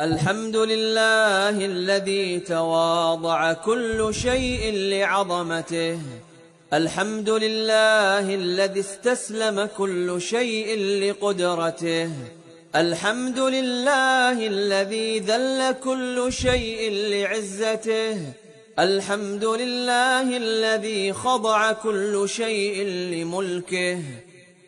الحمد لله الذي تواضع كل شيء لعظمته الحمد لله الذي استسلم كل شيء لقدرته الحمد لله الذي ذل كل شيء لعزته الحمد لله الذي خضع كل شيء لملكه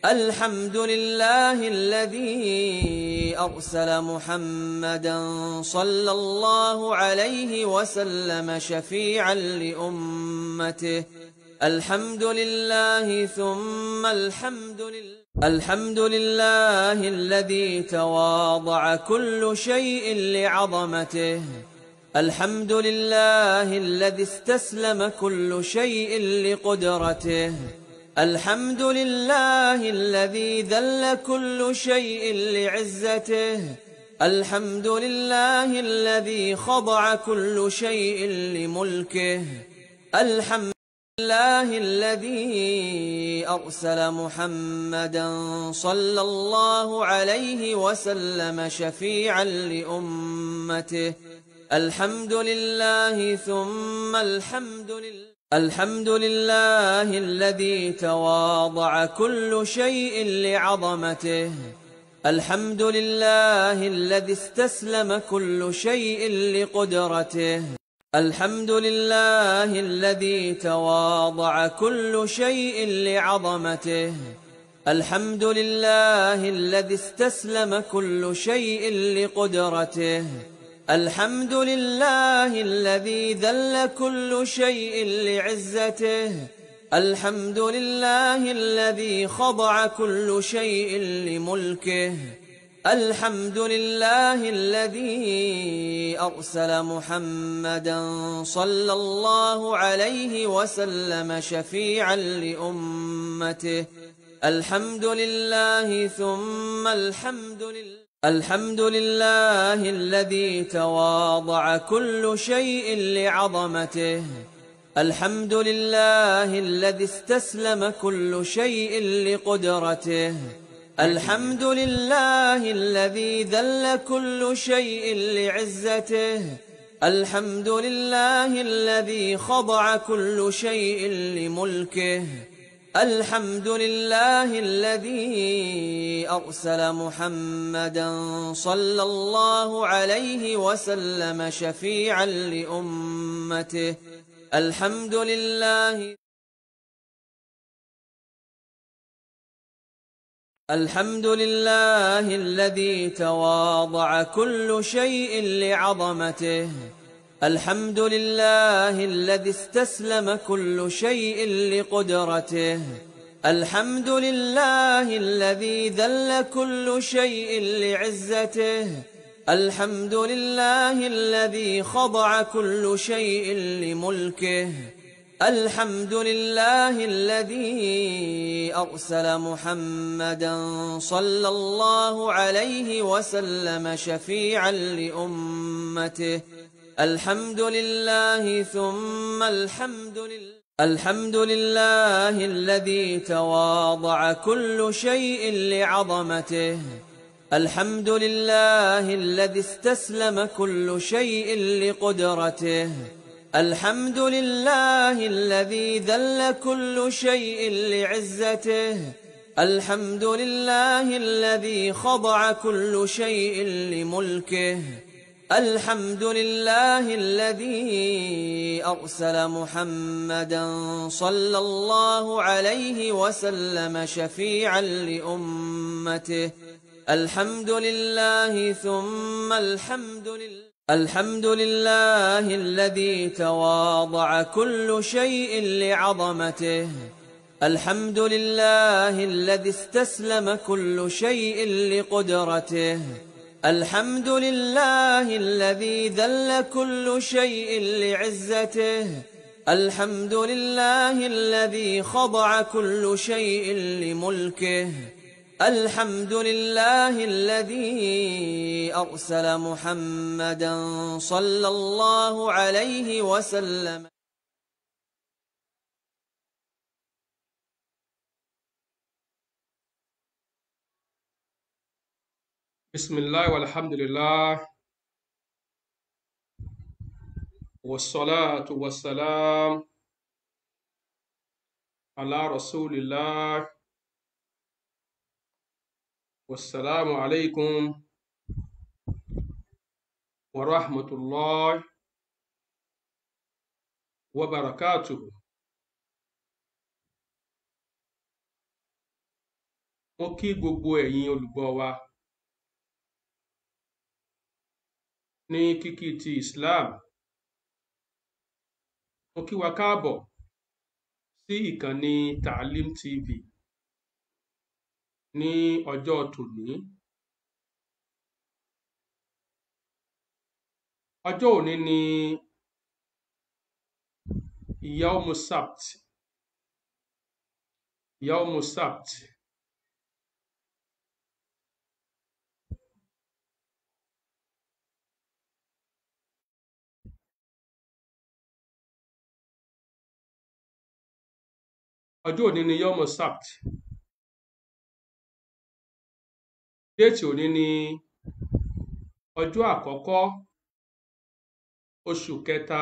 الحمد لله الذي أرسل محمدا صلى الله عليه وسلم شفيعا لأمته الحمد لله ثم الحمد لله الحمد لله الذي تواضع كل شيء لعظمته الحمد لله الذي استسلم كل شيء لقدرته الحمد لله الذي ذل كل شيء لعزته الحمد لله الذي خضع كل شيء لملكه الحمد لله الذي أرسل محمدا صلى الله عليه وسلم شفيعا لأمته الحمد لله ثم الحمد لله الحمد لله الذي تواضع كل شيء لعظمته الحمد لله الذي استسلم كل شيء لقدرته الحمد لله الذي تواضع كل شيء لعظمته الحمد لله الذي استسلم كل شيء لقدرته الحمد لله الذي ذل كل شيء لعزته الحمد لله الذي خضع كل شيء لملكه الحمد لله الذي أرسل محمدا صلى الله عليه وسلم شفيعا لأمته الحمد لله ثم الحمد لله الحمد لله الذي تواضع كل شيء لعظمته الحمد لله الذي استسلم كل شيء لقدرته الحمد لله الذي ذل كل شيء لعزته الحمد لله الذي خضع كل شيء لملكه الحمد لله الذي أرسل محمدا صلى الله عليه وسلم شفيعا لأمته الحمد لله الحمد لله الذي تواضع كل شيء لعظمته الحمد لله الذي استسلم كل شيء لقدرته الحمد لله الذي ذل كل شيء لعزته الحمد لله الذي خضع كل شيء لملكه الحمد لله الذي أرسل محمدا صلى الله عليه وسلم شفيعا لأمته الحمد لله ثم الحمد لله الحمد لله الذي تواضع كل شيء لعظمته الحمد لله الذي استسلم كل شيء لقدرته الحمد لله الذي ذل كل شيء لعزته الحمد لله الذي خضع كل شيء لملكه الحمد لله الذي أرسل محمدا صلى الله عليه وسلم شفيعا لأمته الحمد لله ثم الحمد لله الحمد لله الذي تواضع كل شيء لعظمته الحمد لله الذي استسلم كل شيء لقدرته الحمد لله الذي ذل كل شيء لعزته الحمد لله الذي خضع كل شيء لملكه الحمد لله الذي أرسل محمدا صلى الله عليه وسلم bisimilahi walhamdulilah wasalaatu wasalaam ala rasulillah wasalaamu alaykum wa rahmatulah wa barakatuhu. mo kí gbogbo ẹ̀yin olùgbọ́ wa. ní kíkí ti Islam mo kí wa káàbọ̀ sí ìkànnì Taalim TV ní ọjọ́ tòní ọjọ́ òní ni yaumu sabt yaumu sabt ọjọ́ òní ni yọmọ sabt déètì òní ni ọjọ́ àkọ́kọ́ oṣù kẹta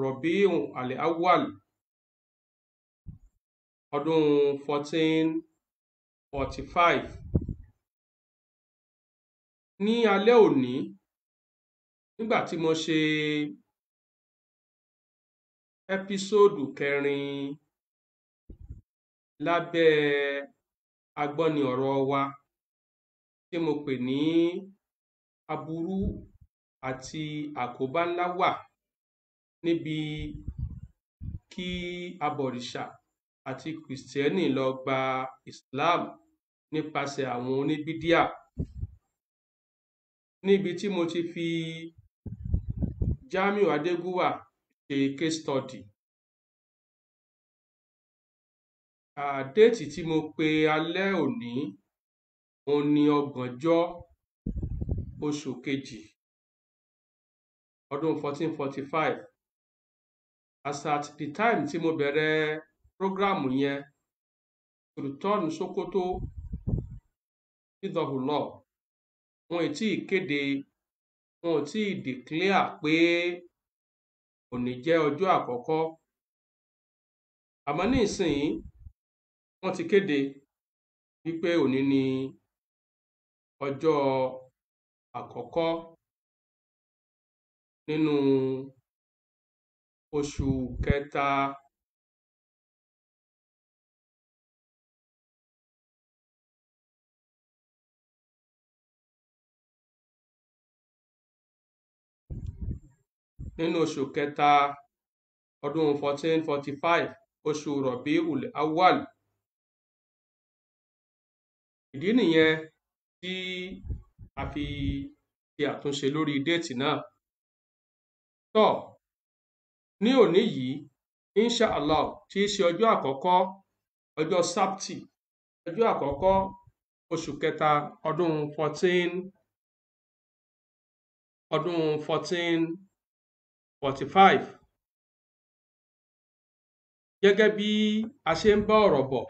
rọ̀bíhùn àlẹ́ awal ọdún fourteen forty five ní alẹ́ òní nígbà tí mo ṣe ẹ́písòdù kẹrin lábẹ́ agbọ́ni ọ̀rọ̀ wa tí mo pè ní aburú àti àkóbá ńlá wà níbi kí abọ̀rìṣà àti kìrìsìtẹ́nì lọ gba Islam nípasẹ̀ àwọn oníbídíà níbi tí mo ti fi Jamiu Adégúwà ṣe case study Ah, déètì tí mo pe alẹ́ òní òun ni ọgbọ̀njọ́ oṣù kejì ọdún 1445 as at the time tí mo bẹ̀rẹ̀ prógrámù yẹn Sultan Sokoto fìdọ̀hùlọ̀ wọn ì tí ì kéde wọn ò tí ì pé òní jẹ́ ọjọ́ àkọ́kọ́ àmọ́ ní ìsìn Wọ́n ti kéde wípé òní ni ọjọ́ àkọ́kọ́ nínú oṣù kẹta. Nínú oṣù kẹta ọdún fourteen forty five oṣù Rọ̀bíùl Awwal. ìdí nìyẹn tí a fi ṣe àtúnṣe lórí déètì náà tó ní òní yìí inshallah tí í ṣe ọjọ́ àkọ́kọ́ ọjọ́ sábtì ọjọ́ àkọ́kọ́ oṣù kẹta ọdún fourteen ọdún fourteen forty five gẹ́gẹ́ bí a ṣe ń bá ọ̀rọ̀ bọ̀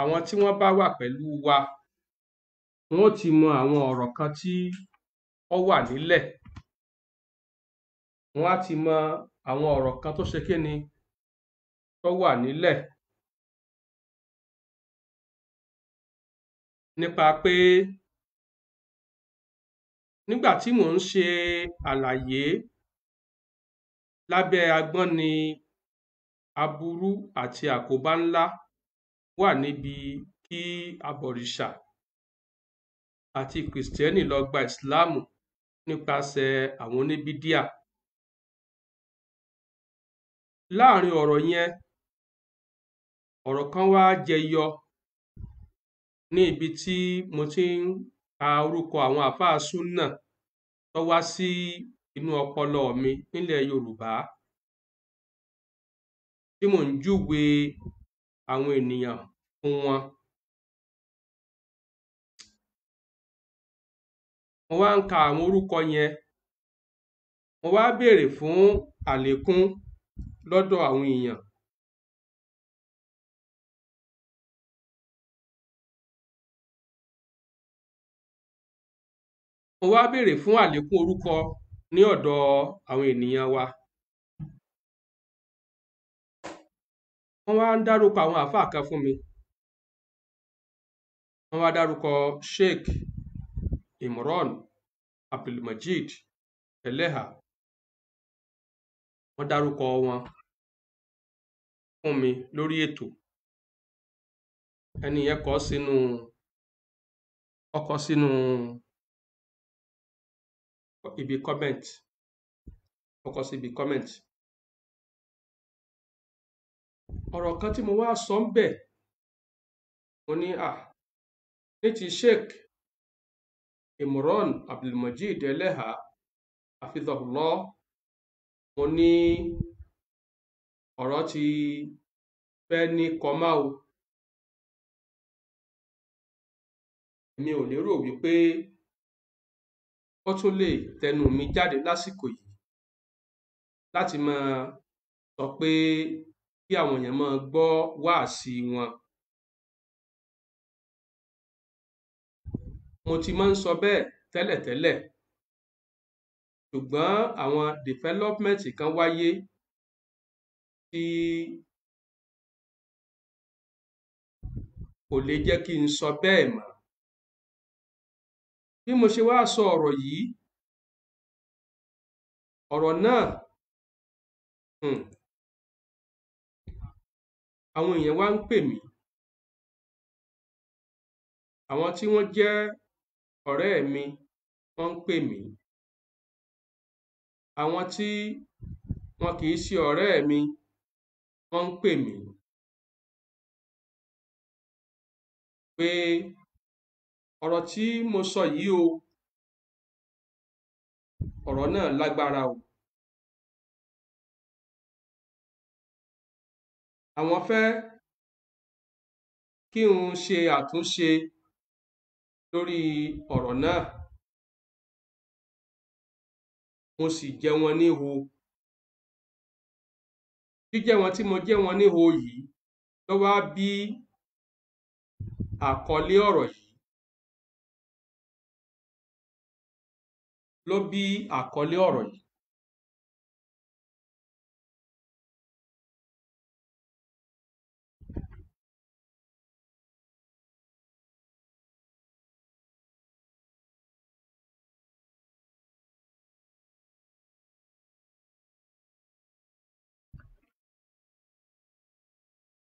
àwọn tí wọ́n bá wà pẹ̀lú wa wọn ó ti mọ àwọn ọ̀rọ̀ kan tí ó wà nílẹ̀ wọn á ti mọ àwọn ọ̀rọ̀ kan tó ṣe kí ni tó wà nílẹ̀ nípa pé nígbà tí mò ń ṣe àlàyé lábẹ́ agbọ́n ni aburú àti àkóbá ńlá wà níbi kí abọ̀rìṣà àti kristiani lọ gba ìsìláàmù nípasẹ̀ àwọn oníbídíà láàrin ọ̀rọ̀ yẹn ọ̀rọ̀ kan wá jẹyọ ní ibi tí mo ti ń ka orúkọ àwọn àfáà súnà tó wá sí inú ọpọlọ mi nílẹ̀ yorùbá tí mò ń júwe àwọn ènìyàn fún wọn. Mo wá ń ka àwọn orúkọ yẹn, mo wá bèèrè fún àlékún lọ́dọ̀ àwọn èèyàn. Mo wá bèèrè fún àlékún orúkọ ní ọ̀dọ̀ àwọn ènìyàn wa. wọ́n wá ń dárúkọ àwọn àáfàá kan fún mi wọ́n wá dárúkọ sheikh imran abdulmajid eleha wọ́n dárúkọ wọn fún mi lórí ètò ẹni yẹn kọ sínú ọkọ sínú ibi comment ọkọ sí ibi comment ọ̀rọ̀ kan tí mo wá sọ ń bẹ̀ mo ní à ah, ní ti sheikh imran abdulmajid ẹlẹ́hà afidahulọ́ mo ní ọ̀rọ̀ ti fẹ́ ní kọ́má o mi ò lérò wípé ó tún lè tẹnu mi jáde lásìkò yìí láti máa sọ pé kí àwọn èèyàn máa gbọ́ wáàsí wọn. mo ti máa ń sọ bẹ́ẹ̀ tẹ́lẹ̀tẹ́lẹ̀ ṣùgbọ́n àwọn development kan wáyé tí kò lè jẹ́ kí n sọ bẹ́ẹ̀ mọ́. bí mo ṣe wá sọ ọ̀rọ̀ yìí ọ̀rọ̀ náà hmm, àwọn èèyàn wá ń pè mí àwọn tí wọ́n jẹ́ ọ̀rẹ́ mi wọ́n ń pè mí àwọn tí wọn kì í ṣe ọ̀rẹ́ mi wọ́n ń pè mí pé ọ̀rọ̀ tí mo sọ yìí o ọ̀rọ̀ náà lágbára o. àwọn fẹ́ kí n ṣe àtúnṣe lórí ọ̀rọ̀ náà mo sì jẹ wọ́n níhò jíjẹ́ wọn tí mo jẹ́ wọn níhò yìí ló wá bí àkọlé ọ̀rọ̀ yìí ló bí àkọlé ọ̀rọ̀ yìí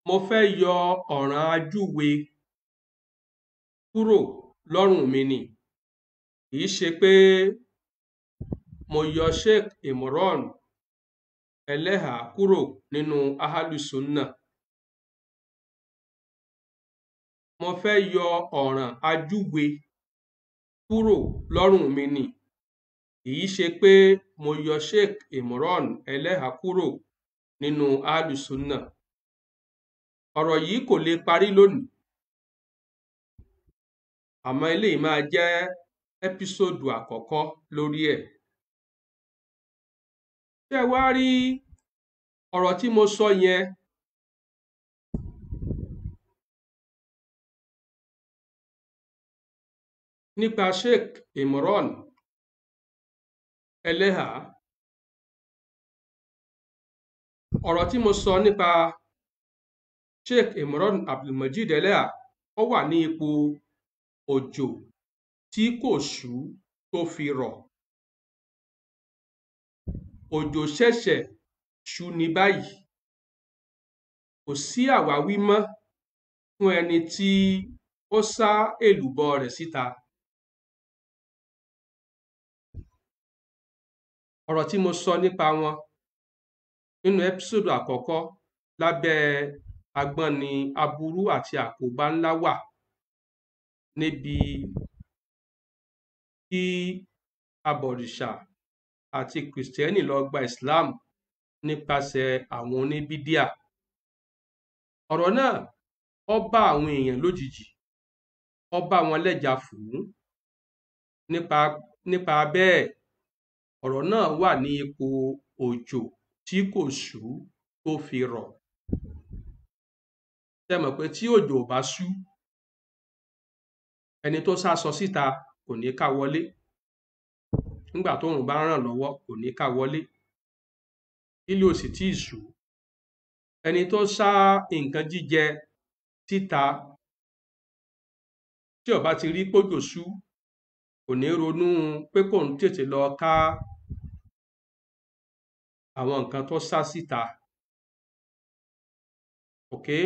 mo fẹ́ yọ ọ̀ràn ajúwe kúrò lọ́rùn mi ni kì í ṣe pé mo yọ sheikh imran ẹlẹ́hàá kúrò nínú ahalusunna mo fẹ́ yọ ọ̀ràn ajúwe kúrò lọ́rùn mi ni kì í ṣe pé mo yọ sheikh imran ẹlẹ́hàá kúrò nínú ahalusunna ọ̀rọ̀ yìí kò lè parí lónìí àmọ́ eléyìí máa jẹ́ ẹ́písòdù àkọ́kọ́ lórí ẹ̀. ṣé ẹ wá rí ọ̀rọ̀ tí mo sọ yẹn nípa Sheikh Imran Eleha ọ̀rọ̀ tí mo sọ nípa Sheikh Imran Abdulmajid Eleha ó wà ní ipò òjò tí kò ṣú tó fi rọ̀. Òjò ṣẹ̀ṣẹ̀ ṣú ni báyìí. Kò sí àwáwí mọ́ fún ẹni tí ó sá èlùbọ́ rẹ̀ síta. Ọ̀rọ̀ tí mo sọ nípa wọn nínú ẹ́písòdù àkọ́kọ́ lábẹ́ agbọ́n ni aburú àti àkóbá ńlá wà níbi kí abọ̀rìṣà àti kìrìsìtẹ́nì lọ gba islam nípasẹ̀ àwọn oníbídíà ọ̀rọ̀ náà ó bá àwọn èèyàn lójijì ó bá wọn lẹ́jà fùú nípa nípa bẹ́ẹ̀ ọ̀rọ̀ náà wà ní ipò òjò tí kò ṣú tó fi rọ̀ tẹ́ mọ̀ pé tí òjò ò bá ṣú ẹni tó sásọ síta kò ní ká wọlé nígbà tóòrùn bá ràn lọ́wọ́ kò ní ká wọlé ilé ò sì tí ì ṣú ẹni tó sá nǹkan jíjẹ síta tí ó bá ti rí pójò ṣú kò ní ronú pé kò ń tètè lọ ká àwọn nǹkan tó sá síta. Okay?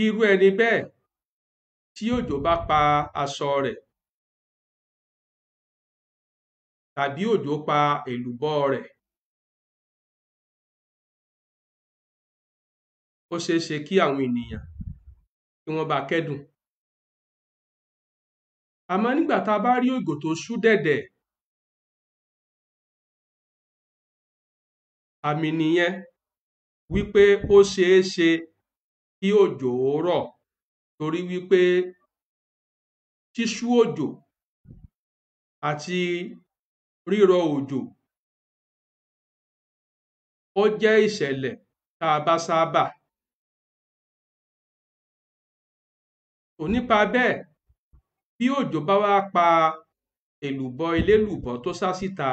bí irú ẹni bẹ́ẹ̀ tí òjò bá pa aṣọ rẹ̀ tàbí òjò pa èlùbọ́ rẹ̀ ó ṣeé ṣe kí àwọn ènìyàn kí wọ́n bá kẹ́dùn àmọ́ nígbà tá a bá rí òjò tó ṣú dẹ̀dẹ̀ àmì nìyẹn wípé ó ṣeé ṣe kí òjò ó rọ̀ torí wí pé ṣíṣú òjò àti rírọ̀ òjò ó jẹ́ ìṣẹ̀lẹ̀ tá a bá sábà. Tò nípa bẹ́ẹ̀ bí òjò bá wá pa èlùbọ́ elélùbọ́ tó sá síta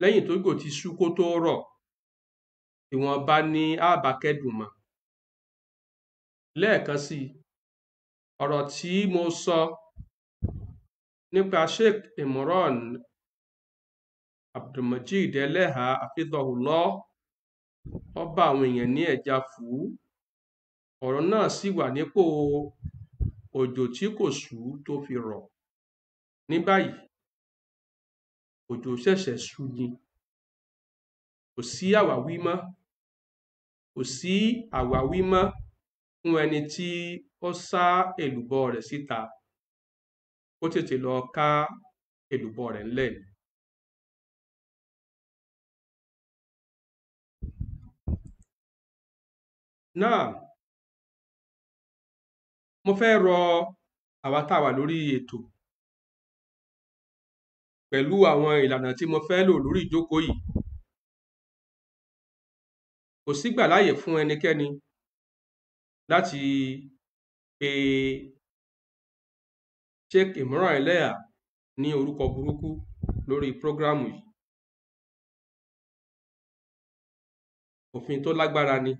lẹ́yìn tójò ti ṣú kó tó rọ̀, ìwọ̀nba ni á á bá kẹ́dùn mọ. lẹ́ẹ̀kan sí ọ̀rọ̀ tí mo sọ nípa Sheikh Imran Abdulmajid Ẹlẹ́hàá afidọ̀hùlọ́ ó bá àwọn èèyàn ní ẹ̀já fù ọ̀rọ̀ náà sì wà nípò òjò tí kò sú tó fi rọ̀ ní báyìí òjò ṣẹ̀ṣẹ̀ sú ni kò sí àwáwí mọ́ kò sí àwáwí mọ́ fún ẹni tí ó sá èlùbọ́ rẹ̀ síta kó tètè lọ ká èlùbọ́ rẹ̀ ńlẹ̀ ni. náà mo fẹ́ rọ àwa tá a wà lórí ètò pẹ̀lú àwọn ìlànà tí mo fẹ́ lò lórí ìjókòó yìí kò sígbà láàyè fún ẹnikẹ́ni láti pe Sheikh Imran Eleha ní orúkọ burúkú lórí prógrámù yìí òfin tó lágbára ni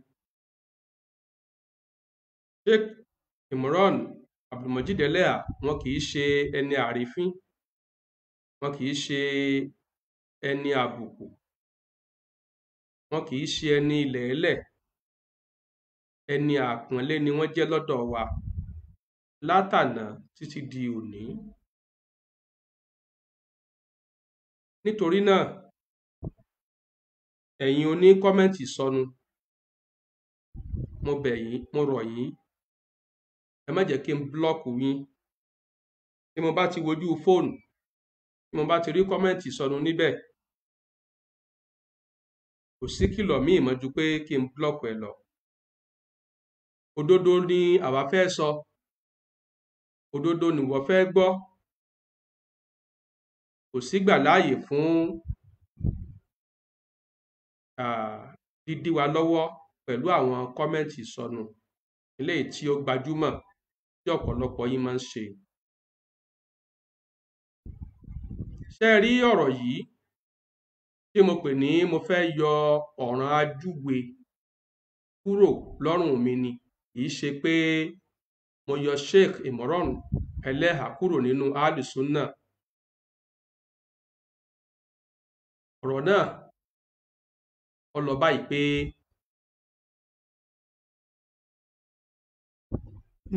Sheikh Imran Abdulmojid Eleha wọn kì í ṣe ẹni àrífín wọn kì í ṣe ẹni àbùkù wọn kì í ṣe ẹni ilẹ̀ẹ́lẹ̀ ẹni àpọ́nlé ni wọ́n jẹ́ lọ́dọ̀ wa látàná títí di òní nítorí náà ẹ̀yin oní kọ́mẹ́ǹtì sọnù mo bẹ̀ yín mo rọ̀ yín ẹ má jẹ́ kí n blọ́ọ̀kù yín tí mo bá ti wojú fóònù tí mo bá ti rí kọ́mẹ́ǹtì sọnù níbẹ̀ kò sí kìlọ̀ míì mọ́ pé kí n blọ́ọ̀kù ẹ lọ òdodo ni àwa fẹ́ sọ òdodo nìwọ fẹ́ gbọ́ kò sígbà láàyè fún dídí wa lọ́wọ́ pẹ̀lú àwọn kọ́mẹ́ǹtì sọnù eléyìí tí ó gbajúmọ̀ tí ọ̀pọ̀lọpọ̀ yín máa ń ṣe. ṣé ẹ rí ọ̀rọ̀ yìí tí mo pè ní mo fẹ́ yọ ọ̀ràn ajúwe kúrò lọ́rùn mi ni kì í ṣe pé mo yọ sheikh imoran ẹlẹ́hà kúrò nínú alùsùnà ọ̀rọ̀ náà ó báyìí pé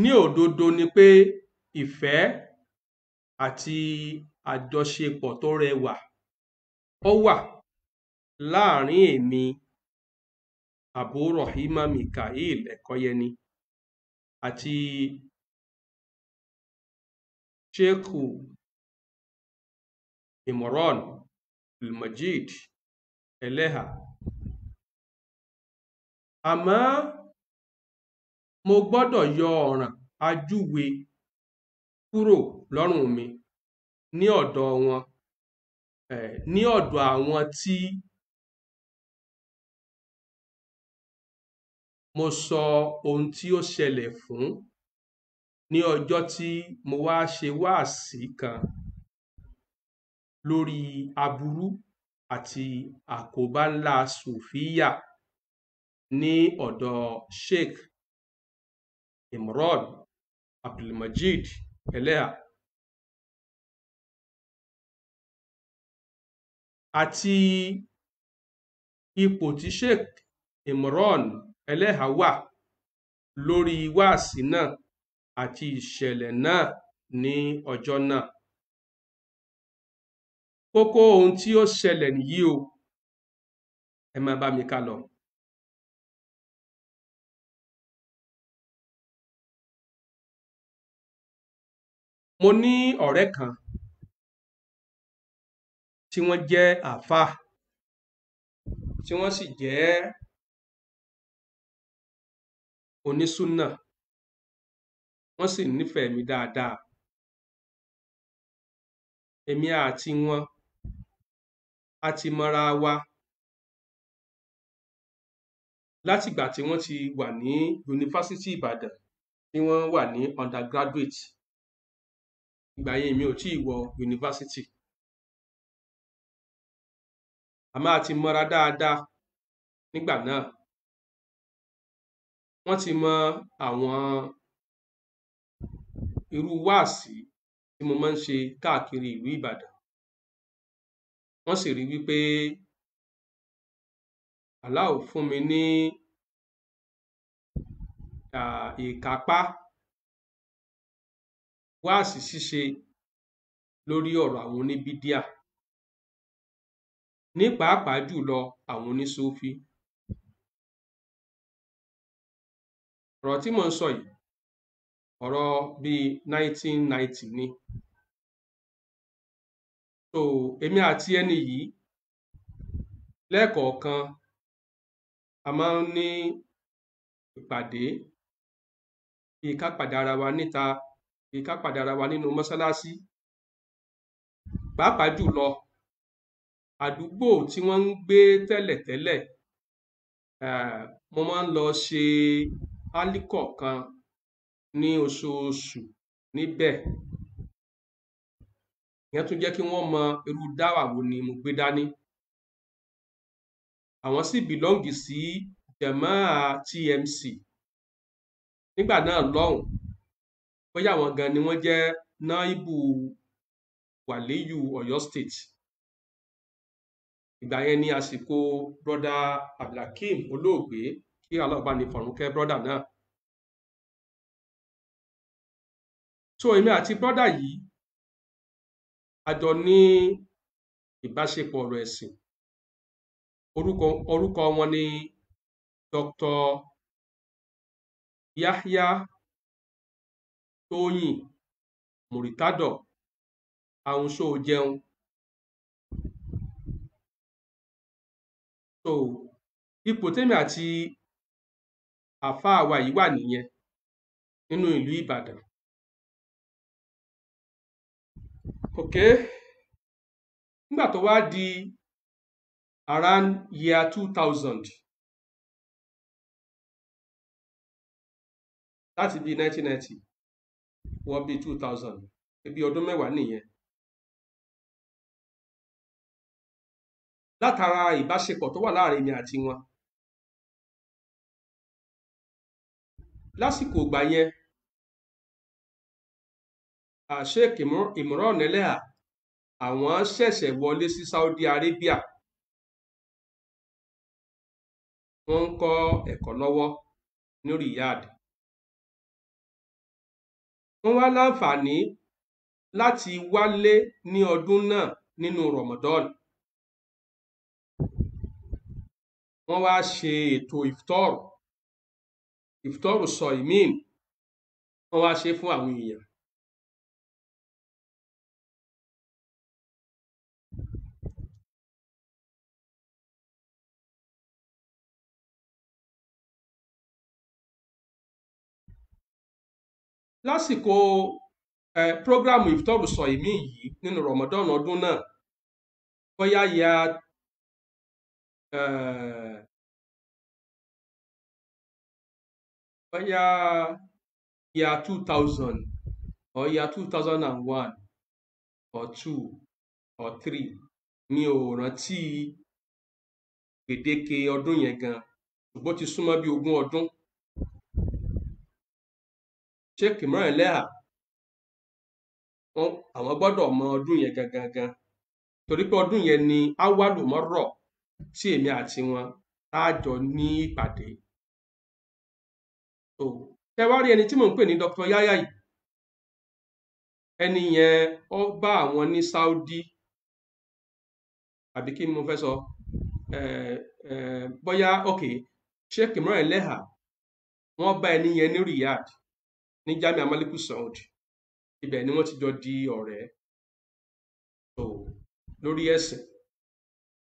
ní òdodo ni pé ìfẹ́ àti àjọṣepọ̀ tó rẹwà ó wà láàrin èmi Abu Rohima Mikael Ẹ̀kọ́yẹni àti ṣéèkù ìmọ̀rán Abdulmajid eleha àmọ́ mo gbọdọ yọ ọràn ajúwe kúrò lọ́rùn mi ní ọ̀dọ̀ wọn ní àwọn tí mo sọ ohun tí ó ṣẹlẹ̀ fún ní ọjọ́ tí mo wá ṣe wáàsí kan lórí aburú àti àkóbá ńlá sùfíyà ní ọ̀dọ̀ sheikh imran abdulmajid eleha àti ipò tí sheikh imran ẹlẹ́hàá wà lórí wáàsí náà àti ìṣẹ̀lẹ̀ náà ní ọjọ́ náà. Kókó ohun tí ó ṣẹlẹ̀ nìyí o, ẹ máa bá mi ká lọ. Mo ní ọ̀rẹ́ kan tí wọ́n jẹ́ àáfàá tí wọ́n sì jẹ́ onísùnà wọ́n sì nífẹ̀ẹ́ mi dáadáa èmi àti wọn a ti mọra wa látìgbà tí wọ́n ti wà ní yunifásitì Ìbàdàn tí wọ́n wà ní undergraduate ìgbà yẹn mi ò tí ì wọ yunifásitì a ti mọra dáadáa nígbà náà wọ́n ti mọ àwọn irú wáàsí tí mo máa ń ṣe káàkiri ìlú Ìbàdàn wọ́n sì rí wípé Allah fún mi ní ìkápá wáàsí ṣíṣe lórí ọ̀rọ̀ àwọn oníbídíà ní pàápàá jùlọ àwọn onísúfí. ọ̀rọ̀ tí mò ń sọ yìí ọ̀rọ̀ bíi 1990 ni so èmi àti ẹni yìí lẹ́ẹ̀kọ̀ọ̀kan a máa ń ní ìpàdé bíi ká pàdé ara wa níta bíi ká pàdé ara wa nínú mọ́sálásí pàápàá jùlọ àdúgbò tí wọ́n ń gbé tẹ́lẹ̀tẹ́lẹ̀ eh, mo máa ń lọ ṣe pálí kan ní oṣooṣù níbẹ̀. Ìyẹn tún jẹ́ kí wọ́n mọ irú dáwà wo ni mo gbé dání. Àwọn sì bìlọ́ǹgì sí jàmáà TMC nígbà náà lọ́hùn bóyá àwọn gan ni wọ́n jẹ́ náíbù wàlíyù Ọ̀yọ́ State. Ìgbà yẹn ni àsìkò brọ́dà Abdulhakeem olóògbé kí Allah bá ní fọ̀run kẹ́ brọ́dà náà. so èmi àti brọ́dà yìí àjọ ní ìbáṣepọ̀ ọ̀rọ̀ ẹ̀sìn orúkọ orúkọ wọn ni Dr. Yahya Tóyìn Muritadọ àwùnṣó jẹun so ipò tèmi àti àfáà wa yìí wà nìyẹn nínú ìlú Ìbàdàn ok nígbà tó wá di around year two thousand láti bíi nineteen ninety 2000 bíi two thousand ebi ọdún mẹ́wàá nìyẹn látara ìbáṣepọ̀ tó wà láàrin mi àti wọn lásìkò ìgbà yẹn sheikh imran eleha àwọn ṣẹ̀ṣẹ̀ wọlé sí saudi arabia wọ́n ń kọ́ ẹ̀kọ́ lọ́wọ́ ní riyadh wọ́n wá láǹfààní láti wálé ní ọdún náà nínú ramadan wọ́n wá ṣe ètò ìfitọ́rù ìfitọ́rù sọ ìmíìn wọ́n wá ṣe fún àwọn èèyàn lásìkò prógrámù ìfitọ́rù sọ ìmí yìí nínú Ramadan ọdún náà bóyá ya bóyá ya two thousand or ya two thousand and one or two or three mi ò rántí gbèdéke ọdún yẹn gan ṣùgbọ́n ti súnmọ́ bí ogún ọdún sheik imran eleha àwọn gbọ́dọ̀ mọ ọdún yẹn gangan gan torí pé ọdún yẹn ni awalumọ́rọ̀ tí èmi àti wọn á jọ ní ìpàdé so ẹ wá rí ẹni tí mò ń pè ní Dr. Yaya yìí ẹni yẹn ó bá àwọn ní Saudi àbí kí ni mo fẹ́ sọ bóyá ok sheik imran eleha wọ́n bá ẹni yẹn ní Riyadh ní Jamiu Maliku Saud ibẹ̀ ni wọn ti jọ di ọrẹ lórí ẹsẹ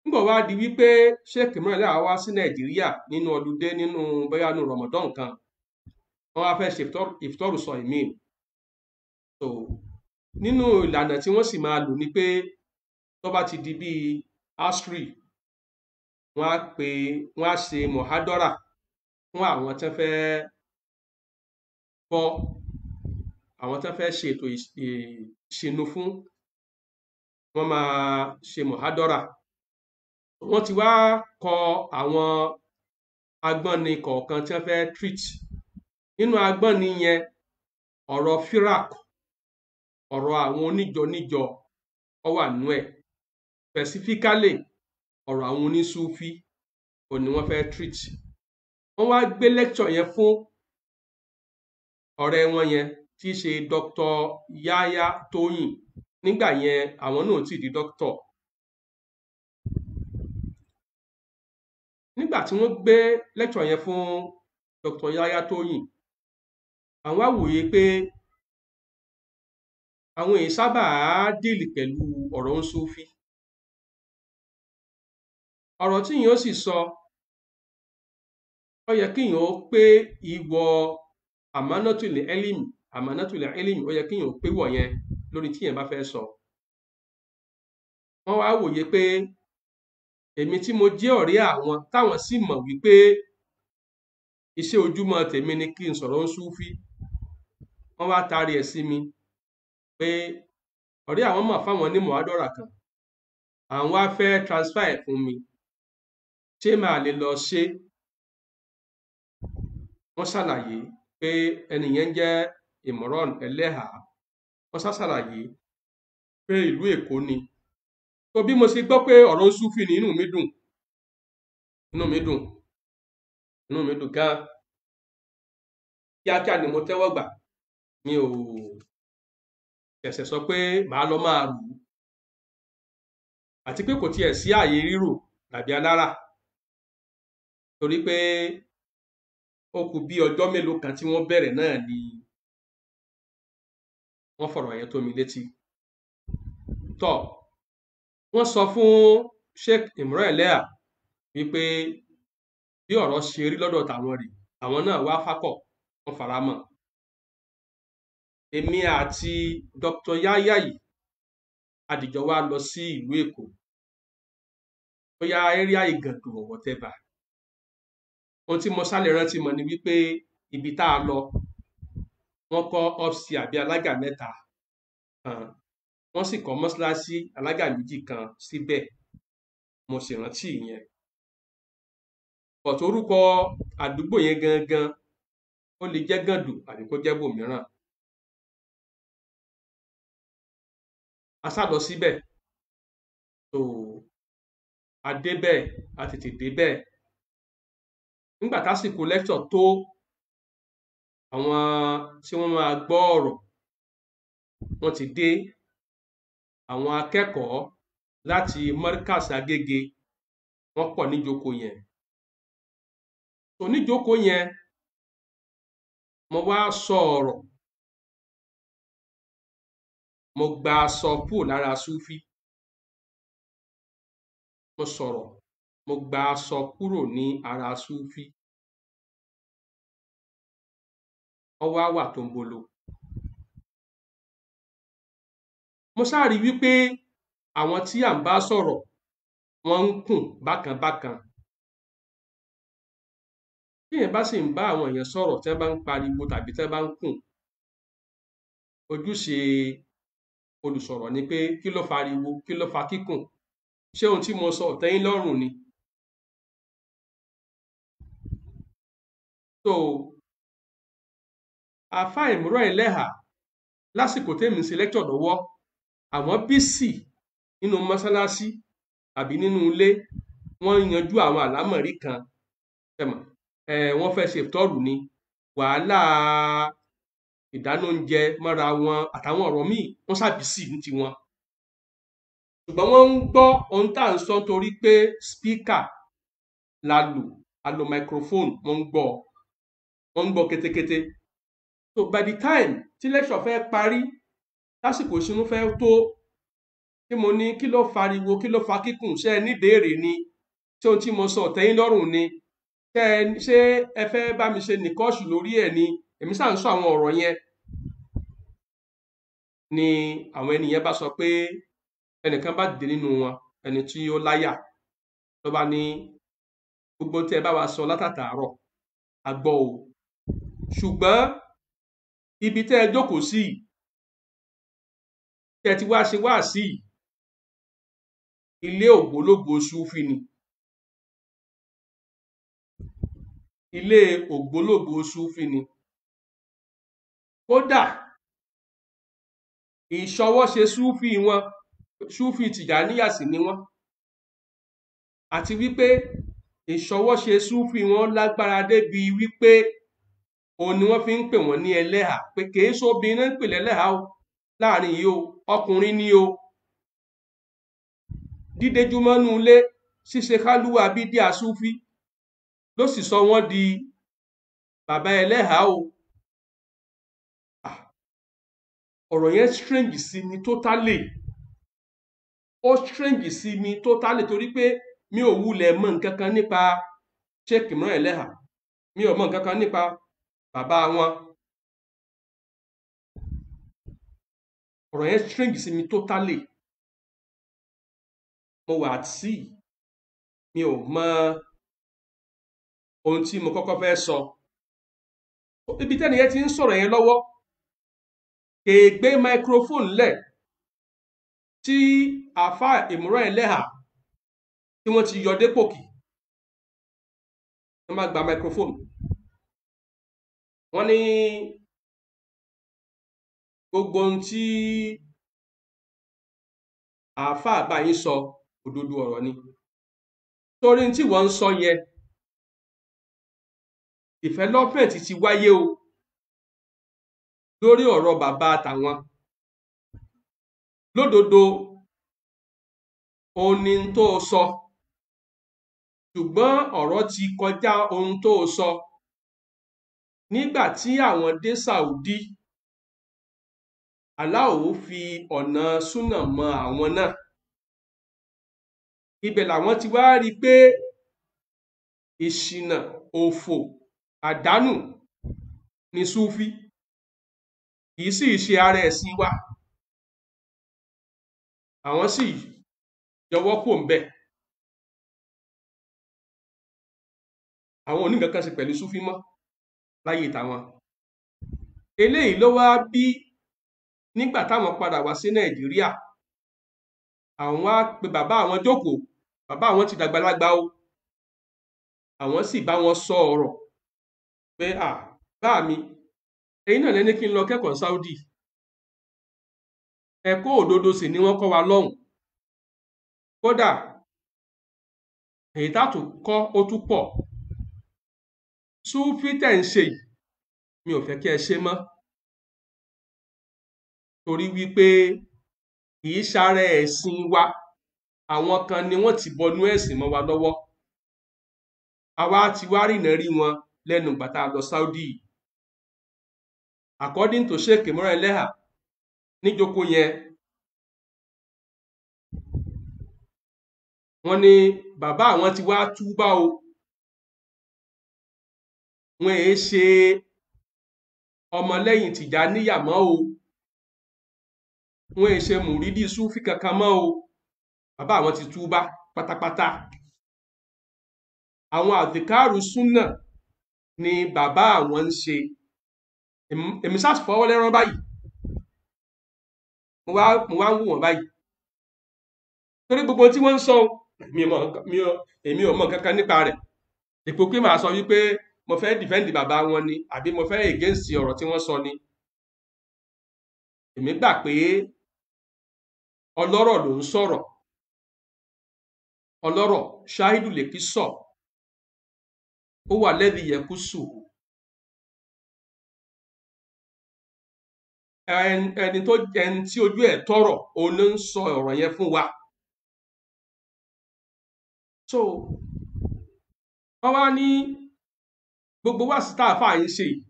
nígbà wá di wípé Sheikh Imran Eleha sí Nàìjíríà nínú ọlùdé nínú bóyá nínú Ramadan kan wọ́n wá fẹ́ ṣe ìfitọ́rù sọ ìmí tó nínú ìlànà tí wọn sì máa lò ni pé tó bá ti di bíi asri wọn á pe wọ́n á ṣe mohadora fún àwọn tó fẹ́ẹ́ fọ́ àwọn tó fẹ́ ṣe ètò ìṣínú fún wọ́n máa ṣe mọ̀hádọ́rà wọ́n ti wá kọ àwọn agbọ́nni kọ̀ọ̀kan tí wọ́n fẹ́ treat nínú agbọ́nni yẹn ọ̀rọ̀ firak ọ̀rọ̀ àwọn oníjọníjọ ó wà nú ẹ̀ specifically ọ̀rọ̀ àwọn onísúfí òní wọ́n fẹ́ treat wọ́n wá gbé lecture yẹn fún ọ̀rẹ́ wọn yẹn tí í ṣe dr yaya tóyìn nígbà yẹn àwọn náà ti di dókítà nígbà tí wọ́n gbé lẹ́kṣọ̀ yẹn fún dr yaya tóyìn àwọn àwòye pé àwọn èyí sábà dìlì pẹ̀lú ọ̀rọ̀ ń sófin ọ̀rọ̀ tí yìí ó sì sọ ó yẹ kí yìí ó pé ìwọ àmánátùlì ẹlímù àmánátùlì ẹlímù ó yẹ kéèyàn pé wọ̀nyẹn lórí tíyẹn bá fẹ́ sọ. wọ́n wá wòye pé èmi tí mo jẹ́ ọ̀rẹ́ àwọn táwọn sì mọ̀ wípé iṣẹ́ ojúmọ́ tèmi ni kí n sọ̀rọ̀ ń súfí wọ́n wá taari ẹ̀ sí mi pé ọ̀rẹ́ àwọn mà fáwọn ní mọ̀ádọ́rà kan àwọn wá fẹ́ transfer ẹ̀ fún mi ṣé màá lè lọ ṣe wọ́n ṣàlàyé pé eniyan jẹ́ Imran Eleha wọ́n yìí pé ìlú Èkó ni tó bí mo ṣe gbọ́ pé ọrọ Sufi ni inú mi dùn inú mi dùn inú mi dùn gan kíákíá ni mo tẹwọ gbà mi ò ṣẹ̀ṣẹ̀ sọ pé màá lọ máa rù ú àti pé kò tiẹ̀ sí ààyè rírò tàbí alára torí pé ó kù bí ọjọ́ mélòó kan tí wọ́n bẹ̀rẹ̀ náà ni wọ́n fọ̀rọ̀ yẹn tó mi létí. tọ́ wọ́n sọ fún Sheikh Imran Eleha wípé bí ọ̀rọ̀ ṣe rí lọ́dọ̀ tàwọn rè àwọn náà wá fákọ̀ wọ́n fara mọ́ èmi àti Dr. Yahya yìí adìjọ wa lọ sí ìlú Èkó bóyá area Igando or whatever ohun tí mo sálẹ̀ rántí mọ̀ ni wípé ibi tá a lọ wọ́n kọ́ ọ́fíìsì àbí alága mẹ́ta kan wọ́n sì kọ́ mọ́ṣáláṣí alága méjì kan síbẹ̀ mo sì rántí ìyẹn ọ̀tọ̀ orúkọ àdúgbò yẹn gangan ó lè jẹ́ gàndù àbí kó jẹ́ bòmíràn a sá lọ síbẹ̀ tó a débẹ̀ a tètè débẹ̀ nígbà tásìkò lecture tó àwọn tí wọ́n máa gbọ́ ọ̀rọ̀ wọ́n ti dé àwọn akẹ́kọ̀ọ́ láti Markaz Agége wọ́n pọ̀ níjókòó yẹn tò níjókòó yẹn mo wá sọ ọ̀rọ̀ mo gba aṣọ pò lára Sufi mo sọ̀rọ̀ Mo gba aṣọ kúrò ní ara Súfì, wọ́n wá wà tóńbóló. Mo ṣáà rí wípé àwọn tí à ń bá sọ̀rọ̀ wọ́n ń kùn bákan bákan. Téèyàn bá sì ń bá àwọn èèyàn sọ̀rọ̀ tí wọ́n bá ń pariwo tàbí tí wọ́n bá ń kùn, ojúṣe olùsọ̀rọ̀ ni pé kí ló fariwo, kí ló fa kíkùn? Ṣé ohun tí mo sọ ò lọ́rùn ni? so àáfàá ìmúrọ̀ ìlẹ́hà lásìkò tèmi ń ṣe lẹ́kítọ̀ lọ́wọ́ àwọn bísì nínú mọ́ṣáláṣí àbí nínú ilé wọ́n yanjú àwọn àlámọ̀rí kan tẹ̀mọ̀ ẹ̀ wọ́n fẹ́ ṣe ìtọ́rù ni wàhálà ìdáná oúnjẹ mọ́ra wọn àtàwọn ọ̀rọ̀ míì wọ́n ṣàbísì ní tiwọn ṣùgbọ́n wọ́n ń gbọ́ ohun tá à ń sọ torí pé spíkà la lò a lo microphone wọ́n ń gbọ́ ọ wọ́n ń gbọ́ ketekete so by the time tí lecture fẹ́ parí lásìkò ìsinú fẹ́ tó tí mo ní kí ló fariwo kí ló fa kíkùn ṣe níbèrè ni ṣé ohun tí mo sọ tẹ́yìn lọ́rùn ni ṣé ẹ fẹ́ bá mi ṣe nìkọ́ṣù lórí ẹ̀ ni èmi sáà ń sọ àwọn ọ̀rọ̀ yẹn ni àwọn ènìyàn bá sọ pé ẹnìkan bá dìde nínú wọn ẹni tí ó láyà ló bá ní gbogbo tẹ́ ẹ bá wa sọ látàtàárọ̀ àgbọ̀ o ṣùgbọ́n ibi tẹ́ ẹ jókòó sí tẹ́ ti wá ṣe wá sí ilé ògbólógbòó sufi ni ilé ògbólógbòó sufi ni kódà ìṣọwọ́ṣe sufi wọn sufi tìjàníyà sì ni wọn àti wípé ìṣọwọ́ṣe sufi wọn lágbára débi wípé òun ni wọ́n fi ń pè wọ́n ní ẹlẹ́hà pé kìí sóbìnrin ń pè lẹ́lẹ́hà o láàrin yìí o ọkùnrin ni o dídejúmọ́nú ilé ṣíṣe kálúwà bíi díà súfí ló sì sọ wọ́n di bàbá ẹlẹ́hà o ọ̀rọ̀ yẹn strange sí mi totally ó strange sí mi totally torí pé mi ò wulẹ̀ mọ̀ nǹkan kan nípa sheikh imran ẹlẹ́hà mi ò mọ̀ nǹkan kan nípa bàbá wọn ọ̀rọ̀ yẹn strange sí mi totally mo wà tí mi ò mọ ohun tí mo kọ́kọ́ fẹ́ sọ ibi tẹ́niyẹn ti ń sọ̀rọ̀ yẹn lọ́wọ́ kèégbé microphone lẹ̀ tí àfa ìmúràn ẹlẹ́hà tí wọ́n ti yọ dépò kì wọ́n máa gba microphone wọ́n ní gbogbo ohun tí àáfàá àgbà yín sọ òdodo ọ̀rọ̀ ni torí tí wọ́n ń sọ yẹn development ti wáyé o lórí ọ̀rọ̀ bàbá àtàwọn lódodo òun ni tó sọ ṣùgbọ́n ọ̀rọ̀ ti kọjá ohun tó sọ. So nígbà tí àwọn dé saudi aláò fi ọ̀nà súnà mọ àwọn náà ibẹ̀ làwọn ti wá rí i pé ìṣìnà òfò àdánù ni sufi kì í sì ṣe ara ẹ̀sìn wa àwọn sì yọwọ́ kò ń bẹ̀ àwọn oníkankan sì pẹ̀lú súfí mọ́ láyé tàwọn eléyìí ló wá bí nígbà táwọn padà wá sí nàìjíríà àwọn wá pe bàbá àwọn jókòó bàbá àwọn ti dàgbàlagbà o àwọn sì bá wọn sọ ọ̀rọ̀ pé à bá mi ẹ̀yin náà lẹni kí n lọ kẹ́kọ̀ọ́ Saudi ẹ̀kọ́ òdodo sì ni wọ́n kọ́ wa lọ́hùn kódà èyí tá tún kọ́ ó tún pọ̀ súfí tẹ̀ ń ṣe yìí mi ò fẹ́ kí ẹ ṣe mọ́ torí wípé kì í ṣara ẹ̀sìn wa àwọn kan ni wọ́n ti bọnú ẹ̀sìn mọ́ wa lọ́wọ́ àwa ti wá rìnà rí wọn lẹ́nu ìgbà tá a lọ Saudi according to Sheikh Imran Eleha níjókòó yẹn wọ́n ní bàbá àwọn ti wá túbá o wọn èé ṣe ọmọlẹ́yìn tìjàníyà mọ́ o wọn èé ṣe mùrídìí súfì kankan mọ́ o bàbá àwọn ti túbá pátápátá àwọn àdìkárù súnà ni bàbá àwọn ń ṣe èmi ṣàtìfọwọ́ lẹ́rán báyìí mo wá mo wá ń wò wọ́n báyìí torí gbogbo tí wọ́n ń sọ èmi ò mọ̀ kankan nípa rẹ̀ èpò pé màá sọ wípé mo fẹ́ dìfẹ́ǹdì bàbá wọn ni àbí mo fẹ́ against ọ̀rọ̀ tí wọ́n sọ ni èmi gbà pé ọlọ́rọ̀ ló ń sọ̀rọ̀ ọlọ́rọ̀ ṣáídù lè kí sọ ó wà lẹ́bi yẹ sù ẹni tó ẹni tí ojú ẹ̀ tọrọ òun ló ń sọ ọ̀rọ̀ yẹn fún wa so wọ́n wá ní gbogbo wá sí táàfà yìí ṣe yìí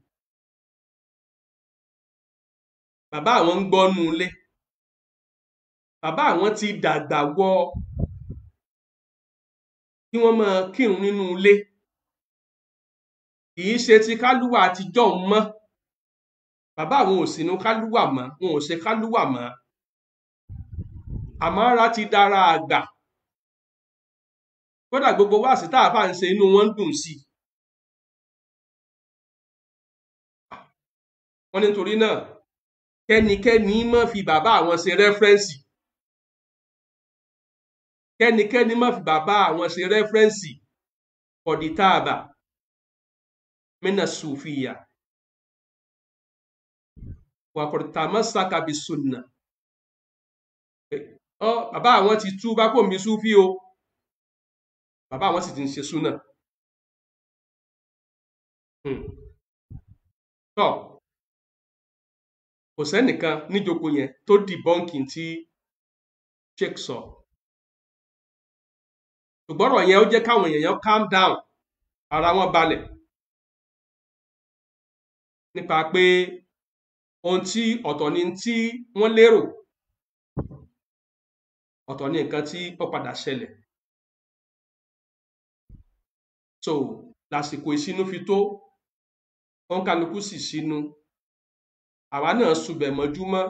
bàbá àwọn ń gbọ́ nù ilé bàbá àwọn ti dàgbà wọ kí wọ́n máa kírun nínú ilé kì í ṣe ti kálúwà àtijọ́ mọ́ bàbá àwọn ò sínú kálúwà mọ́ wọn ò ṣe kálúwà mọ́ àmọ́ ara ti dára àgbà kódà gbogbo wá sí táàfà ń ṣe inú wọn ń dùn sí i. wọ́n nítorí náà kẹ́nikẹ́ni má fi bàbá àwọn ṣe rẹ́fẹ́rẹ́nsì kẹ́nikẹ́ni má fi bàbá àwọn ṣe rẹ́fẹ́rẹ́nsì kọ̀dítàbà mina sufiya wà kọ̀dítàmásàkà bí sunna ọ bàbá àwọn ti tú bá kò mí sufi o bàbá àwọn sì ti ń ṣe sunna kò sẹ́nìkan níjókòó yẹn tó dìbọ́ǹkì tí sheik sọ ṣùgbọ́n ọ̀rọ̀ yẹn ó jẹ́ káwọn èèyàn calm down ara wọn balẹ̀ nípa pé ohun tí ọ̀tọ̀ ni tí wọ́n lérò ọ̀tọ̀ ni nǹkan tí ó padà ṣẹlẹ̀ so lásìkò ìsinú fi tó òǹkàlùkù sì sínú. Si àwa náà subẹ̀ mọ́júmọ́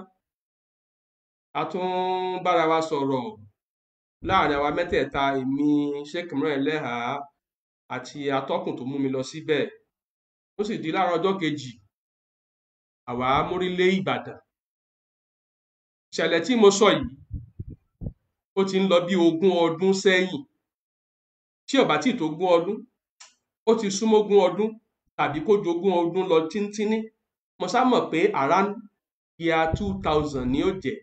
a tún bára wa sọ̀rọ̀ láàrin àwa mẹ́tẹ̀ẹ̀ta èmi Sheikh Imran Eleha àti atọ́kùn tó mú mi lọ síbẹ̀ ó sì di láàárọ̀ ọjọ́ kejì àwa mórílé Ìbàdàn ìṣẹ̀lẹ̀ tí mo sọ yìí ó ti ń lọ bí ogún ọdún sẹ́yìn tí ó tí tó ogún ọdún ó ti súnmọ́ ogún ọdún tàbí kó jogún ọdún lọ tíntínní mo sá mọ̀ pé around year two thousand ni ó jẹ́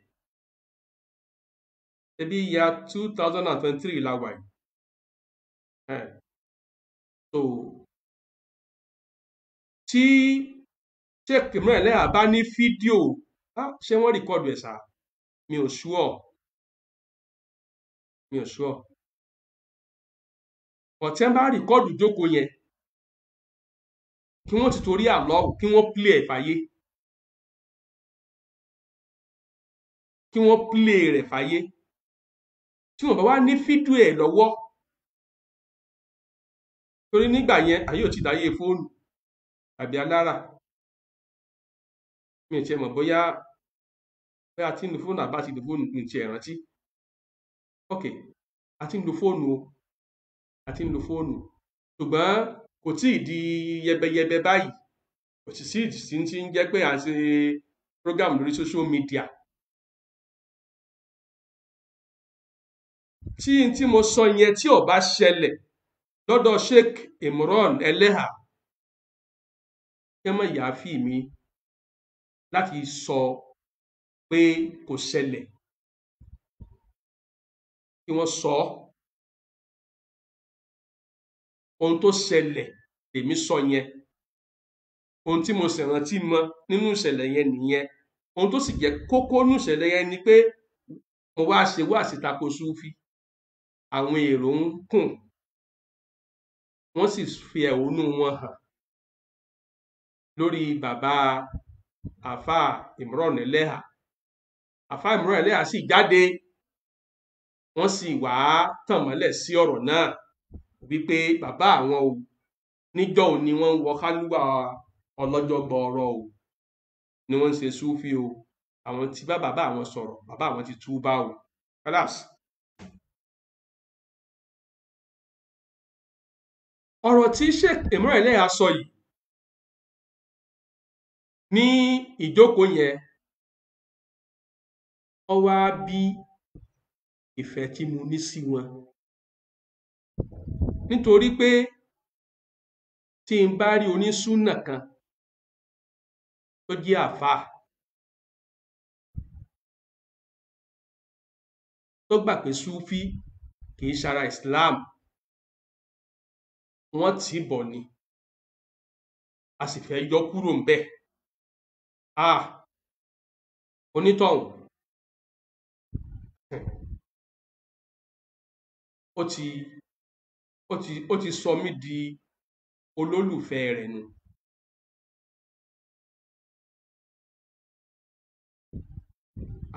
ṣebí year two thousand and twenty-three la wà yìí so tí Sheikh Imran Eleha bá ní fídíò ṣé wọ́n rìkọ́dù ẹ̀ sá mi ò ṣúọ̀ mi ò ṣúọ̀ ọ̀tẹ́ bá rìkọ́dù jókòó yẹn kí wọ́n ti torí àlọ́hùn kí wọ́n plé ẹ̀ fàyè kí wọ́n plé rẹ̀ fàyè tí wọ́n bá wá ní fídíò ẹ̀ lọ́wọ́ torí nígbà yẹn ayé ò ti dáyé fóònù àbí alára mi ò tiẹ̀ mọ̀ bóyá bóyá tí ń lo fóònù àbá ti ok ń fóònù o kò tí ì di yẹbẹyẹbẹ báyìí kò sì sí ìdí tí ń jẹ́ pé à ń ṣe program lórí social media. tí n tí mo sọ yẹn tí ò bá ṣẹlẹ̀ lọ́dọ̀ Imran Eleha kí mọ̀ yàáfì mi láti sọ pé kò ṣẹlẹ̀ kí wọ́n sọ ọ́ ohun tó ṣẹlẹ̀ tèmi sọ yẹn ohun tí mo sì rántí mọ nínú ìṣẹ̀lẹ̀ yẹn nìyẹn ohun tó sì jẹ́ kókó nínú ìṣẹ̀lẹ̀ yẹn ni pé mo wá ṣe wá àṣetako sufi àwọn èrò ń kùn wọ́n sì fi ẹ̀hónú wọn hàn lórí bàbá àfa Imran Eleha àfa Imran Eleha sì jáde wọ́n sì wá tàn mọ́lẹ̀ sí ọ̀rọ̀ náà wípé bàbá àwọn o níjọ́ ò ní wọ́n ń wọ kálúwà ọlọ́jọ́ gbọọrọ o ni wọ́n ń ṣe súfì o àwọn tí bá bàbá àwọn sọ̀rọ̀ bàbá àwọn ti túbà o kálàs. ọ̀rọ̀ tí Sheikh Imran Eleha sọ yìí ní ìjókòó yẹn ó wá bí ìfẹ́ tí mo ní sí wọn nítorí pé tí n bá rí onísúnà kan tó jẹ́ àfáà tó gbà pé súfí kìí ṣara Islam wọ́n tì bọ̀ ni a sì fẹ́ yọ kúrò ń bẹ̀ a onítọ̀hún ó ti ó ti ó ti sọ mí di olólùfẹ́ rẹ̀ nù.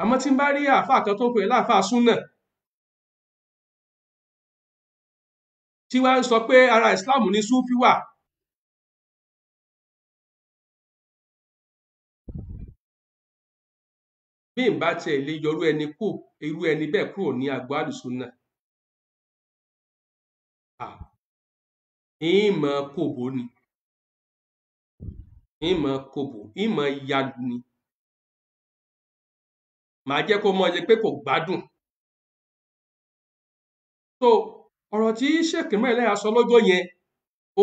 àmọ́ tí n bá rí àáfàá kan tó pè láàfáà súnà tí wàá sọ pé ara Islam ní súfì wà bí n bá tiẹ̀ lè yọrú ẹni kú irú ẹni bẹ́ẹ̀ kúrò ní àgọ́ àlùsùn náà ìmọ̀ kòbó ni ìmọ̀ kòbó ìmọ̀ yanu ni màá jẹ́ kó mọ̀ pé kò gbádùn so ọrọ tí Sheikh Imran Eleha sọ lọ́jọ́ yẹn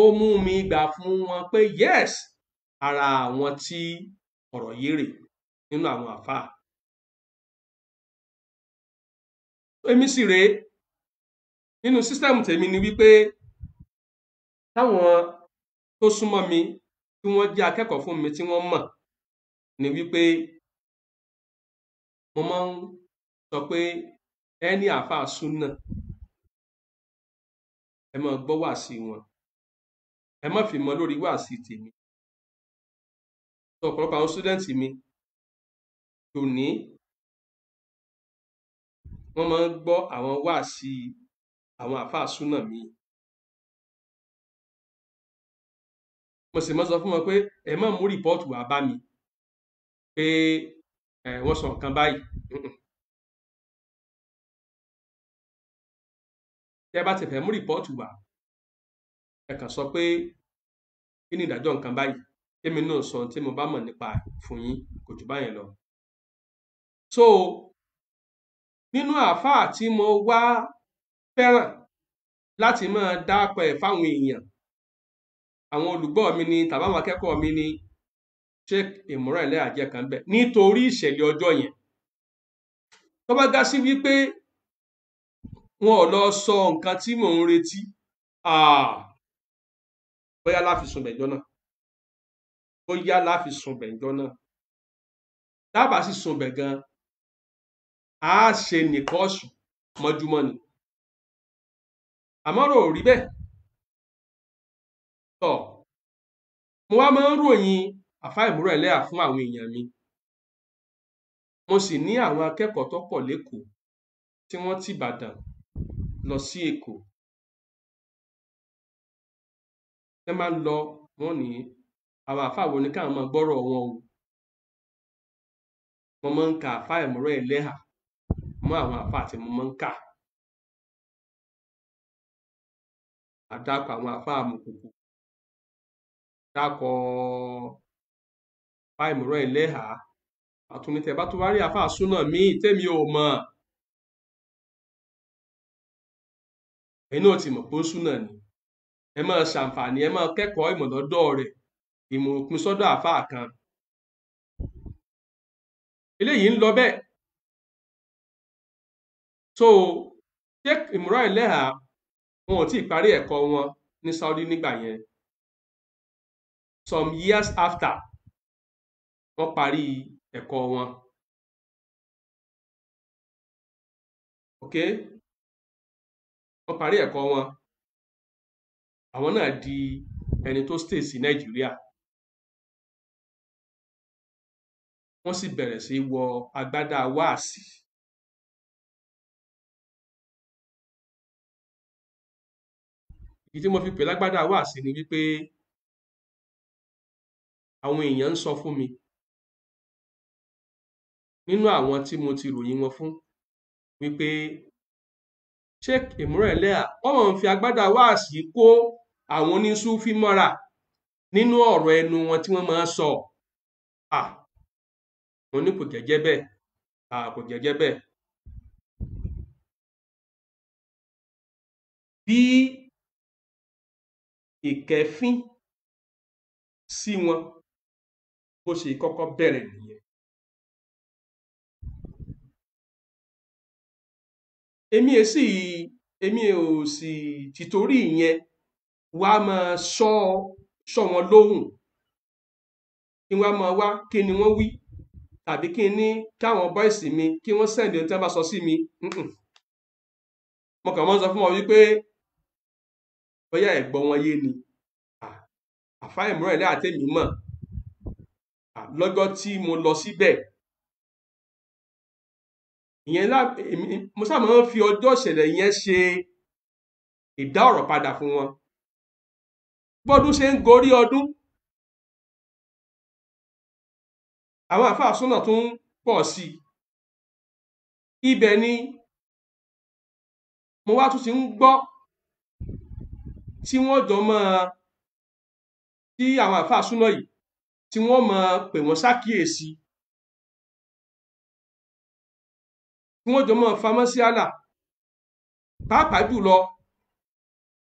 ó mú mi gbà fún wọn pé yes ara àwọn tí ọrọ yìí rè nínú àwọn àfáà èmi sì rèé nínú sísítẹ́ẹ̀mù tèmi ni wípé táwọn tó súnmọ́ mi tí wọ́n jẹ́ akẹ́kọ̀ọ́ fún mi tí wọ́n mọ̀ ni wípé mo máa ń sọ pé ẹni àáfàá súnà ẹ máa gbọ́ wàásì wọn ẹ má fi mọ lórí wàásì tèmi ọ̀pọ̀lọpọ̀ àwọn sítúdẹ̀ǹtì mi tòní wọ́n máa ń gbọ́ àwọn wàásì àwọn àfáà súnà mi, mo sì mọ́ sọ fún wọn pé ẹ má mú rìpọ́ọ̀tù wá bá mi pé ẹ wọ́n sọ nǹkan báyìí tẹ́ bá ti fẹ́ mú rìpọ́ọ̀tù wá ẹ kàn sọ pé kí ni ìdájọ́ nǹkan báyìí èmi náà sọ tí mo bá mọ̀ nípa fún yín kò jù báyẹn lọ. so nínú àáfàá tí mo wá fẹ́ràn láti máa dápọ̀ ẹ̀ fáwọn èèyàn àwọn olùgbọ́ mi ni tàbáwọn akẹ́kọ̀ọ́ mi ni Sheikh Imran Eleha kan bẹ̀ nítorí ìṣẹ̀lẹ̀ ọjọ́ yẹn tó bá ga sí wípé wọn ò lọ sọ nǹkan tí mò ń retí bóyá láfi sùn bẹ̀jọ́ náà bóyá láfi sùn bẹ̀jọ́ náà dábàá sì sùn bẹ̀ gan a ṣe nìkọ́ọ̀sù mọ́júmọ́ ni àmọ́rò rí bẹ́ẹ̀ tọ̀ mo wá máa ń ròyìn àfá ìmúra ẹlẹ́yà fún àwọn èèyàn mi mo sì ní àwọn akẹ́kọ̀ọ́ tó pọ̀ lẹ́kọ̀ọ́ tí wọ́n ti Ìbàdàn lọ sí Èkó tẹ́ máa ń lọ wọ́n ní àwọn àfá wo ni káwọn máa gbọ́rọ̀ wọn o mo máa ń ka àfá ìmúra ẹlẹ́yà mọ́ àwọn àfá tí mo máa ń kà. àdàkọ àwọn àfáà àmùkùkù ọ àfáà ìmúrọ ìlẹ́hàá àtúnitẹ̀ bá tó wá rí àfáà súnà míì tẹ́mi ò mọ̀ ẹ̀yin náà ti mọ̀ pé ó súnà ni ẹ máa ṣàǹfààní ẹ máa kẹ́kọ̀ọ́ ìmọ̀ lọ́dọ̀ rẹ̀ òpin sọ́dọ̀ àfáà kan eléyìí ń lọ bẹ́ẹ̀ so sheikh imran leha wọn ò tí ì parí ẹ̀kọ́ wọn ní Saudi nígbà yẹn some years after wọ́n parí ẹ̀kọ́ wọn. ok wọ́n parí ẹ̀kọ́ wọn àwọn náà di ẹni tó stay sí Nàìjíríà wọ́n sì bẹ̀rẹ̀ sí wọ agbádá wáàsí. ìdí tí mo fi pè lágbádá wàásì ni wípé àwọn èèyàn ń sọ fún mi nínú àwọn tí mo ti ròyìn wọn fún wípé Sheikh Imran Eleha wọ́n mọ̀ ń fi agbádá wáàsí kó àwọn oníṣúfí mọ́ra nínú ọ̀rọ̀ ẹnu wọn tí wọ́n máa ń sọ à mo ní kò jẹ́jẹ́ bẹ́ẹ̀ à kò jẹ́jẹ́ bẹ́ẹ̀ bí ìkẹ́fín sí wọn bó ṣe kọ́kọ́ bẹ̀rẹ̀ nìyẹn. èmi ò sì èmi ò sì tìtorí ìyẹn wàá máa sọ sọ wọn lóhùn kí wọ́n máa wá kí ni wọ́n wí tàbí kí n ní káwọn bọ́ìsì mi kí wọ́n sẹ́ndì ohun tí wọ́n bá sọ sí mi mo kàn mọ́ sọ fún wọn wípé bóyá ẹ̀gbọ́n wọn yé ni àfa ìmúrẹ̀lẹ́ àtẹ̀mí mọ̀ lọ́jọ́ tí mo lọ síbẹ̀ ìyẹn lá mo sábà máa ń fi ọjọ́ ìṣẹ̀lẹ̀ yẹn ṣe ìdá ọ̀rọ̀ padà fún wọn bọ́dún ṣe ń gorí ọdún àwọn àfáà súnà tún pọ̀ sí i ibẹ̀ ni mo wá tún ti ń gbọ́ tí wọ́n jọ máa tí àwọn àfáà súná yìí tí wọ́n máa pè wọ́n ṣàkíyèsí tí wọ́n jọ máa famọ́ sí àlà pàápàá jùlọ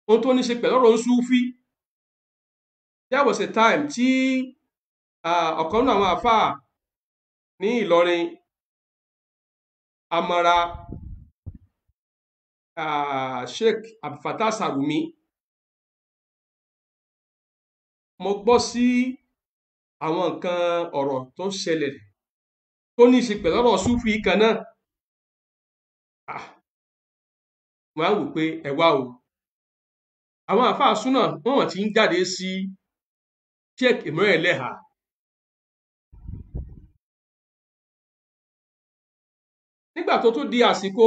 ohun tó ní ṣe pẹ̀lú ọ̀rọ̀ Sufi there was a time tí ọ̀kan nínú àwọn àfáà ní Ìlọrin Amara uh, Sheikh Abdulfatah Sarumi mo gbọ́ sí àwọn nǹkan ọ̀rọ̀ tó ṣẹlẹ̀ tó ní ṣe pẹ̀lú ọ̀rọ̀ súfì kan náà mo ń wò pé ẹ wá o àwọn àfáà súnà wọn wọn ti ń jáde sí check Imran nígbà tó tún di àsìkò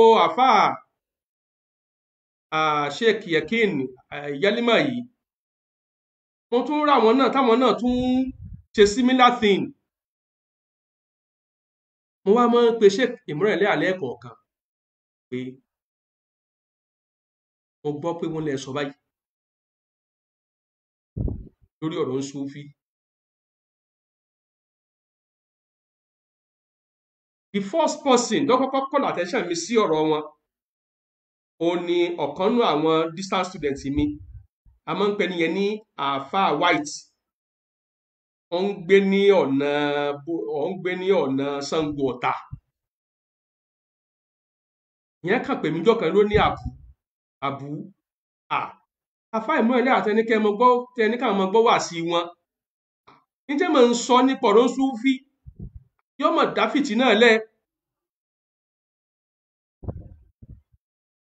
Yakin mo tún rà wọn náà táwọn náà tún ṣe similar thing mo wá mọ́ pé ṣé ìmúrẹ̀lẹ́ àlẹ́ kọ̀ọ̀kan pé mo gbọ́ pé wọ́n lè sọ báyìí lórí ọ̀rọ̀ ń Sufi the first person tó kọ́kọ́ call attention mi sí ọ̀rọ̀ wọn òun ni ọ̀kan nú àwọn distance student mi a máa ń pè nìyẹn ní àáfàá white ó ń gbé ní ọ̀nà ó ń gbé ní ọ̀nà kàn pè mí jọ̀kan ló ní àbú àbú à wà sí wọn níjẹ́ mọ̀ ń sọ nípa ọ̀rọ̀ mọ̀ dáfìtì náà lẹ̀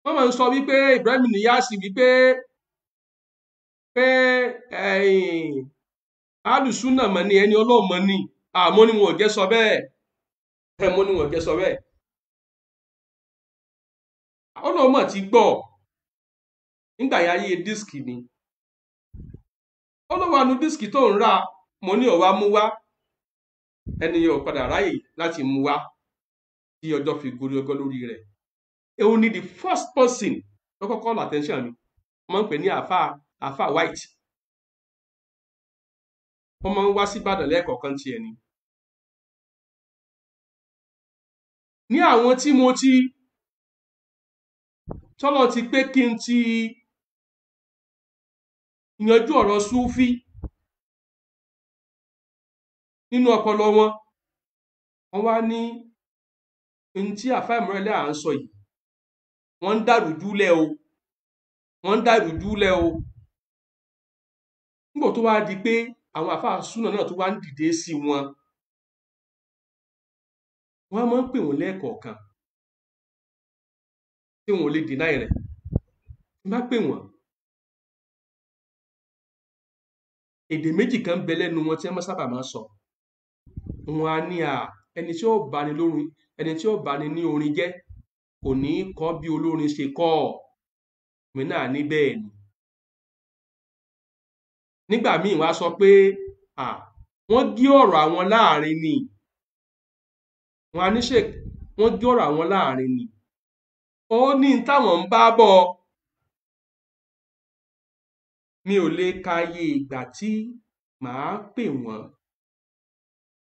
wọ́n wípé Ibrahim wípé pé alùsùnà mọ ni ẹni ni ni wọn ò sọ ni wọn ò sọ ti ni anu tó ń ra ní mú wá ẹni yóò padà ráyè láti mú wá tí ọjọ́ fi gorí ọgọ́ lórí ni the first person tó kọ́kọ́ attention mi ń ní àáfà white wọ́n máa ń wá síbàdàn lẹ́ẹ̀kọ̀ọ̀kan tiẹ̀ ni. ní àwọn tí mo ti tọ́lọ̀ ti pé kí n ti yanjú ọ̀rọ̀ súfí nínú ọpọlọ wọn wọ́n wá ní n tí àfáà ìmúrẹ́lẹ́ à ń sọ yìí wọ́n ń dàrú júlẹ̀ o wọ́n ń dàrú júlẹ̀ o nígbà tó wá di pé àwọn àfáà súnà náà tó wá ń dìde sí wọn wọ́n máa ń pè wọ́n lẹ́ẹ̀kọ̀ọ̀kan tí wọn ò lè dènà rẹ̀ tí bá pè wọ́n èdè méjì kan bẹ lẹ́nu wọn tí wọ́n sábà máa sọ wọn á ní à ẹni tí ó bani lórin ẹni tí ó bani ní orin jẹ́ kò ní kọ́ bí olórin ṣe kọ́ ọ̀ mí náà ní bẹ́ẹ̀ ni nígbà míì wọ́n á sọ pé wọ́n gé ọ̀rọ̀ àwọn láàrin ni wọ́n á ní ṣe wọ́n gé ọ̀rọ̀ àwọn láàrin ni ó ní táwọn ń bá bọ̀ mi ò lè ka ìgbà tí màá pè wọ́n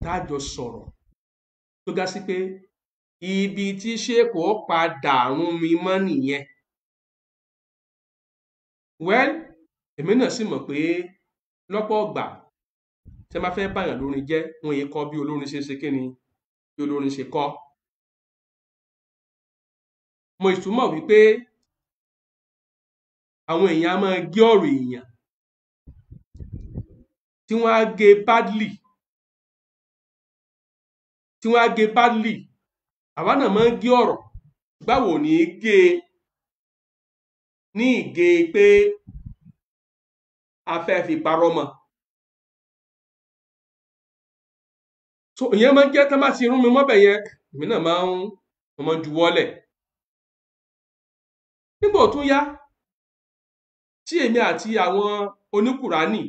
tájọ sọ̀rọ̀ tó ga sí pé ibi tí ṣéèkù padà rún mi mọ́ nìyẹn well èmi náà sì mọ̀ pé lọ́pọ̀ ọ̀gbà tẹ́ máa fẹ́ báyàn lórin jẹ́ wọn èyí kọ bí olórin ṣe ṣe kí ni bí olórin ṣe kọ. mo ìtumọ̀ wípé àwọn èèyàn á máa gé ọ̀rọ̀ èèyàn tí wọ́n á gé badly tí wọ́n á gé badly àwa náà máa ń gé ọ̀rọ̀ báwo ni gé ní ìgé pé a fẹ́ fi parọ́ mọ́ so ìyẹn máa ń jẹ́ tá má ti rún mi mọ́bẹ̀ yẹn èmi náà máa ń ọmọ juwọ́lẹ̀ nígbà tó yá tí èmi àti àwọn oníkùránì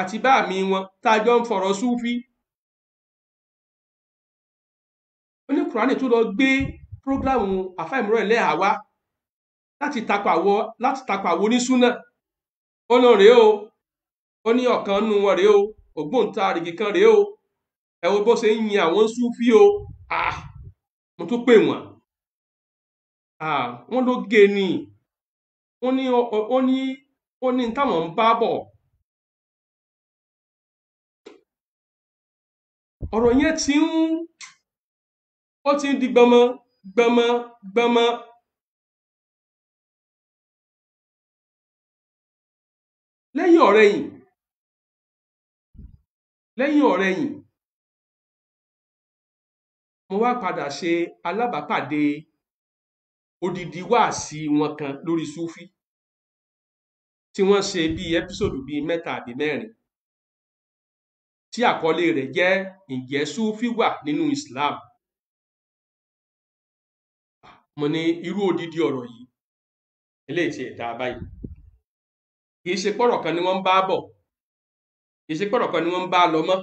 àti báàmí wọn tá a jọ ń fọ̀rọ̀ súfí oníkùránì tó lọ gbé prógráàmù àfáìmúrọ̀ ẹ̀lẹ́hàá láti takò àwọn onísúnà ó rèé o ó ní ọ̀kan nínú wọn rèé o ògbóǹtarìgì kan rèé o ẹ wo bó ṣe ń yin àwọn o ah mo tún pè ah ló gé ni wọ́n ní ó ní ó ní táwọn ń bá yẹn ti ń ó ti ń di gbọmọ gbọmọ gbọmọ lẹ́yìn ọ̀rẹyìn lẹ́yìn ọ̀rẹyìn mo wá padà ṣe alábàápàdé odidi wáàsí wọn kan lórí Súfí tí wọ́n ṣe bíi ẹ́písòdù bíi mẹ́ta àbí mẹ́rin tí àkọlé rẹ̀ jẹ́ ǹjẹ́ Súfí wà nínú Islam mo ní irú odidi ọ̀rọ̀ yìí eléyìí ti ẹ̀dá báyìí kì í ṣe pọ̀rọ̀ kan ni wọ́n ń bá bọ̀ kì í ṣe pọ̀rọ̀ kan ni wọ́n ń bá lọ mọ́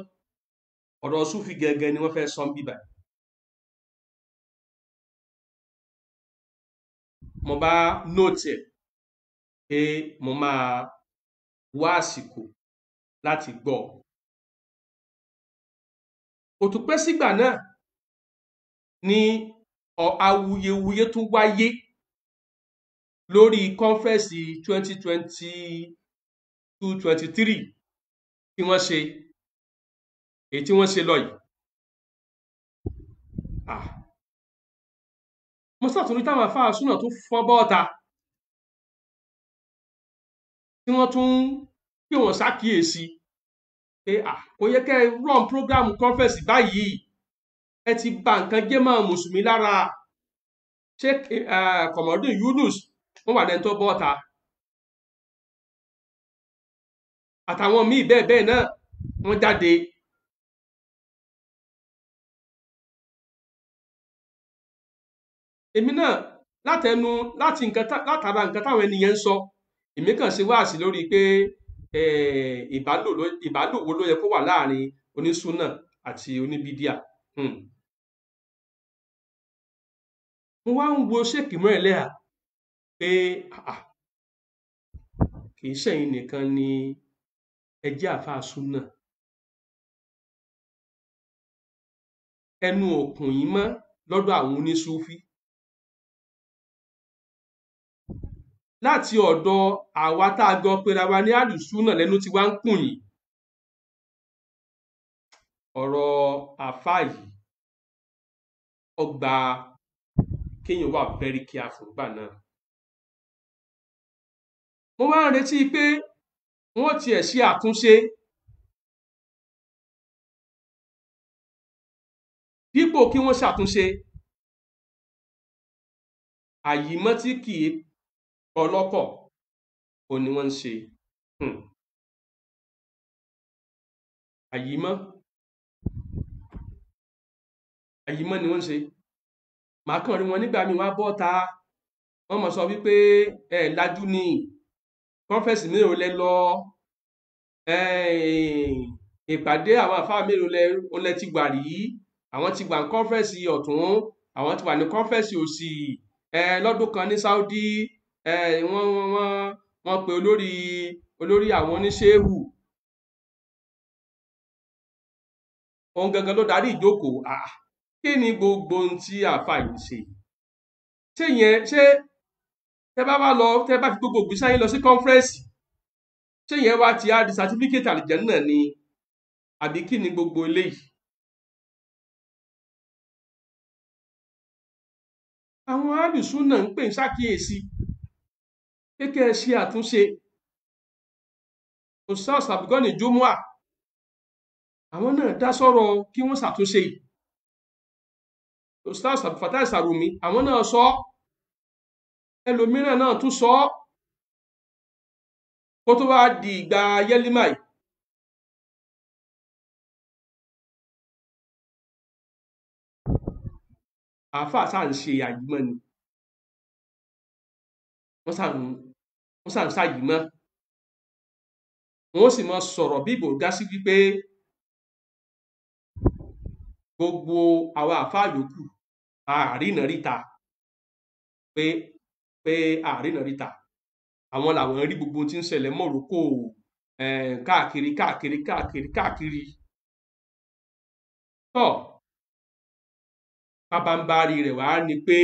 ọ̀rọ̀ súfì gẹ́gẹ́ ni wọ́n fẹ́ sọ bíbà mo bá nóòtì ẹ̀ pé mo máa wá àsìkò láti gbọ́ kò tún pẹ́ sígbà náà ni awuyewuye tún wáyé lórí kọ́nfẹ́ẹ̀sì 2022-23. two twenty three tí wọ́n ṣe èyí tí wọ́n ṣe lọ yìí. mo ṣàtúnrí táwọn afáà súnà tún fọ́n bọ́ọ̀ta tí wọ́n tún pè wọ́n ṣàkíyèsí pé kò yẹ kẹ́ ẹ run program conference báyìí ẹ ti bà nǹkan jẹ́ mọ́ mùsùlùmí lára ṣé Kọ̀mọ́dún Yunus wọ́n wà lẹ́ni tó bọ́ ọ̀ta àtàwọn míì bẹ́ẹ̀ bẹ́ẹ̀ náà wọ́n jáde èmi náà látẹnu láti nǹkan látara nǹkan táwọn ènìyàn ń sọ èmi kàn ṣe wáàsí lórí pé ìbálò wo ló yẹ kó wà láàrin onísúnà àti oníbídíà hmm. mo wá ń wo ṣèkìmọ́ ẹ̀lẹ́à pé àà kìí ṣẹ̀yin nìkan ni ẹjẹ́ jẹ́ àfáà ẹnu òkun yìí mọ́ lọ́dọ̀ àwọn onísúfí láti ọ̀dọ̀ àwa tá a jọ pera wa ní àlùsúnà lẹ́nu ti wá ń kùn yìí ọ̀rọ̀ àfáà yìí ó gba kéèyàn wà very careful gbà náà mo wá ń retí pé wọ́n tiẹ̀ ṣe àtúnṣe dípò kí wọ́n ṣàtúnṣe àyímọ́ tí kì í ọlọ́kọ̀ ò ní wọ́n ń ṣe hmm. àyímọ́ àyímọ́ ni wọ́n ń ṣe màá kàn rí wọn nígbà míì wá bọ́ ta mọ̀ sọ wípé ẹ̀ lajú ni conference mélòó lẹ lọ ìpàdé àwọn àfáà mélòó lẹ ó lẹ ti gbà rí àwọn ti gbà ní conference ọ̀tún àwọn ti wà ní conference òsì lọ́dún kan ní Saudi wọ́n wọ́n wọ́n pe olórí olórí àwọn oníṣẹ́hù òun gangan ló darí ìjókòó kí ni gbogbo ohun tí àfáà yìí ṣe ṣé yẹn ṣé tẹ bá wá lọ tẹ bá fi gbogbo ògbésí ayé lọ sí kọ́nfẹ́rẹ́nsì ṣé ìyẹn wá ti á di sàtífíkẹ́tì àlìjẹ́nà ni àbí kí ni gbogbo eléyìí. àwọn alùsùn náà ń pè ń ṣàkíyèsí kékeré ṣe àtúnṣe osas abigoni jumua àwọn náà dá sọ̀rọ̀ kí wọ́n ṣàtúnṣe yìí osas abifata àwọn náà sọ ọ́ ẹlòmíràn náà tún sọ ọ́ kó tó wá di ìgbà yẹ́límà yìí. àáfàá sáà ń ṣe àyímọ́ ni wọ́n sáà ń ṣàyímọ́ wọ́n sì mọ sọ̀rọ̀ bí ìbò dá sí wípé gbogbo àwọn àáfàá yòókù àárín náà ríta pé pé àrínà ríta àwọn làwọn rí gbogbo tí ń ṣẹlẹ̀ mọ̀rọ́kò eh, káàkiri káàkiri káàkiri káàkiri tọ́ pabambari rẹ̀ wá ni pé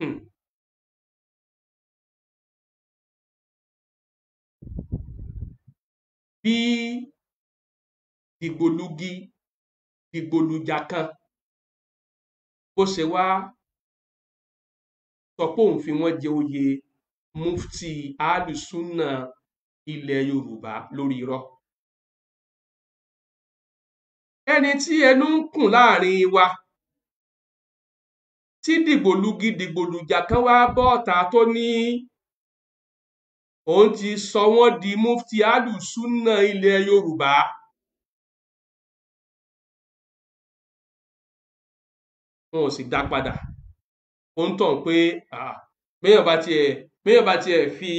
hmm. bí dìgbòlugi dìgbòlùjà kan bó ṣe wá sọ pé òun fi wọ́n jẹ oyè mufti alùsùnà ilẹ̀ yorùbá lórí irọ́ ẹni tí ẹnu ń kùn láàrin wa tí dìgbòlugi dìgbòlùjà kan wá bọ́ ọ̀tá tó ní òun ti sọ wọ́n di mufti alùsùnà ilẹ̀ yorùbá. wọn ò sì dá padà ó ń tàn pé béèyàn bá tiẹ̀ béèyàn bá tiẹ̀ fi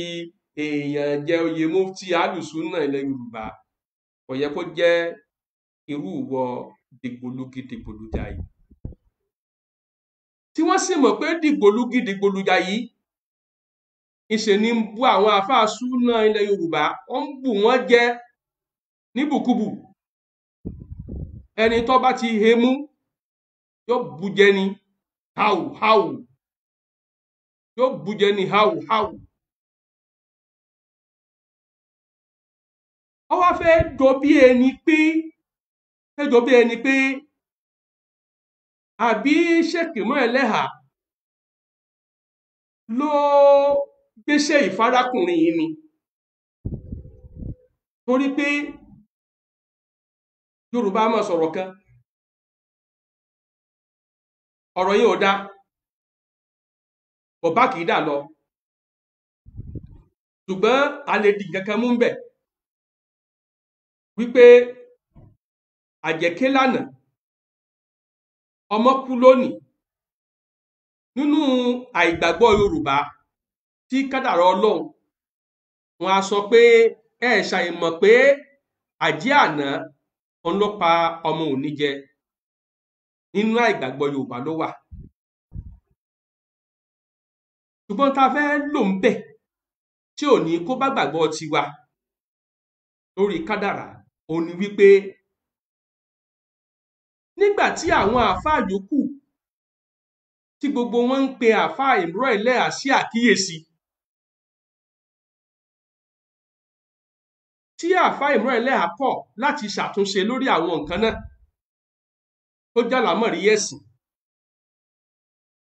èèyàn jẹ oyè mufti alùsùnà ilẹ̀ yorùbá kò yẹ kó jẹ́ irú ìwọ dìgbòlugi dìgbòlujà yìí tí wọ́n sì mọ̀ pé dìgbòlugi dìgbòlujà yìí ìṣe ni ń bú àwọn àáfàá súnà ilẹ̀ yorùbá ó ń bù wọ́n jẹ níbùkúbù ẹni tó bá ti he mú yóò bú jẹ ni. How, how? Yok bu jeni how, how? Ó wá fẹ́ jọ ẹni pé fẹ́ bí ẹni pé àbí ṣèkìmọ́ ẹlẹ́hà ló gbéṣẹ́ ìfarakùnrin yi ni torí pé Yorùbá máa sọ̀rọ̀ kan ọ̀rọ̀ yìí ò dá ọba kì í dà lọ ṣùgbọ́n a lè di nǹkan kan mú bẹ̀ wípé àjẹké lánàá ọmọ kú lónìí nínú àìgbàgbọ́ Yorùbá tí kádàrá Ọlọ́run wọn a sọ pé ẹ ṣàìmọ̀ pé àjẹ́ àná òun ọmọ òní jẹ nínú àìgbàgbọ́ yorùbá ló wà ṣùgbọ́n ta fẹ́ lò ń bẹ̀ tí ò ní kó bá gbàgbọ́ tiwa lórí kádàrá òun ni wípé nígbà tí àwọn àáfàá yòókù tí gbogbo wọn ń pe àáfàá ìmúrọ̀ ẹlẹ́à sí àkíyèsí tí àáfàá ìmúrọ̀ ẹlẹ́à kọ̀ láti ṣàtúnṣe lórí àwọn nǹkan náà tó rí ẹ̀sìn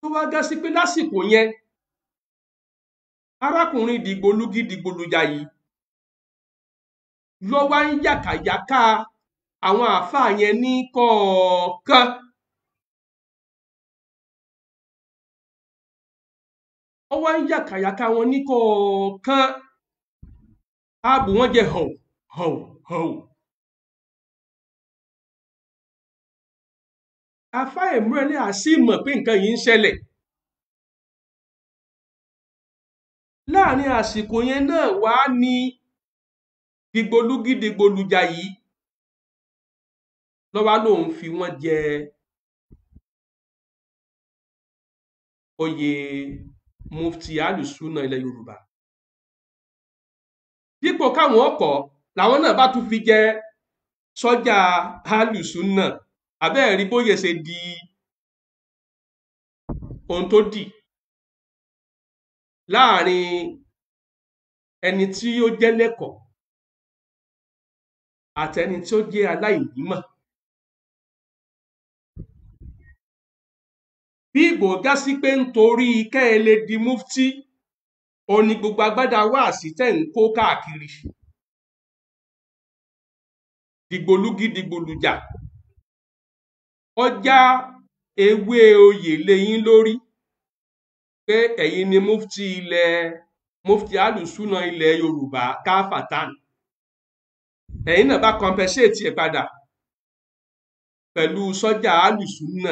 tó wá gá sí pé lásìkò yẹn arákùnrin dìgbòlugi dìgbòlujà yìí lọ wá ń yàkàyàkà àwọn àáfàá yẹn ní kọ̀ọ̀kan. ó wá ń yàkàyàkà wọn ní kọ̀ọ̀kan ààbò wọn jẹ hàn hàn hàn. afá ìmúrẹ́ ní àṣìmọ̀ pé nǹkan yìí ń ṣẹlẹ̀ láàrin àsìkò yẹn náà wá ní dìgbòlúgídìgbòlùjà yìí lọ́wọ́ lòun fi wọ́n jẹ oyè mufti alùsùnà ilẹ̀ yorùbá dípò káwọn ọkọ̀ làwọn náà bá tún fi jẹ sọ́jà alùsùnà abẹ́ẹ̀ rí bóyè ṣe di ohun tó dì láàrin ẹni tí ó jẹ́ lẹ́kọ̀ọ́ àtẹni tí ó jẹ́ aláìnímọ̀. bí ìbò já sí pé nítorí kẹ́ ẹ lè di mufti ó ní gbogbo agbádá wáàsí tẹ̀ ń kó káàkiri dìgbòlugi dìgbòlùjà wọ́n já ewé oyè lé yín lórí pé ẹ̀yin ni mufti ilẹ̀ mufti alùsùnà ilẹ̀ Yorùbá káfàtàn ẹ̀yin náà bá compensate ẹ̀ padà pẹ̀lú sọ́jà alùsùnà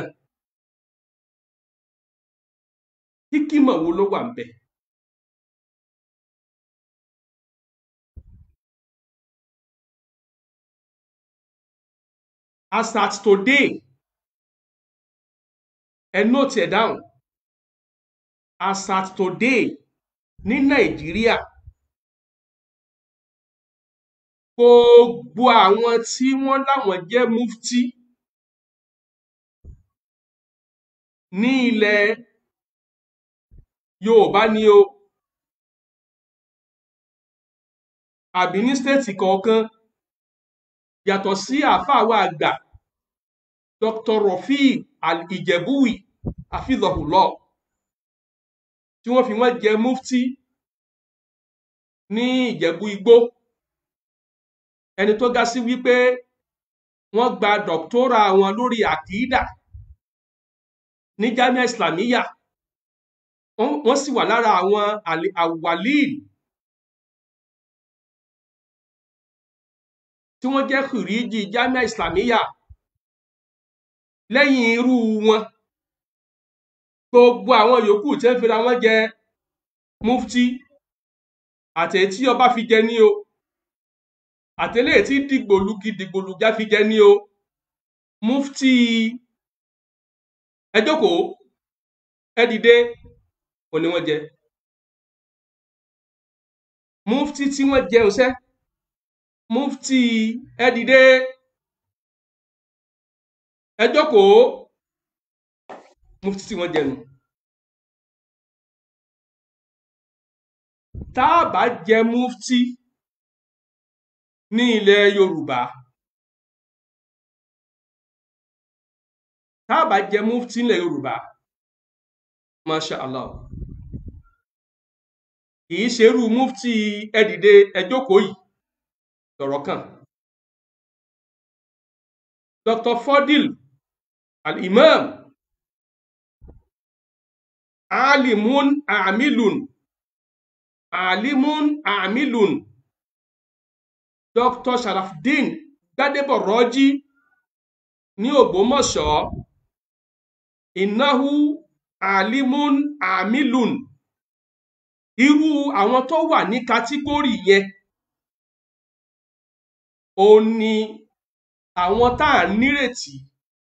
kíkímọ̀ wo ló wà ń bẹ̀. As at today, And note ẹ̀ down as at today ní nàìjíríà gbogbo àwọn tí wọ́n láwọn jẹ́ mufti ní ilẹ̀ yorùbá ni o àbí ní stéètì kọ̀ọ̀kan yàtọ̀ sí àfàwọ̀ àgbà dr rafiq al-Ìjẹ̀búwì àfihàn tí wọ́n fi wọ́n jẹ mufti ní Ìjẹ̀bú Igbó ẹni tó ga sí wípé wọ́n gba dọ̀tọ́rà wọn lórí àkìídà ní jamiu islamiyya wọ́n sì wà lára àwọn awalil tí wọ́n jẹ́ kìrìjì jamiu islamiyya lẹ́yìn irú wọn gbogbo àwọn yòókù tí ń fira wọn jẹ mufti àtẹ̀yí tí ọba fi jẹ ní o àtẹ̀lé tí dìgbòlugi dìgbòlugá fi jẹ ní o mufti ẹ jókòó ẹ dìde òní wọn jẹ mufti tí wọn jẹ ọsẹ mufti ẹ ẹ jókòó mufti wọn jẹnu tá a bá jẹ mufti ní ilẹ̀ Yorùbá tá a bá jẹ mufti nílẹ̀ Yorùbá masha allah kì í ṣerú mufti ẹ dìde yìí lọ́rọ̀ kan Dr. Fodil al-imam alimun amilun alimun amilun dr sharafdin gbadebo rọjí ní ògbómọ̀ṣọ́ ìnáhu alimun amilun irú àwọn tó wà ní kátígórì yẹn òun ni àwọn tá à ń nírètí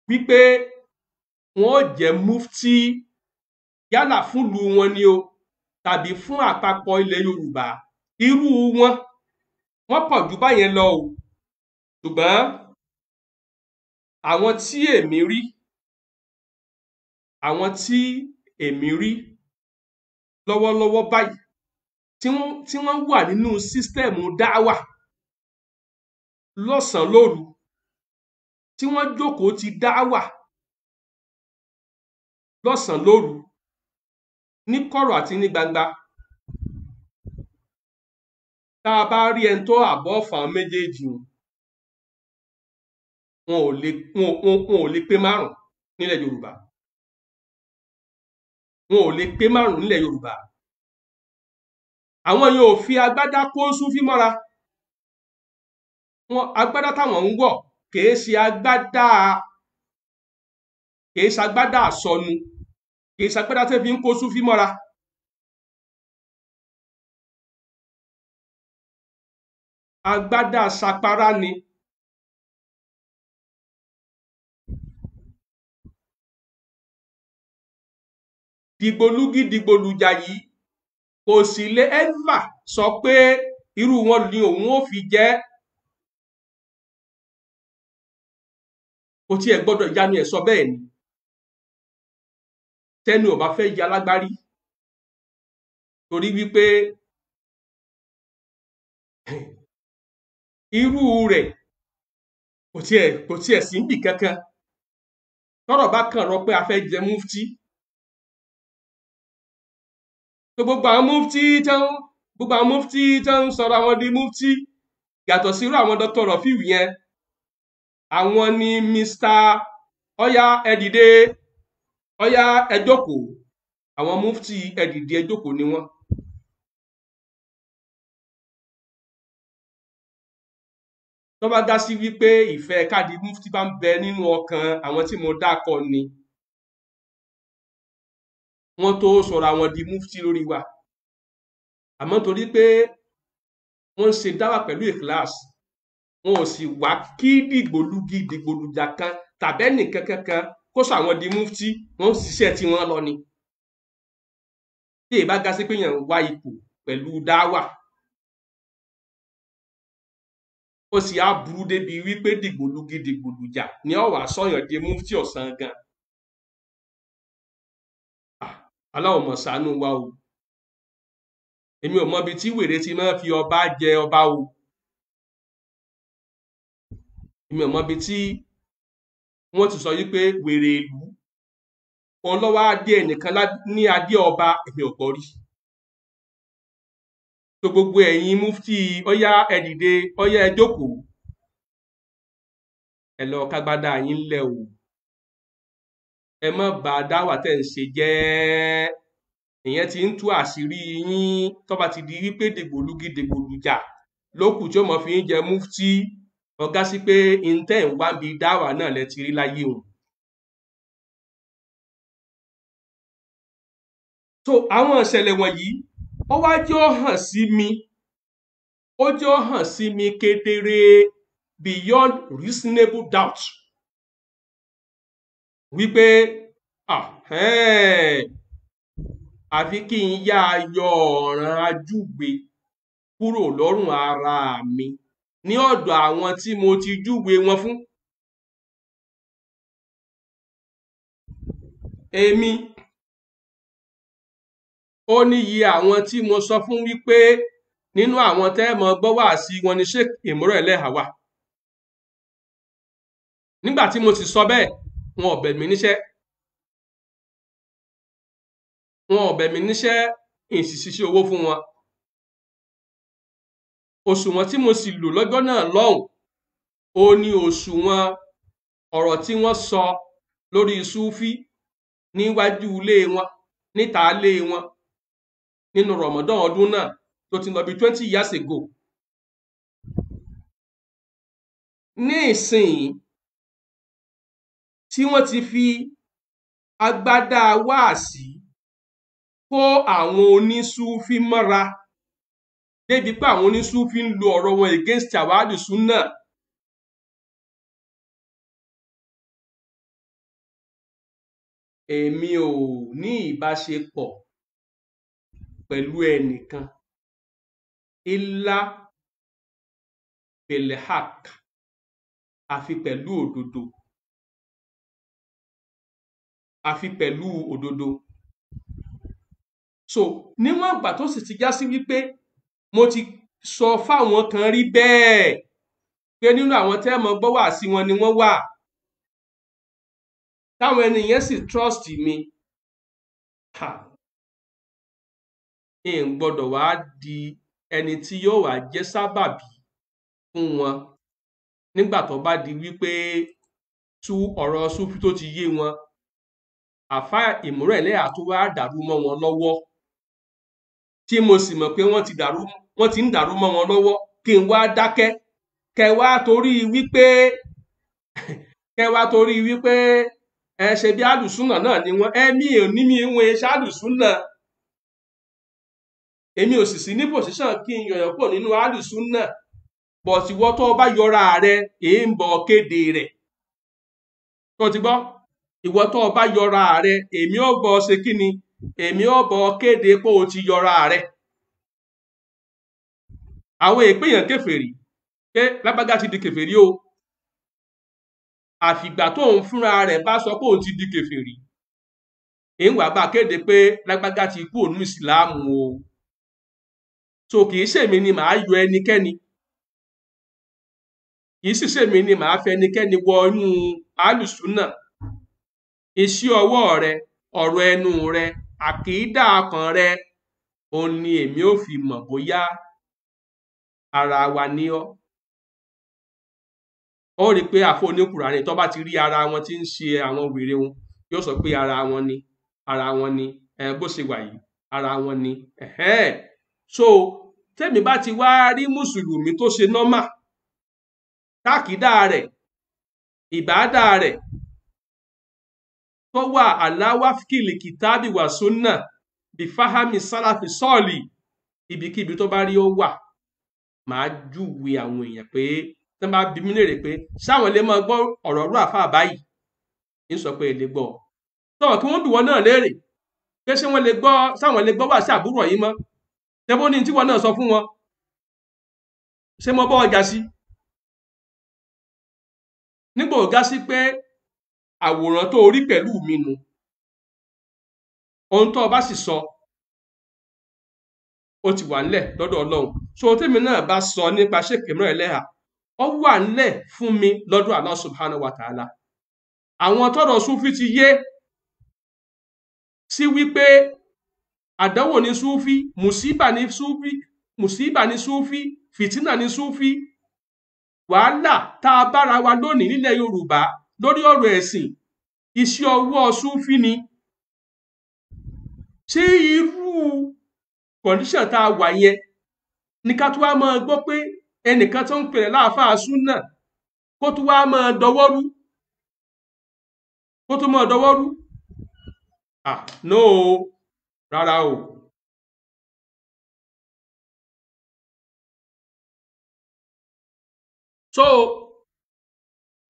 wípé wọn ó jẹ́ mufti yálà fúnlùú wọn ni o tàbí fún àpapọ̀ ilẹ̀ Yorùbá irú wọn wọ́n pọ̀ jù báyẹn lọ o ṣùgbọ́n àwọn tí èmi rí àwọn tí èmi rí lọ́wọ́lọ́wọ́ báyìí tí wọ́n tí wọ́n wà nínú sísítẹ̀mù dáwà lọ́sànán lóru tí wọ́n jókòó ti dá wà lọ́sàn-án lóru ní kọ̀rọ̀ àti ní gbangba tá a bá rí ẹni tó àbọ̀ ọ̀fà méjèèjì wọn ò lè wọn ò lè pé márùn nílẹ̀ Yorùbá wọn ò lè pé márùn nílẹ̀ Yorùbá àwọn yóò fi agbádá kó Súfí wọn agbádá táwọn ń wọ̀ kìí ṣe agbádá kìí ṣe agbádá àsọnu kìí ṣe agbádá tẹ́ fi ń kó súfí mọ́ra. agbádá sapara ni. dìgbòlugi dìgbòlujà yìí kò sì lè ẹ́fà sọ pé irú wọn ni òun ò fi jẹ́ kò tiẹ̀ gbọ́dọ̀ yanu ẹ̀ sọ bẹ́ẹ̀ ni tẹnu ò bá fẹ́ ya lágbárí torí wípé irú rẹ̀ kò tiẹ̀ kò tiẹ̀ sí níbì kankan tọ́rọ̀ bá kàn rọ pé a fẹ́ jẹ mufti tó gbogbo àwọn mufti tán gbogbo àwọn mufti tán sọ̀rọ̀ àwọn di mufti yàtọ̀ sí irú àwọn dr rafiu yẹn àwọn ni Mr ọ̀yá ẹ dìde ọ̀yá ẹ jókòó àwọn mufti ẹ dìde ẹ jókòó ni wọ́n. tó bá dá sí wípé ìfẹ́ káàdì mufti bá ń bẹ nínú ọkàn àwọn tí mo dákọ ni wọ́n tó sọ̀rọ̀ àwọn di mufti lórí wa àmọ́ torí pé wọ́n ń ṣe dáwà pẹ̀lú ìkíláàsì wọn ò sì wá kí dìgbòlugi dìgbòlujà kan tàbẹ́nì kankan kó sọ di mufti wọn ń ṣiṣẹ́ tí wọ́n lọ ni. bí èyí bá ga sí pé yàn ń wá ipò pẹ̀lú dáwà ó sì á burú débi wípé dìgbòlugi dìgbòlujà ni ọ̀wà sọ̀yàn di mufti ọ̀sán gan. aláwọ̀ mọ̀ ṣàánú wa o èmi ò mọbi tí wèrè ti máa fi ọba jẹ ọba o mi ò mọbi tí wọ́n ti sọ yí pé wèrè ìlú ọlọ́wọ́ adé ẹnìkan ní adé ọba èmi ò gbọ́ rí tó gbogbo ẹ̀yin mufti ọyá ẹ dìde ọyá ẹ jókòó ẹ lọ kágbádá yín lẹ̀ o ẹ má bàa dáwà tẹ̀ ń ṣe jẹ́ ìyẹn ti ń tú àṣírí yín tó ti di wípé dègbòlugi dègbòlujà lókù mọ̀ fi ń jẹ mufti ọ̀gá sí pé ntẹ́ ń wá bí dáwà náà lẹ ti rí láyé òun. so àwọn ìṣẹ̀lẹ̀ wọ̀nyí ó wá jẹ́ ó hàn sí mi ó jẹ́ ó hàn sí mi kedere beyond reasonable doubt wípé àfi kí n yáa yọ ọ̀ràn ajúgbe kúrò lọ́rùn ara mi ní ọ̀dọ̀ àwọn tí mo ti júwe wọn fún. Èmi ó níye àwọn tí mo sọ fún wípé nínú àwọn tẹ́ẹ̀mọ gbọ́ wà sí wọn ni Sheikh Imran Eleha wà. Nígbà tí mo sì sọ bẹ́ẹ̀, wọn ò bẹ̀ níṣẹ́. Wọn ò bẹ̀ níṣẹ́ ìṣìṣiṣẹ́ owó fún wọn òṣùwọ̀n tí mo sì lò lọ́jọ́ náà lọ́hùn ó ní òṣùwọ̀n ọ̀rọ̀ tí wọ́n sọ lórí Súfí níwájú ilé wọn níta ilé wọn nínú Ramadan ọdún náà tó ti lọ bí twenty years ago. ní ìsìn tí wọ́n ti fi agbádá wáàsí kó àwọn onísúfí mọ́ra débi pé àwọn onísúfí ń lo ọ̀rọ̀ wọn against àwọn àdùsùn náà èmi ò ní ìbáṣepọ̀ pẹ̀lú ẹnìkan ilá belhak àfi pẹ̀lú òdodo àfi pẹ̀lú òdodo so níwọ̀n ìgbà tó sì ti já sí wípé mo ti sọ fáwọn kan rí bẹ́ẹ̀ pé nínú àwọn tẹ́ẹ̀mọ́ gbọ́ wà sí wọn ni wọ́n wà táwọn ẹni yẹn sì trust mi n gbọ́dọ̀ wá di ẹni tí yóò wá jẹ́ sábàbí fún wọn nígbà tó bá di wípé tú ọ̀rọ̀ sufi tó ti yé wọn àfa ìmúrẹ̀lẹ́ àtúwá dàrú mọ́ wọn lọ́wọ́. tí mo sì mọ̀ pé wọ́n ti dàrú wọ́n ń dàrú mọ́ wọn lọ́wọ́ kí n wá dákẹ́ kẹ wá torí wípé kẹ torí wípé ẹ ṣe bí àlùsùnà náà ni wọn ẹ mí ò ní mi wọn ṣe àlùsùnà èmi ò sì sí ní pòṣíṣàn kí n yọ̀yàn pọ̀ nínú àlùsùnà bọ̀tí wọ́n tó bá yọra rẹ èé ń bọ̀ kéde rẹ̀ tó ti gbọ́ ìwọ tó bá yọra rẹ èmi ò bọ̀ ṣe kí ni èmi ò bọ̀ kéde pé o ti yọra rẹ àwọn èpèyàn kèfèrí pé lágbájá ti di kèfèrí o àfìgbà tó ń fúnra rẹ̀ bá sọ pé òun ti di kèfèrí ìwà bá kéde pé lágbájá ti kú òun ìsìláàmù o so kì í ṣèmi ni màá yọ ẹnikẹ́ni kì í sì ṣèmi ni màá fẹ́ ẹnikẹ́ni wọ inú alùsùn náà iṣẹ́ ọwọ́ rẹ ọ̀rọ̀ ẹnu rẹ àkìdá ọkàn rẹ òun ni èmi ò fi mọ̀ bóyá ara wa ní ọ́ ó rí i pé àfọ oníkùrà ni tó bá ti rí ara wọn tí ń ṣe àwọn wèrè wọn yóò sọ pé ara wọn ni ara wọn ni bó ṣe wà yìí ara wọn ni so tẹ́mi bá ti wá rí mùsùlùmí tó ṣe nọ́mà tákìdá rẹ̀ ìbádá rẹ̀ tó wà aláwáfíkìlì kìtàbí wà sunna bí fáhámi sálàfì sọ́ọ̀lì ibikíbi tó bá rí ó wà màá júwe àwọn èèyàn pé tó bá bí mi léèrè pé sáwọn lè máa gbọ́ ọ̀rọ̀ ọ̀rọ̀ àfa àbáyì ń sọ pé èlé gbọ́ tọ́ kí wọ́n bí wọn náà léèrè pé ṣé wọ́n lè gbọ́ sáwọn lè gbọ́ wà sí àbúrò yìí mọ́ tẹ́bó ní tí wọn náà sọ fún wọn ṣé mo bọ́ ọjà sí nígbà ọ̀gá sí pé àwòrán tó rí pẹ̀lú mi nu ohun tó o bá sì sọ ó ti wà ńlẹ̀ lọ́dọ̀ ọlọ́run so ohun tèmi náà bá sọ nípa Sheikh Imran Eleha ó wà ńlẹ̀ fún mi lọ́dọ̀ Allah subhanahu wa ta'ala àwọn tọ́rọ̀ súnfí ti yé sí wípé àdánwò ní súnfí mùsíbà ní súnfí mùsíbà ní súnfí fìtínà ní súnfí wàhálà tá a bára wa lónìí nílẹ̀ Yorùbá lórí ọ̀rọ̀ ẹ̀sìn iṣẹ́ ọwọ́ súnfí ni ṣé irú kọ̀ndíṣàn tá a wà yẹn ní ká tó wá máa gbọ́ pé ẹnìkan tó ń pèrè láàfáà súnà kó tó wá máa dọwọ́rú kó tó máa dọwọ́rú ah no rárá o. so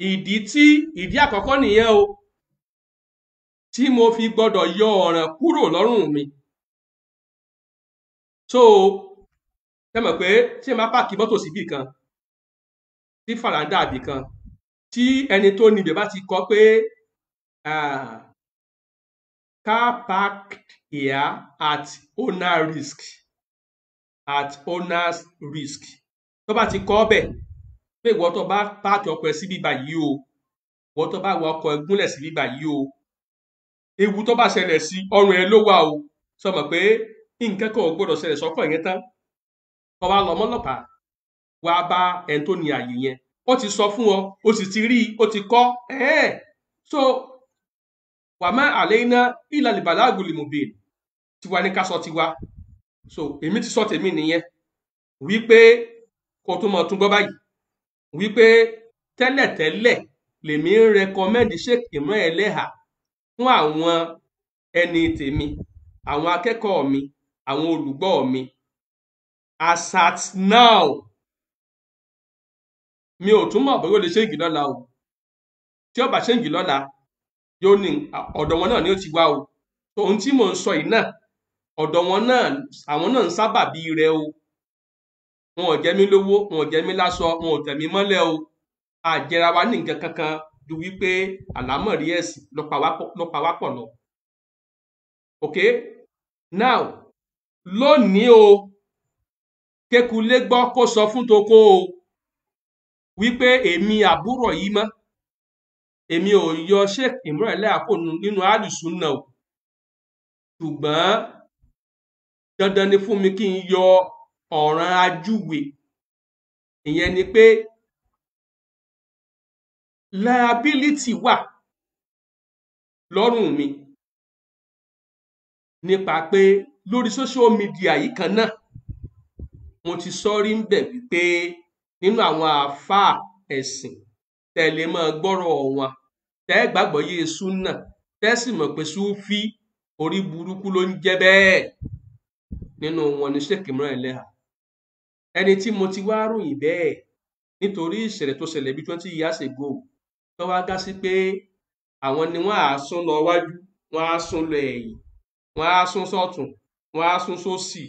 ìdí tí ìdí àkọ́kọ́ nìyẹn o tí mo fi gbọ́dọ̀ yọ ọ̀ràn kúrò lọ́rùn mi so ẹ mọ̀ pé tí ẹ máa pààkì mọ́tò síbì kan tí fàràǹdà àbì kan tí ẹni tó ní ibẹ̀ bá ti kọ pé car parked here at owner risk at owner's risk tó bá ti kọ ọ́ bẹ́ẹ̀ pé ìwọ tó bá páàkì ọkọ̀ ẹ sí bíbá yìí o ìwọ tó bá wọ ọkọ̀ ẹ gúnlẹ̀ sí bíbá yìí o ewu tó bá ṣẹlẹ̀ sí ọrùn ẹ ló wà o sọ mọ̀ pé nǹkan kan ò gbọdọ̀ ṣẹlẹ̀ sọ́kọ̀ yẹn tán kọ́ wa lọ mọ́lọ́pàá wàá bá ẹni tó ní àyè yẹn ó ti sọ fún ọ ó sì ti rí i ó ti kọ́ ẹ̀ẹ́ so wàmẹ́ àlẹ́yìnà ìlàlìbàlà àgùlìmùbìn tiwa ní ká sọ tiwa so èmi ti sọ tèmi nìyẹn wípé kó tó mọ̀ tún gbọ́ báyìí wípé tẹ́lẹ̀tẹ́lẹ̀ lèmi ń rẹkọmẹ́ndì Sheikh Imran Eleha fún àwọn ẹni tèmi àwọn akẹ́kọ̀ọ́ mi àwọn olùgbọ́ mi as at now mi ò túmọ̀ bóyá ó lè ṣéǹgì lọ́la o tí ó bá ṣéǹgì lọ́la yóò ní ọ̀dọ̀ wọn náà ni ó ti wá o ohun tí mò ń sọ yìí náà ọ̀dọ̀ wọn náà àwọn náà ń sábà rẹ o wọn ò jẹ mí lówó wọn ò jẹ mí láṣọ wọn ò tẹ̀ mí o àjẹra wa ní nǹkan kankan ju wípé àlámọ̀rí ẹ̀sìn ló pa wá lọ. ok now lónìí o kékulé gbọ́ kó sọ fún toko o wípé èmi àbúrò yìí mọ́ èmi ò yọ sheikh imran lẹ́àkó nínú alùsùn náà ṣùgbọ́n dandan ni fún mi kí n yọ ọ̀ràn ajúwe ìyẹn ni pé liability wà lọ́rùn mi nípa pé lórí social media yìí kan náà mo ti sọ ri bẹ̀ wípé nínú àwọn àáfàá ẹ̀sìn tẹ̀lé máa gbọ́rọ̀ wọn tẹ́ gbàgbọ́ yé súnà tẹ́ sì mọ̀ pé súfí orí burúkú ló ń jẹ́ bẹ́ẹ̀ nínú wọn ni Sheikh Imran ẹni tí mo ti wá ròyìn bẹ́ẹ̀ nítorí ìṣẹ̀lẹ̀ tó ṣẹlẹ̀ bí twenty years ago tó wá dá sí pé àwọn ni wọ́n á sún lọ wájú wọ́n á sún lọ ẹ̀yìn wọ́n á sún sọ́tún wọ́n á sún sósì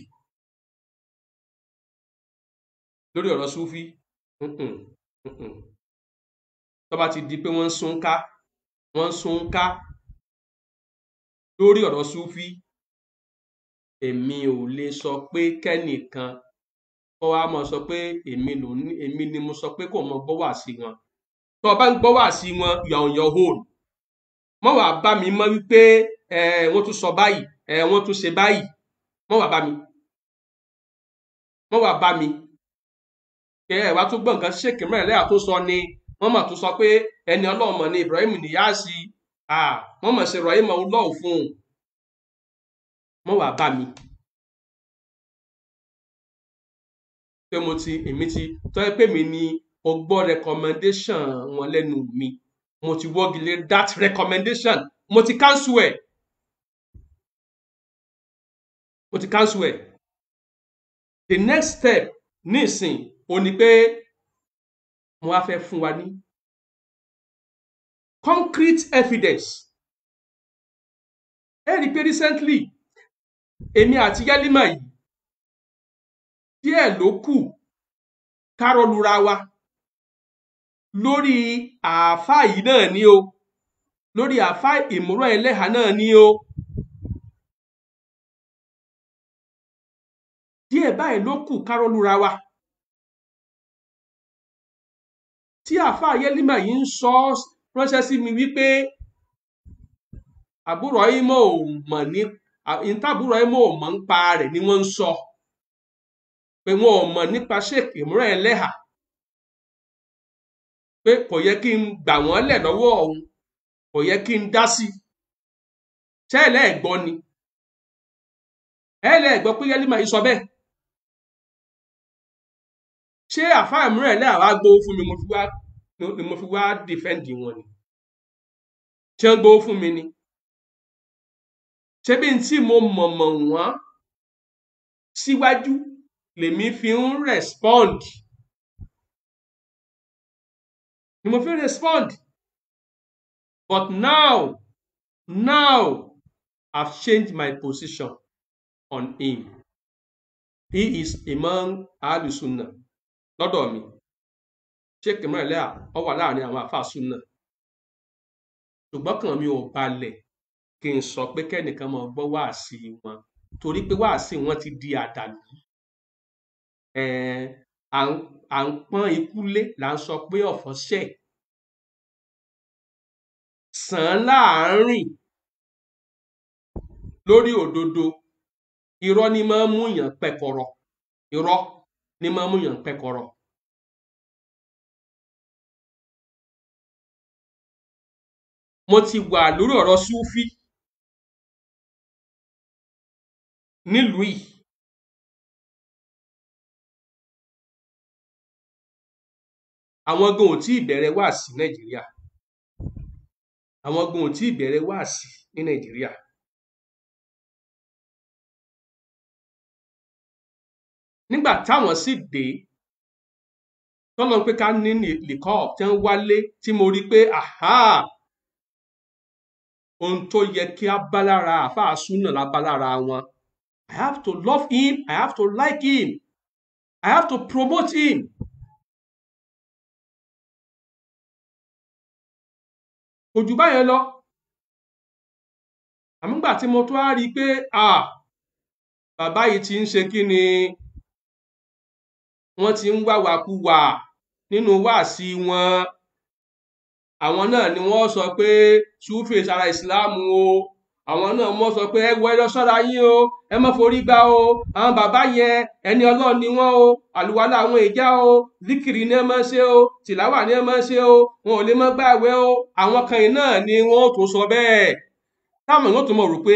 lórí ọ̀rọ̀ sufi tó bá ti di pé wọ́n ń sún ká wọ́n ń sún ká lórí ọ̀rọ̀ sufi èmi ò lè sọ pé kẹ́nìkan kó wá mọ̀ sọ pé èmi ni mo sọ pé kò mọ gbọ́ wà sí wọn tó o bá ń gbọ́ wà sí wọn yàn yàn hóòn mọ́ wàá bá mi mọ́ wípé wọ́n tún sọ báyìí wọ́n tún ṣe báyìí mọ́ wàá bá mi mọ́ wàá bá mi kẹ ẹ wá tún gbọ́ nǹkan ṣèkè mẹ́rin lẹ́yà tó sọ ni wọ́n mọ̀ tún sọ pé ẹni ọlọ́run mọ̀ ni Ibrahim Niyasi wọ́n mọ̀ ṣe Ibrahim ọlọ́run fún un mọ́ wàá bá mi. pé mo ti èmi ti tọ́ ẹ pé mi ni o recommendation wọn lẹ́nu mi mo ti wọ́gi lé that recommendation mo ti cancel ẹ̀ mo ti cancel ẹ̀ the next step nísìn o ni pé mo wá fẹ́ fún wa ní concrete evidence ẹ rí i pé recently èmi àti yálímà yìí díẹ̀ ló kù kárọlura wa lórí àáfàá yìí náà ni o lórí àáfàá ìmúràn ẹlẹ́hàá náà ni o. díẹ̀ báyìí ló kù kárọlura wa tí àáfàá yẹlímà yìí ń sọ ránṣẹ́ sí mi wípé àbúrò ìmọ̀ ò mọ̀ ní ìtàbúrò ìmọ̀ ò mọ̀ ń pa rẹ̀ ni wọ́n ń sọ. So pé wọn ò mọ̀ nípa Sheikh Imran Eleha pé kò yẹ kí n gbà wọ́n lẹ̀ lọ́wọ́ òun kò yẹ kí n dá sí tẹ́lẹ̀ ẹ̀gbọ́ ni ẹ̀lẹ́ ẹ̀gbọ́ pé Yẹ́límà yìí sọ bẹ́ẹ̀ ṣé àfáà Imran Eleha wá gbowó fún mi ni mo fi wá dìfẹ́ǹdì wọn ni ṣé ń gbowó fún mi ni ṣé bí n tí mo mọ̀mọ̀ wọ́n síwájú. Si lèmi fi ń respond ni mo fi ń respond but now now I've changed my position on him he is imam alusunna lọ́dọ̀ mi sheikh imran lẹ́yà ọ wà láàrin àwọn àfàsùnà ṣùgbọ́n kàn mi ò balẹ̀ kí n sọ pé kẹ́nìkan máa gbọ́ wáàsí wọn torí pé wáàsí wọn ti di àdàlú à ń pọ́n ikú lé là ń sọ pé ọ̀fọ̀ ṣẹ̀ sàn láàárín lórí òdodo irọ́ ni máa ń mú yàn pẹ̀kọ̀rọ̀ irọ́ ni máa ń mú yàn pẹ̀kọ̀rọ̀. mo ti wà lórí ọ̀rọ̀ súfí nílùú yìí àwọn gan ò tí ì bẹ̀rẹ̀ wáàsí nàìjíríà àwọn gan ò tí ì bẹ̀rẹ̀ wáàsí ní nàìjíríà. nígbà táwọn sì dé tọ́lọ́ pé ká ní nìkọ́ tẹ́ ń wálé tí mo rí pé ohun tó yẹ kí a bá lára àfáà súnà la bá lára wọn. I have to love him. I have to like him. I have to promote him. kò jù báyẹn lọ àmúgbà tí mo tó á rí i pé bàbá yìí ti ń ṣe kí ni wọ́n ti ń wàwàkuwà nínú wáàsí wọn àwọn náà ni wọ́n sọ pé ṣùfè sara ìsìláàmù o àwọn náà wọ́n sọ pé ẹ wọ ẹ lọ ṣọ́ra yín o ẹ má forí gbá o àwọn bàbá yẹn ẹni ọlọ́run ni wọ́n o àlùwalà àwọn ìjà o zikiri ni ẹ máa ṣe o tìláwà ni ẹ máa ṣe o wọn ò lè má gbààwẹ̀ o àwọn kan náà ni wọn ò tó sọ bẹ́ẹ̀ táwọn èèyàn tó mọ̀ rò pé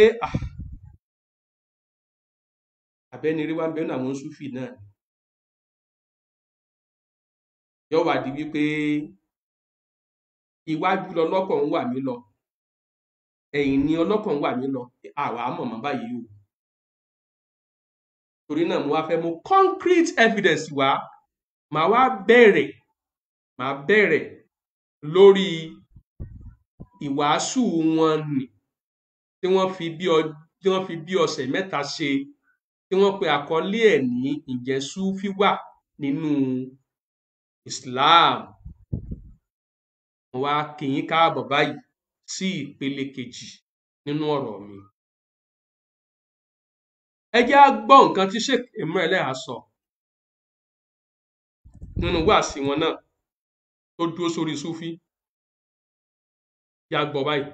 àbẹ́ni ah. rí wá ń bẹ́nu àwọn súfì náà yọ wà di wípé iwájú lọ ń wà mí lọ ẹ̀yìn ni ọlọ́kàn wà mí lọ àwa mọ̀mọ́ báyìí o torí náà mo wá fẹ́ mú concrete evidence wá màá wá bẹ̀rẹ̀ màá bẹ̀rẹ̀ lórí ìwàásù wọn nì tí wọ́n fi bí ọ tí wọ́n fi bí ọ̀sẹ̀ mẹ́ta ṣe tí wọ́n pe àkọlé ẹ̀ ní ǹjẹ́ Súfì nínú Islam wọ́n wá kì í káàbọ̀ báyìí sí ìpele kejì nínú ọ̀rọ̀ mi. Ẹ jẹ́ á gbọ́ nǹkan tí Sheikh Emir Eleha sọ nínú wáàsí wọn náà tó dúró sórí Súfí. Yá gbọ́ báyìí.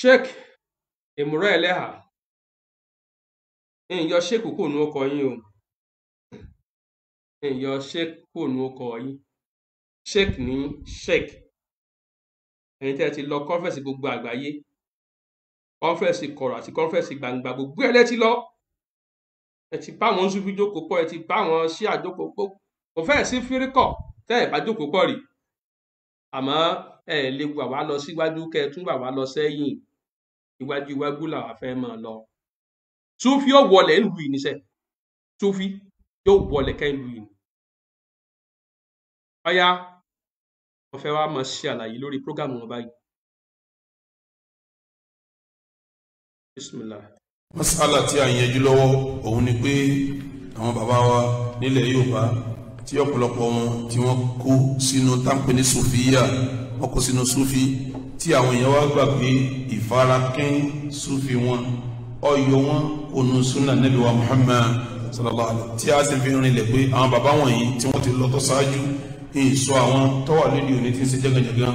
Sheikh Emir Eleha ẹ̀yìn yọ ṣéèkù kò nu ọkọ̀ yín o ẹ̀yìn yọ ṣéèkù kò nu ọkọ̀ yín ṣéèkù ní ṣéèkù ẹ̀yin tẹ́ ẹ ti lọ kọ́nfẹ̀sì gbogbo àgbáyé kọ́nfẹ̀sì kọ̀rọ̀ àti kọ́nfẹ̀sì gbangba gbogbo ẹ̀ lẹ́ ti lọ ẹ ti bá wọn ṣubú jókòó pọ̀ ẹ ti bá wọn ṣí àjókòó pọ̀ kò fẹ́ẹ̀ sí fíríkọ̀ tẹ́ ẹ̀ bá jókòó pọ̀ rì àmọ́ ẹ lè wà wá lọ síwájú kẹ́ ẹ tún wà wá lọ sẹ́yìn iwájú iwájú làwa fẹ́ máa lọ. Sufi yóò wọlẹ̀ ń lu yìí níṣẹ́ Sufi yóò wọlẹ̀ kẹ́ ń lu yìí. Báyá wọ́n fẹ́ wá máa ṣe àlàyé lórí prógámù wọn báyìí. Masala tí a yẹjú lọ́wọ́ òun ni pé àwọn bàbá wa nílẹ̀ Yorùbá tí ọ̀pọ̀lọpọ̀ wọn tí wọ́n kó sínú táǹpẹ̀ ní Sofiya wọ́n kó sínú Sufi tí àwọn èèyàn wá gbà pé ìfarakín Sufi wọn ọyọ wọn onu sunna nabi wa muhammad sallallahu alaihi wa sallam tí a sì fi rin lẹ pé àwọn bàbá wọ̀nyí tí wọ́n ti lọ tó ṣáájú ń sọ àwọn tọ́wà lóde òní tí ń ṣe jẹ́gànjẹ̀gàn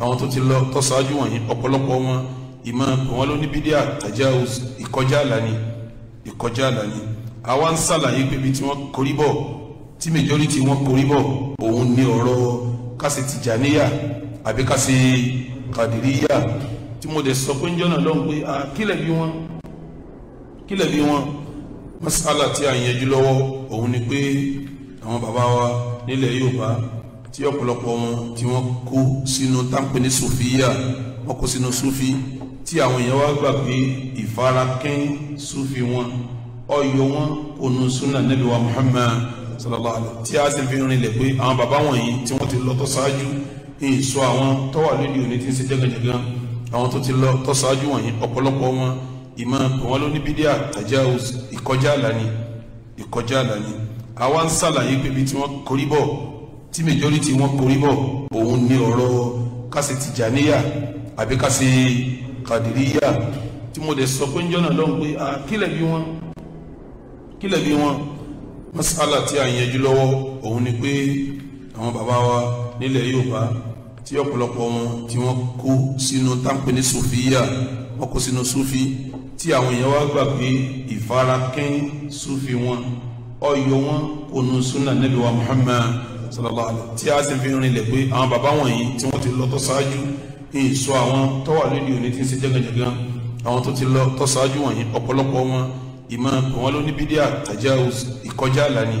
àwọn tó ti lọ tó ṣáájú wọ̀nyí ọ̀pọ̀lọpọ̀ wọn ìmọ̀ wọn ló ní bídíà tajawuz ìkọjá àlàní ìkọjá àlàní àwa ń ṣàlàyé pé ibi tí wọ́n korí bọ̀ tí majority wọn korí bọ̀ òun ní ọ̀rọ̀ kásì tìjàníyà àbí kásì kàdìríyà tí mo dẹ̀ sọ pé ń jọ́nà lọ́hùn pé àkílẹ̀ bí wọ́n kí lè bí wọn masala tí a ń yẹjú lọ́wọ́ òun ni pé àwọn bàbá wa nílẹ̀ Yorùbá tí ọ̀pọ̀lọpọ̀ wọn tí wọ́n kó sínú táǹpẹ́ ní sofiya wọ́n kó sínú sufi tí àwọn èèyàn wá gbà pé ìfarakín sufi wọn ọyọ wọn kò nu sunna nabi wa Muhammad sallallahu alayhi tí a sì fi rinlẹ̀ pé àwọn bàbá wọ̀nyí tí wọ́n ti lọ́tọ́ ṣáájú èso àwọn tọ́wà lóde òní ti ń ṣe jẹ́gẹ́jẹ́gẹ́ àwọn tó ti lọ́tọ́ ṣáájú wọ̀nyí ọ̀pọ̀lọpọ̀ wọn ìmọ̀ àwọn lóníbídíà tajawuz ìkọjá àlà ni ìkọjá àlà ni àwa ń ṣàlàyé pé ibi tí wọ́n korí bọ̀ tí majority wọ́n korí bọ̀ òun ni ọ̀rọ̀ kásì tìjàníyà àbí kásì kàdìríyà tí mo dẹ̀ sọ pé ń jọ́nà lọ́hùn pé kílẹ̀ bí wọ́n kílẹ̀ bí wọ́n masala tí a yẹjú lọ́wọ́ òun ni pé àwọn bàbá wa nílẹ̀ Yorùbá tí ọ̀pọ̀lọpọ̀ wọn tí wọ́n kó sínú táǹpẹ́ ní sofiya wọ́n kó sínú sufi tí àwọn èèyàn wá gbà pé ìfarakín súfi wọn ọyọ wọn kò nu súnà Nábì wa Muhammad sallallahu alayhi tí a sì fi rinlẹ̀ pé àwọn bàbá wọ̀nyí tí wọ́n ti lọ tó ṣáájú ìsọ àwọn tó wà lórí òní tí ń ṣe jẹ́gàjẹ́gà àwọn tó ti lọ tó ṣáájú wọ̀nyí ọ̀pọ̀lọpọ̀ wọn ìmọ̀ wọn ló ní bídíà tajawuz ìkọjá àlàní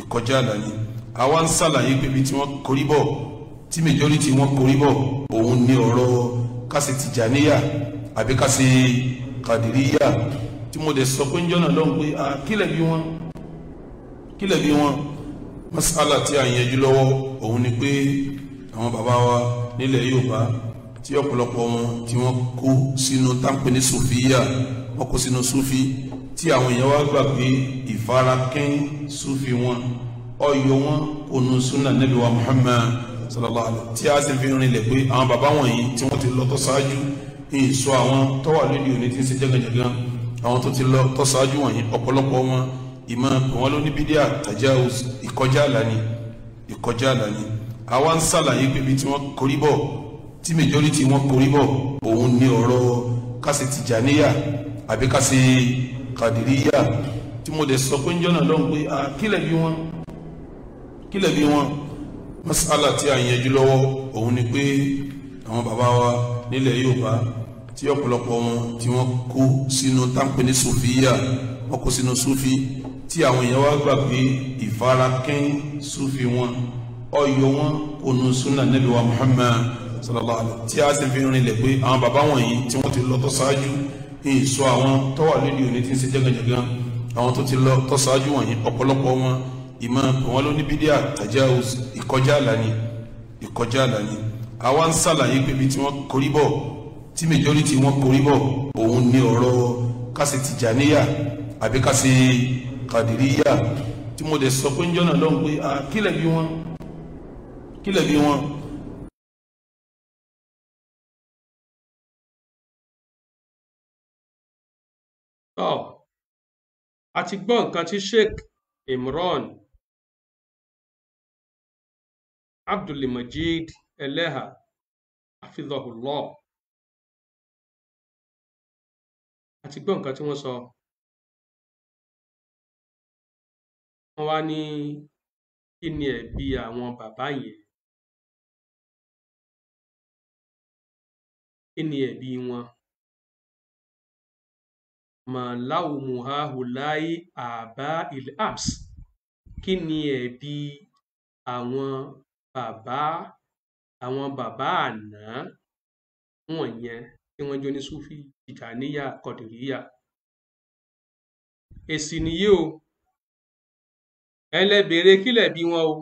ìkọjá àlàní àwa ń ṣàlàyé pé ibi tí wọ́n korí bọ̀ tí majority wọn korí bọ̀ òun ni ọ̀rọ̀ kásì àbí kásì kàdìríyà tí mo dẹ̀ sọ pé ń jọ́nà lọ́hùn pé à ah, kílẹ̀ bí wọ́n kílẹ̀ bí wọ́n masala tí a yẹjú lọ́wọ́ òun ni pé àwọn bàbá wa nílẹ̀ Yorùbá tí ọ̀pọ̀lọpọ̀ wọn tí wọ́n kó sínú táǹpẹ́ ní sofiya wọ́n kó sínú sufi tí àwọn èèyàn wá gbà pé ìfarakín sufi wọn ọyọ wọn kò nu sunna nabi wa Muhammad sallallahu alayhi wa sallam tí a sì fi rinlẹ̀ pé àwọn bàbá wọ̀nyí tí wọ́n ti lọ́tọ̀ ṣáájú èso àwọn tó wà lórí òní tí ń ṣe jẹ́gànjẹ̀gàn àwọn tó ti lọ tó ṣáájú wọ̀nyí ọ̀pọ̀lọpọ̀ wọn ìmọ̀ àwọn ló bídíà tajawuz ìkọjá àlà ni ìkọjá àlà ni àwa ń ṣàlàyé pé ibi tí wọ́n korí bọ̀ tí majority wọn korí bọ̀ òun ní ọ̀rọ̀ kásì tìjàníyà àbí kásì kàdìríyà tí mo dẹ̀ sọ pé ń jọ́nà lọ́hùn pé kílẹ̀ bí wọ́n kílẹ̀ bí wọ́n masala tí a yẹjú lọ́wọ́ òun ni pé àwọn bàbá wa nílẹ̀ Yorùbá tí ọ̀pọ̀lọpọ̀ wọn tí wọ́n kó sínú táǹpẹ̀ ní sofiya wọ́n kó sínú sufi tí àwọn èèyàn wá gbà pé ìfarakín sufi wọn ọyọ wọn kò nu sunna nabi wa muhammad sallallahu alayhi tí a sì fi rinlẹ̀ pé àwọn bàbá wọ̀nyí tí wọ́n ti lọ tó ṣáájú ìsọ àwọn tó wà lórí òní tí ń ṣe jẹ́gànjẹ̀gàn àwọn tó ti lọ tó ṣáájú wọ̀nyí ọ̀pọ̀lọpọ̀ wọn ìmọ̀ àwọn ló ní bídíà tajawuz ìkọjá àlàní ìkọjá àlàní àwa ń ṣàlàyé pé ibi tí wọ́n korí tí majority wọn korí bọ̀ òun ní ọ̀rọ̀ kásì tìjàníyà àbí kásì kàdìríyà tí mo dẹ̀ sọ pé ń jọ́nà lọ́hùn pé kílẹ̀ bí wọ́n kílẹ̀ bí wọ́n. a ti gbọ́ nǹkan tí Sheikh Imran Abdulmajid Eleha afidhahullah a ti gbọ́ nǹkan tí wọ́n sọ wọ́n wá ní kí ni ẹ̀bi àwọn bàbá yẹn kí ni ẹ̀bi wọn màláwù muhahulai àbá ilhabs kí ni ẹ̀bi àwọn bàbá àwọn bàbá àná wọ̀nyẹn tí wọ́n jó ní súfì tìjàníyà kọ̀dìríyà èsì nìyí o ẹ lẹ béèrè kílẹ̀ bí wọn o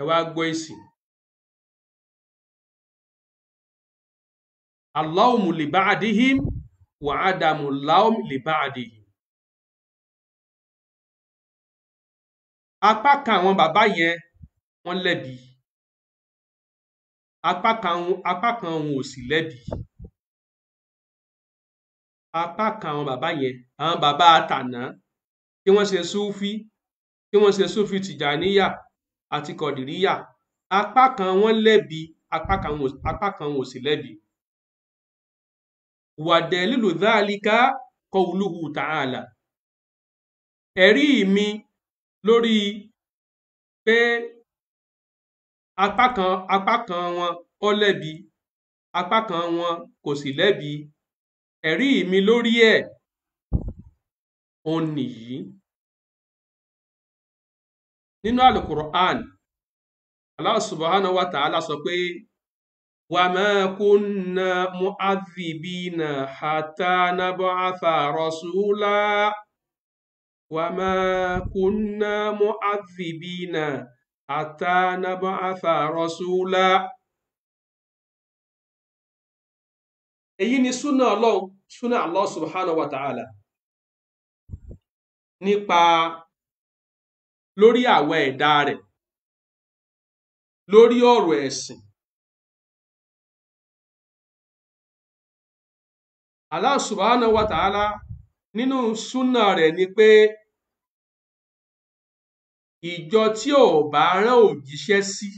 ẹ wá gbọ́ èsì aláwùmù lè bá àdíhìm wà ádámù láwùmù lè bá àdíhìm apá kan àwọn bàbá yẹn wọ́n lẹ́bi apá kan òun ò sì lẹ́bi apá kan àwọn bàbá yẹn àwọn bàbá àtàná tí wọ́n ṣe súfí tí wọ́n ṣe súfí tìjàníyà àti kọ̀dìríyà apá kan wọ́n lẹ́bi apá kan wọn ò sì lẹ́bi. wàdẹ́lìlù dáàlíkà qawluhu ta'ala ẹ̀rí mi lórí pé apá kan apá kan wọn ó lẹ́bi apá kan wọn kò sì lẹ́bi ẹ̀rí mi lórí ẹ̀ òun nìyí nínú alukur'an Allah subhanahu wa ta'ala sọ pé wa ma kunna mu'adhibina hatta nab'atha rasula wa ma kunna mu'adhibina hatta nab'atha rasula. èyí ni súnà ọlọ́run súnà Allah subhanahu wa ta'ala nípa lórí àwọn ẹ̀dá rẹ̀ lórí ọ̀rọ̀ ẹ̀sìn Allah subhanahu wa ta'ala nínú súnà rẹ̀ ni pé ìjọ tí ò bá rán òjíṣẹ́ sí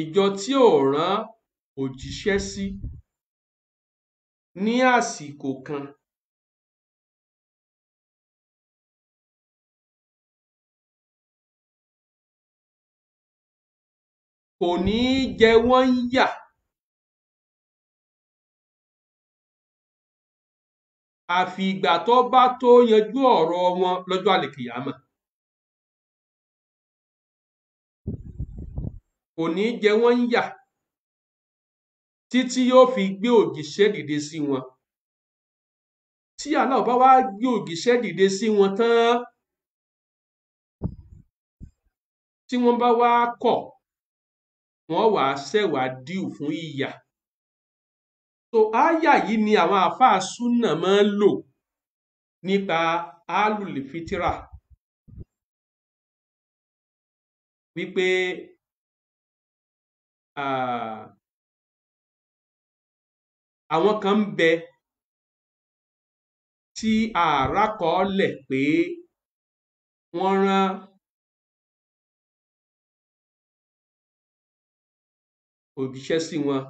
ìjọ tí ò rán òjíṣẹ́ sí ní àsìkò kan. Kò ní jẹ wọ́n ń yà. Àfi ìgbà tó bá tó yanjú ọ̀rọ̀ wọn lọ́jọ́ àlìkìyàmọ̀. Kò ní jẹ wọ́n yà títí yóò fi gbé òjíṣẹ́ dìde sí wọn tí Allah bá wá gbé òjíṣẹ́ dìde sí wọn tán tí wọ́n bá wá kọ̀ wọ́n wàá ṣẹ̀wàá díù fún ìyà so áyà yìí ni àwọn àáfàá súnà máa ń lò nípa alùlìfitira wípé àwọn kan ń bẹ tí ààrá kọọ́lẹ̀ pé wọ́n rán òjíṣẹ́ sí wọn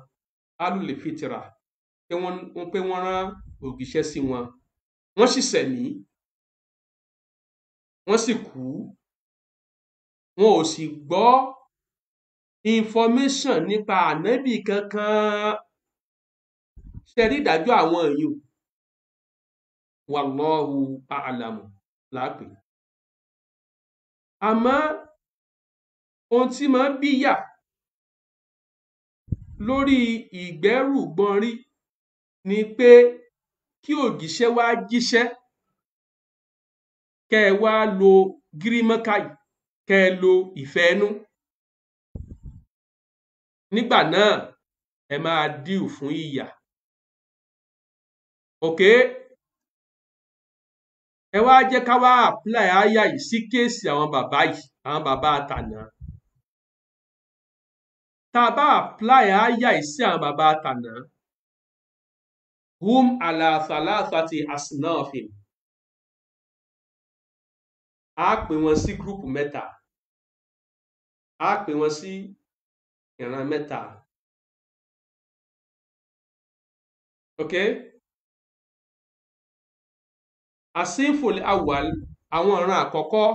alùlẹ̀ fìtìrà pé wọ́n rán òjíṣẹ́ sí wọn wọ́n sì sẹ̀mí wọ́n sì kú wọn ò sì gbọ́ information nípa ànábì kankan ṣe rí ìdájọ́ àwọn èèyàn wallahu a'lamu láàpè àmọ́ ohun tí máa ń bíyà lórí ìgbẹ́rùgbọ́nrí ni pé kí òjíṣẹ́ wá jíṣẹ́ kẹ́ ẹ wá lo gírímọ́kàì kẹ́ ẹ lo ìfẹ́ ẹnu nígbà náà ẹ máa díù fún ìyà okay ẹ wá jẹ́ ká wá apply àyà yìí sí kéèsì àwọn bàbá yìí àwọn bàbá àtànà tá a bá apply àyà yìí sí àwọn bàbá àtànà hum ala thalathati asnafin a pè wọ́n sí gúrùpù mẹ́ta a pè wọ́n sí ìran mẹ́ta okay asífòlì awal àwọn ìran àkọ́kọ́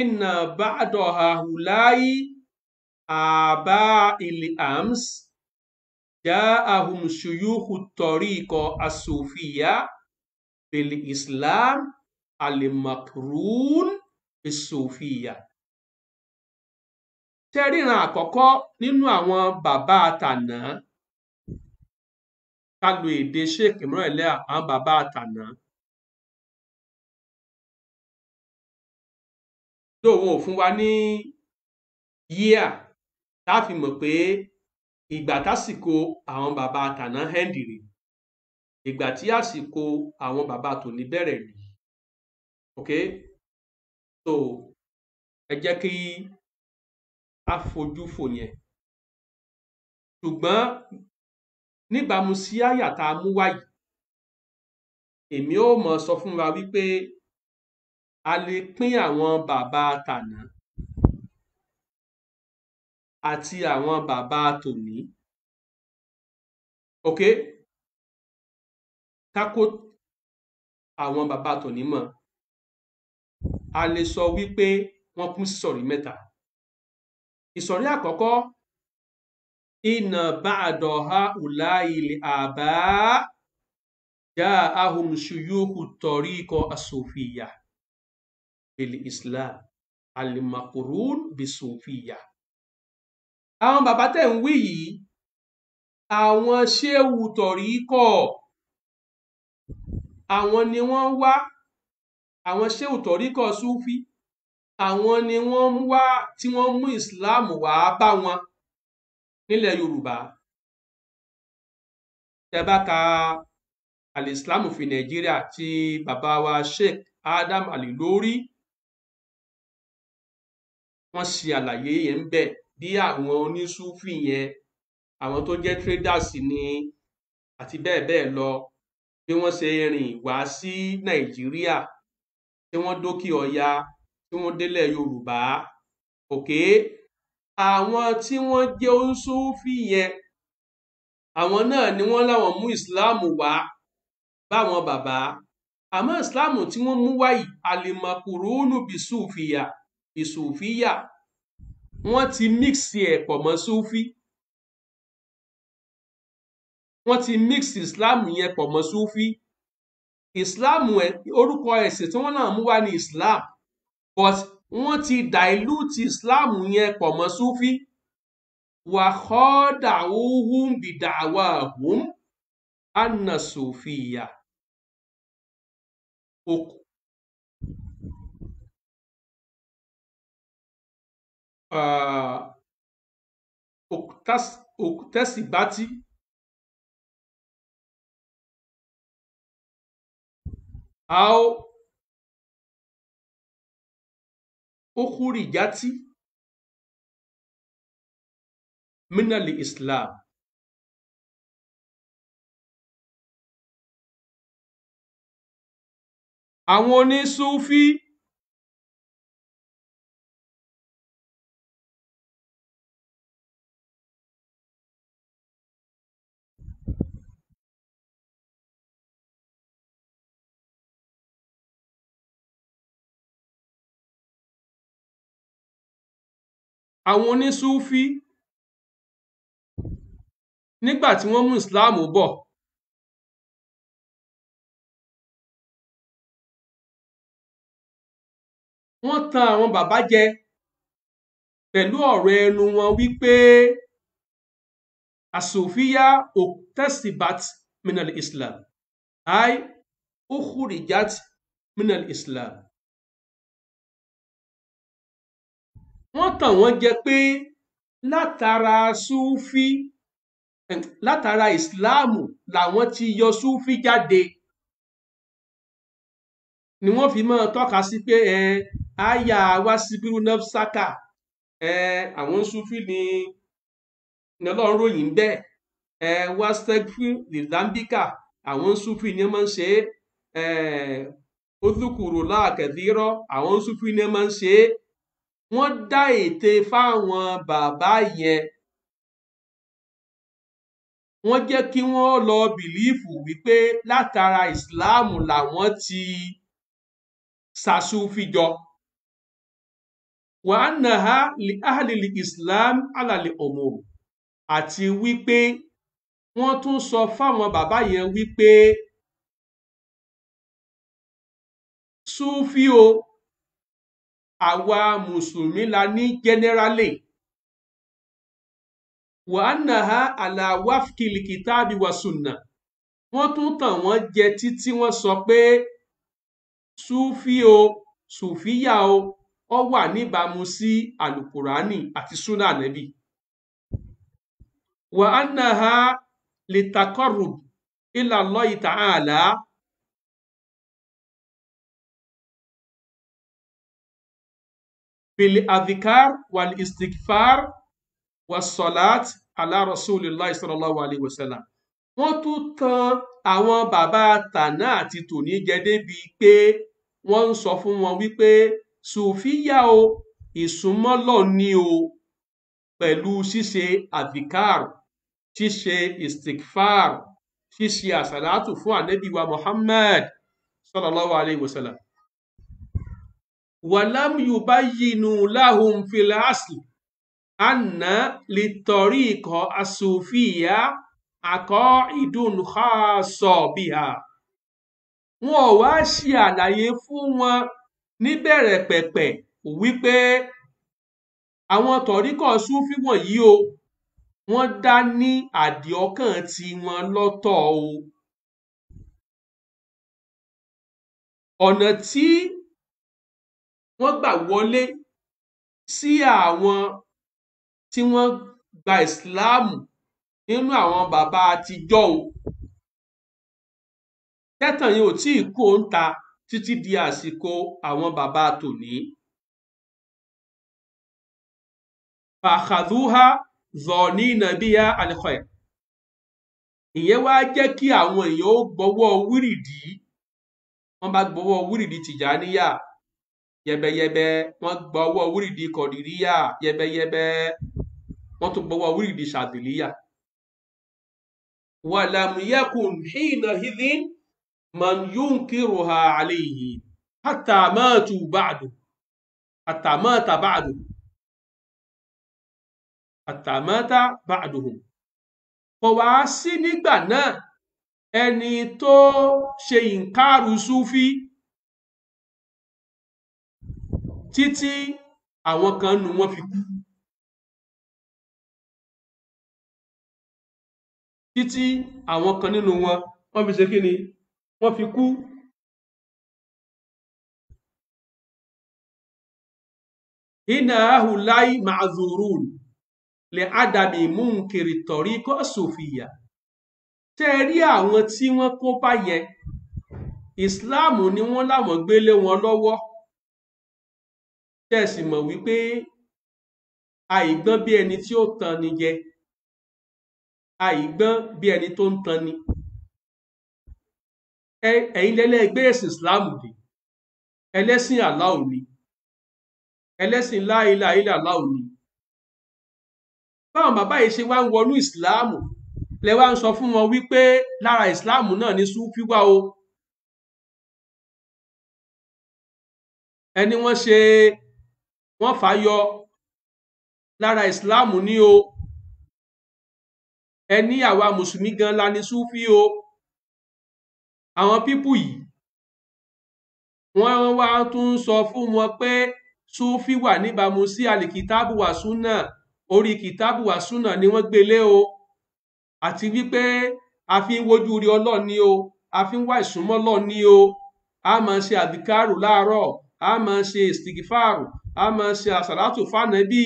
iná bàdọ̀ àhùláyí àbá ilé ams já ahùn ṣùyúhù tọ̀rí ikọ̀ asòfìyà bèlè islam alimakrun ìsòfìyà tẹ́ríran àkọ́kọ́ nínú àwọn bàbá àtànà ká lo èdè Sheikh Imran Eleha àwọn bàbá àtàná tó wọn ò fún wa ní yíà tá a fi mọ̀ pé ìgbà tásìkò àwọn bàbá àtàná hẹ́ndìrì ìgbà tí àsìkò àwọn bàbá tòní bẹ̀rẹ̀ rí ok so ẹ jẹ́ kí a fojú fò yẹn ṣùgbọ́n níbàámu sí àyà tá a mú wáyìí èmi ó mọ̀ sọ fún wa wípé a lè pín àwọn bàbá tàná àti àwọn bàbá tòní ok kákó àwọn bàbá tòní mọ a lè sọ wípé wọ́n kún sísọ̀rí mẹ́ta ìsọ̀rí àkọ́kọ́ إن báàdọ̀ ha ùlá جاءهم شيوخ الطريق ahùn بالإسلام tọ̀rí ikọ̀ asòfìyà bẹ̀lẹ̀ islam alimakurun bisòfìyà. àwọn bàbá tẹ̀ ń wí yìí àwọn ṣéwù tọ̀rí ikọ̀ àwọn ni wọ́n wá àwọn ṣéwù tọ̀rí ikọ̀ súfì àwọn ni wọ́n wá tí wọ́n mú islam wá bá wọn nílẹ̀ yorùbá tẹ bá ka alislamu fi nàìjíríà ti bàbá wa sheikh adam alilori wọ́n ṣe àlàyé yẹn ń bẹ bí àwọn onísúfì yẹn àwọn tó jẹ́ traders ni àti bẹ́ẹ̀ bẹ́ẹ̀ lọ bí wọ́n ṣe rìn wá sí nàìjíríà tí wọ́n dókè ọya tí wọ́n délẹ̀ yorùbá òkè. Okay? àwọn tí wọ́n jẹ́ oníṣúfì yẹn àwọn náà ni wọ́n láwọn mú ìsìláàmù wá báwọn bàbá àmọ́ ìsìláàmù tí wọ́n mú wáyì alimakurunu bisufiya bisufiya wọ́n ti mixi ẹ̀ pọ̀ mọ́ sufi wọ́n ti mixi ìsìláàmù yẹn pọ̀ mọ́ sufi ìsìláàmù orúkọ ẹ̀sìn tí wọ́n náà mú wá ní ìsìláàmù but wọ́n ti dilute Islam yẹn pọ̀ mọ́ Súfí wà kọ́dà ohun bìdà àwa àhùn anna Sofiya okù. Òkútẹ́sìbátí ao ukhrijati minal islam àwọn onísúfí àwọn onísúfí nígbà tí wọ́n mú islam bọ̀ wọ́n tan àwọn bàbá jẹ pẹ̀lú ọ̀rọ̀ ẹnu wọn wípé asòfíà oktesibat minal islam ai ukhrijat minal islam wọ́n tàn wọ́n jẹ pé látara súfí látara ìsìláàmù làwọn ti yọ súfí jáde ni wọ́n fi máa tọ́ka sí pé ẹ àyà wá síbírú nafsaka ẹ àwọn súfí ni ni ọlọ́run ròyìn bẹ́ẹ̀ ẹ wá sẹ́gbí lìlámbíkà àwọn súfí ni wọ́n máa ń ṣe é ó dúkùrù láàkẹ́dírọ́ àwọn súfí ni máa ń ṣe Wọ́n dá ète fáwọn bàbá yẹn. Wọ́n jẹ́ kí wọ́n lọ bìlífù wípé látara ìsìláàmù làwọn ti ṣàṣùfìjọ. Wà á nà á lè áhàlìlì ìsìláàmù àlàlẹ̀ ọ̀mọ̀rù àti wípé wọ́n tún sọ fáwọn bàbá yẹn wípé Súfí o àwa mùsùlùmí la ní generally wa annaha ala wafkil kitabi wa sunna wọ́n tún tàn wọ́n jẹ títí wọ́n sọ pé sufi o sufiya o ó wà níbàámu sí alukurani àti sunna nabi wa annaha litakorub ila Allahi ta'ala bil adhikar wal istighfar was salat ala rasulillah sallallahu alayhi wa sallam wọ́n tún tan àwọn bàbá tànà àti tòní jẹ débi pé wọ́n ń sọ fún wọn wípé sùfíyà o ìsúnmọ́lọ̀ ni o pẹ̀lú ṣíṣe adhikar ṣíṣe istighfar ṣíṣe àsàlátù fún ànábì muhammad sallallahu alayhi wa sallam wàlámù yorùbá yìnú láhùn fìlà àṣì àná lè tọrí ikọ̀ àsòfìyà àkọ́ ìdùnnú sọ bíhà. wọn ò wá ṣe àlàyé fún wọn níbẹ̀rẹ̀ pẹ̀pẹ̀ wípé àwọn tọ̀ríkọ̀ súnfí wọ̀nyí o wọ́n dá ní àdìọ́kàn tiwọn lọ́tọ̀ o. ọ̀nà tí wọ́n gbà wọlé sí àwọn tí wọ́n gba ìsìláàmù nínú àwọn bàbá àtijọ́ o tẹ́tàn yìí ò tí ì kó ń ta títí di àsìkò àwọn bàbá tòní. fàkàdúhà zọ̀ọ̀ní nàbíyá àlẹ́kọ̀ẹ́ ìyẹn wá jẹ́ kí àwọn èèyàn ó gbọ́wọ́ wírìdì wọ́n bá gbọ́wọ́ wírìdì tìjàníyà yẹbẹyẹbẹ wọ́n gba ọwọ́ wúrìdì kọ̀dìríyà yẹbẹyẹbẹ wọ́n tún gbọ́wọ́ wúrìdì ṣàdìlíyà. wàlàmúyẹ́kùn hìnà hídín man yunkiru ha àlèyé àtàmọ́tù bàdù àtàmọ́tà bàdù àtàmọ́tà bàdù kò wá sí nígbà náà ẹni tó ṣe ìkárù súfì títí àwọn kan nu wọn fi kú títí àwọn kan nínú wọn wọ́n fi ṣe kí ni wọ́n fi kú iná ahùláì ma'azurun lè adàmì múnkiri tọ̀rí kọ́ sòfìyà tẹ́ rí àwọn tí wọ́n kó bá yẹn ìsìláàmù ni wọ́n láwọn gbélé wọn lọ́wọ́ tẹ̀sí mọ̀ wípé àìgbọ́n bí ẹni tí ó tan ni jẹ àìgbọ́n bí ẹni tó ń tan ni ẹ̀yin lẹ́lẹ́ gbé ẹ̀sìn Islam dé ẹlẹ́sìn aláwo ni ẹlẹ́sìn láìláìlà aláwo ni báwọn bàbá yìí ṣe wá ń wọnú Islam lẹ wá ń sọ fún wọn wípé lára Islam náà ní súfí o ẹni wọ́n ṣe wọ́n fà yọ lára ìsìláàmù ní o ẹ ní àwa mùsùlùmí gan la ní súfí o àwọn pípù yìí wọ́n wá tún sọ fún wọn pé súfí wà níbàámu sí àlìkìtábù wà súnà orí kìtábù wà ni wọ́n gbélé e o àti wípé a fi ń wojú rí Ọlọ́run ni o a fi ń wá ìsúnmọ́ Ọlọ́run ni o a máa ṣe àdìkárò láàárọ̀ a máa ṣe ìsìtìgífàrò a máa ṣe àsàlátù fànàbí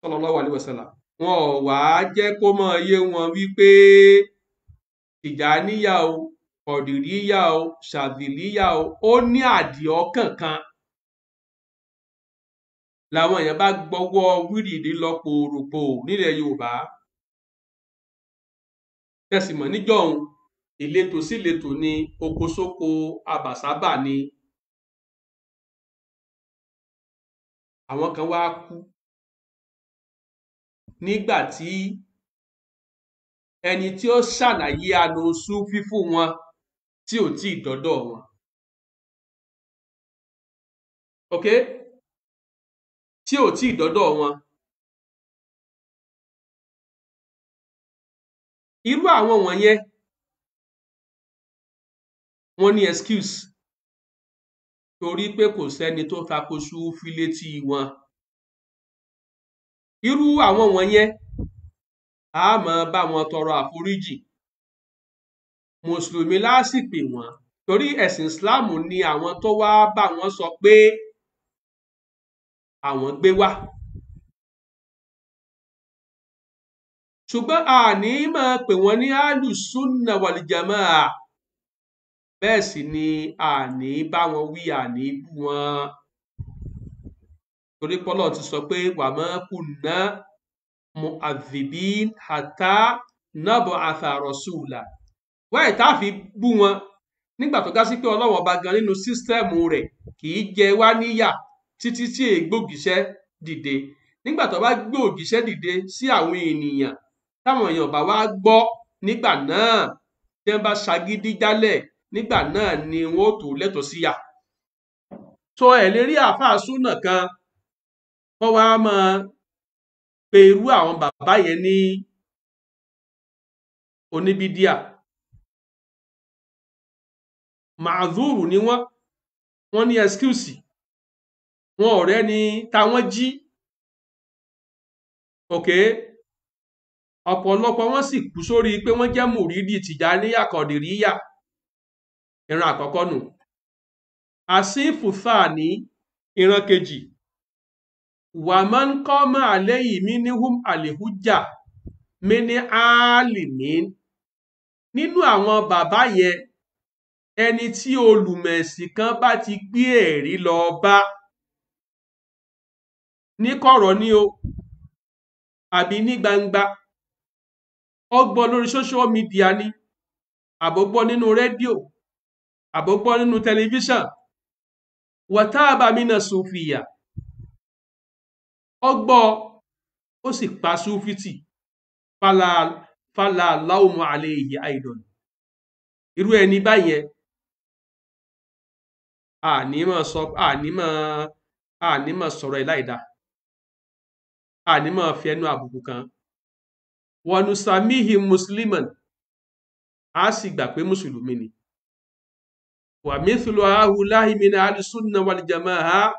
sallallahu alaihi wasallam wọn ò wá jẹ́ kó máa yé wọn wípé Tìjàníyà o Kọ̀dìríyà o Ṣàdìlíyà o ó ní àdìọ́ kankan làwọn èèyàn bá gbọ́wọ́ wíìrìdì lọ pòròpò nílẹ̀ Yorùbá tẹ̀sìmọ̀ níjọ́hun ìletò síletò ni okosoko abàsábà ni. àwọn kan wá kú nígbà tí ẹni tí ó ṣàlàyé anoṣú fífún wọn tí ò tí ì dọ́dọ̀ wọn. ok tí ò tí ì dọ́dọ̀ wọn. irú àwọn wọ̀nyẹn wọ́n ní excuse torí pé kò sẹ́ni tó tako súúfí létí wọn irú àwọn wọ̀nyẹn a máa bá wọn tọrọ àforíjì mùsùlùmí láàsì pè wọ́n torí ẹ̀sìn islam ni àwọn tó wá bá wọn sọ pé àwọn gbé wá ṣùgbọ́n a máa pè wọ́n ní alùsùnà wàlìjàmáà bẹ́ẹ̀ sì ni a ní bá wọn wí a ní bú wọn torí pọ́lọ̀ ti sọ pé wàmọ́ kùnà mu'adhibí hatta nọ́bọ̀ àfàrọ̀sùlà wẹ́ẹ̀ tá a fi bú wọn nígbà tó gá sí pé ọlọ́wọ́ ọba gan nínú sísítẹ́ẹ̀mù rẹ̀ kì í jẹ wá níyà títí tí ègbògìṣẹ́ dìde nígbà tó bá gbé dìde sí àwọn ènìyàn táwọn èèyàn bá wá gbọ́ nígbà náà tí wọ́n bá ṣagídí jálẹ̀ nígbà náà ni wọn ò tó lẹ́tọ̀ọ́ síyà so ẹ lè rí àáfàá súnà kan wọn wá máa pe irú àwọn bàbá yẹn ní oníbídíà màdúrù ni wọn wọn ní ẹskúùsì wọn ọ̀rẹ́ ni táwọn jí òkè ọ̀pọ̀lọpọ̀ wọn sì kú sórí pé wọn jẹ́ mùrídìí tìjà níyà kọdìríyà. Okay? ìran àkọ́kọ́ nù àsìnfù sáàní ìran kejì wà máa ń kọ́ máa lẹ́yìn mí ní hum àlèhújà mí ní áàlìmí nínú àwọn bàbá yẹn ẹni tí olùmẹ̀sìn kan bá ti gbé ẹ̀rí lọ bá ní ni o àbí ní gbangba ọgbọ́n lórí social media ni àbọ̀gbọ́n nínú rédíò àbógbọ́ nínú tẹlifíṣàn wàtáàbà mínà sùfìyà ọgbọ́ ó sì pa sùfìtì fàlà láwùmù àlẹ́ èyí àìdọ̀n irú ẹni báyẹn ànímọ̀ sọ̀rọ̀ ẹ̀ láìda ànímọ̀ fi ẹnu àbùkù kan wọnùsàmíhì musliman a sì gbà pé mùsùlùmí ni wa mithlu haulahi min ahli sunna wal jamaa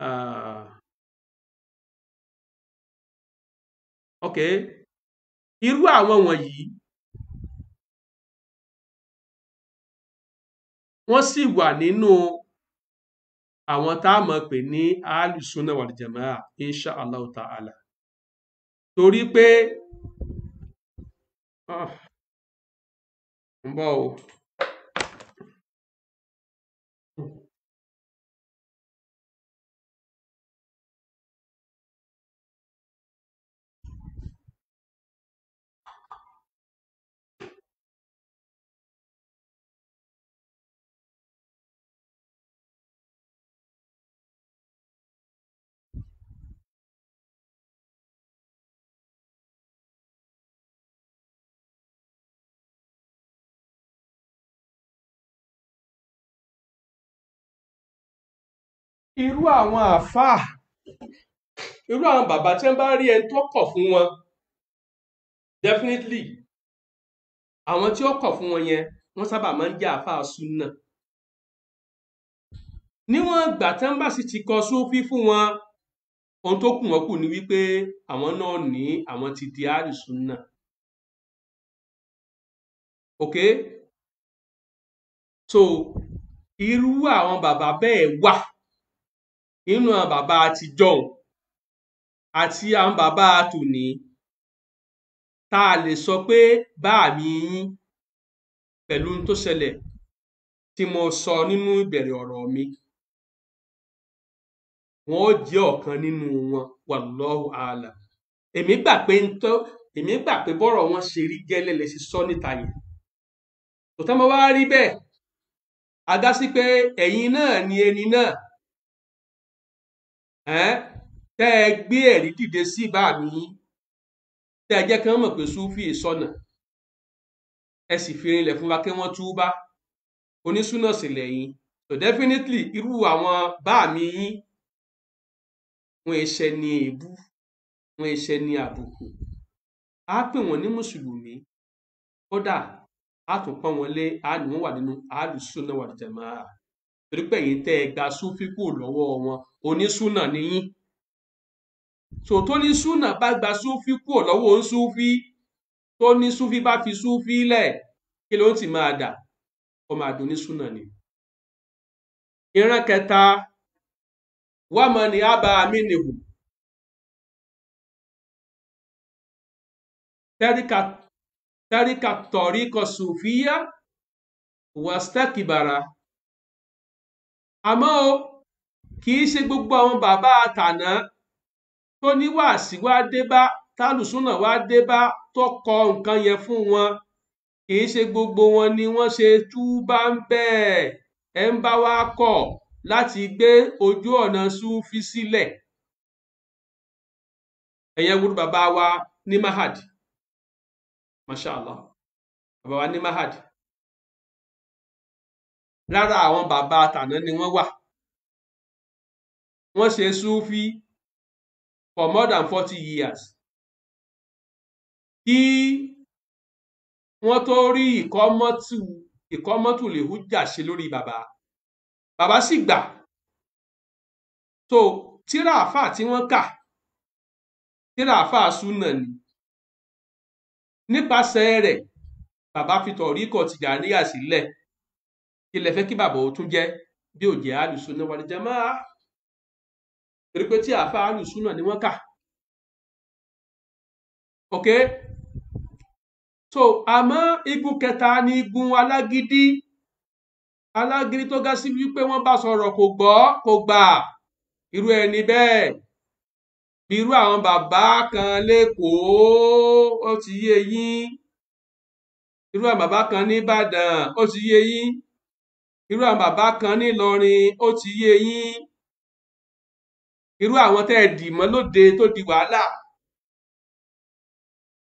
uh, okay irú àwọn wọ̀nyí wọ́n sì wà nínú àwọn tá a mọ̀ pé ní ahli sunna wal jamaa insha Allah ta'ala torí pé. Oh. wow irú àwọn àáfàá irú àwọn bàbá tí wọ́n bá rí ẹni tó kọ̀ fún wọn definitely àwọn tí ó kọ̀ fún wọn yẹn wọ́n sábà máa ń jẹ́ àáfàá súnà níwọ̀n ìgbà tí wọ́n bá sì ti kọ súnfí fún wọn ohun tó kù wọ́n kù ni wípé àwọn náà ní àwọn ti di àrìsúnà ok so irú àwọn bàbá bẹ́ẹ̀ wà nínú àwọn bàbá àtijọ́ àti àwọn bàbá tòní tá a lè sọ pé báàmí yín pẹ̀lú ohun tó ṣẹlẹ̀ tí mo sọ nínú ìbẹ̀rẹ̀ ọ̀rọ̀ mi wọn ó jẹ́ ọ̀kan nínú wọn wallahu alam èmi gbà pé ń tọ́ èmi gbà pé bọ́rọ̀ wọn ṣe rí gẹ́lẹ́ lè ṣe sọ níta yẹn tòtá mo wá rí bẹ́ẹ̀ a dá sí pé ẹ̀yin náà ni ẹni náà tẹ́ ẹ gbé ẹ̀rí dìde sí ìbáàmì yín tẹ́ ẹ jẹ́ kí wọ́n mọ̀ pé súfì sọnà ẹ sì fi rinlẹ̀ fún wa kí wọ́n túbá onísúnà sì lẹ́yìn so definitely irú àwọn báàmì yín wọn ẹ̀ṣẹ̀ ní èébú wọn ẹ̀ṣẹ̀ ní àbùkù á pè wọ́n ní mùsùlùmí kódà á tún pọ́n wọn lé àánú wọn wà nínú àálùsùn náà wà jàmáà torí pé ẹ̀yin tẹ́ ẹ gba súfì kúrò lọ́wọ́ wọn onísúnà nìyí so tó ní súnà bá gba súfì kúrò lọ́wọ́ onísúfì tó ní súfì bá fi súfì lẹ̀ kí ló ti máa dà ó máa dùn ní súnà ni. ìran kẹta wàá mọ ni ábà mí nìhù tẹ́ríkà tẹ́ríkà tọ̀ríkọ̀ sùfíyà àmọ́ o kì í ṣe gbogbo àwọn bàbá àtàná tó ní wàásí wá dé bá tálùsúnà wá dé bá tó kọ nǹkan yẹn fún wọn kì í ṣe gbogbo wọn ni wọ́n ṣe bá ń bẹ́ẹ̀ ẹ̀ ń bá wá kọ̀ láti gbé ojú ọ̀nà súnfí sílẹ̀ ẹ̀yẹn wúrú bàbá wa ní mahad masha allah bàbá wa ní mahad lára àwọn bàbá tàná ni wọ́n wà wọ́n ṣe súfí for more than forty years kí wọ́n tó rí ìkọ́mọ́tù ìkọ́mọ́tù lè hújà ṣe lórí bàbá bàbá sì gbà so tíra àfà tí wọ́n kà tíra àfà súnà ni nípasẹ̀ rẹ̀ bàbá fi tọ̀ríkọ̀ tìjàníyà sílẹ̀. Si kí lẹ fẹ́ kí bàbá ó tún jẹ́ bí ò jẹ́ alùsùnà wal jamaa torí pé tí àáfà alùsùnà ni wọ́n kà ok so àmọ́ igun kẹta ni igun alágídí alágídí tó ga sí wípé wọ́n bá sọ̀rọ̀ kò gbọ́ kò gbà irú ẹni bẹ́ẹ̀ bí irú àwọn bàbá kan lẹ́kọ̀ọ́ ó ti yé yín irú àwọn bàbá kan ní Ìbàdàn ó ti yé yín irú àwọn bàbá kan nílọrin ó ti yé yín irú àwọn tẹ́ ẹ dì mọ́ lóde tó di wàhálà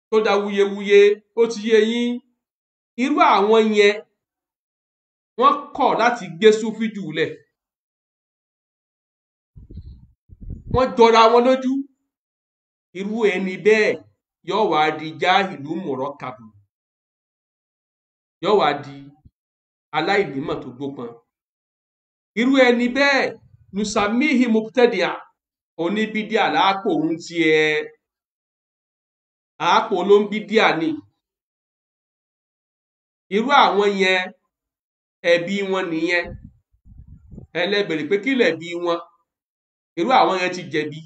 tó da wuyewuye ó ti yé yín irú àwọn yẹn wọ́n kọ̀ láti gbé súfì jùlẹ̀ wọ́n jọra wọn lójú irú ẹni bẹ́ẹ̀ yóò wá di jáhìlú mọ̀rọ́ kàbù yóò wá di aláìnímọ̀ tó gbópọn irú ẹni bẹ́ẹ̀ nusamihi muptedia oníbídíà láàpò òun tiẹ̀ àápò olóńbídíà ni irú àwọn yẹn ẹ̀bi wọn nìyẹn ẹlẹ́bẹ̀rẹ̀ pé kí lẹ̀bi wọn irú àwọn yẹn ti jẹ̀bi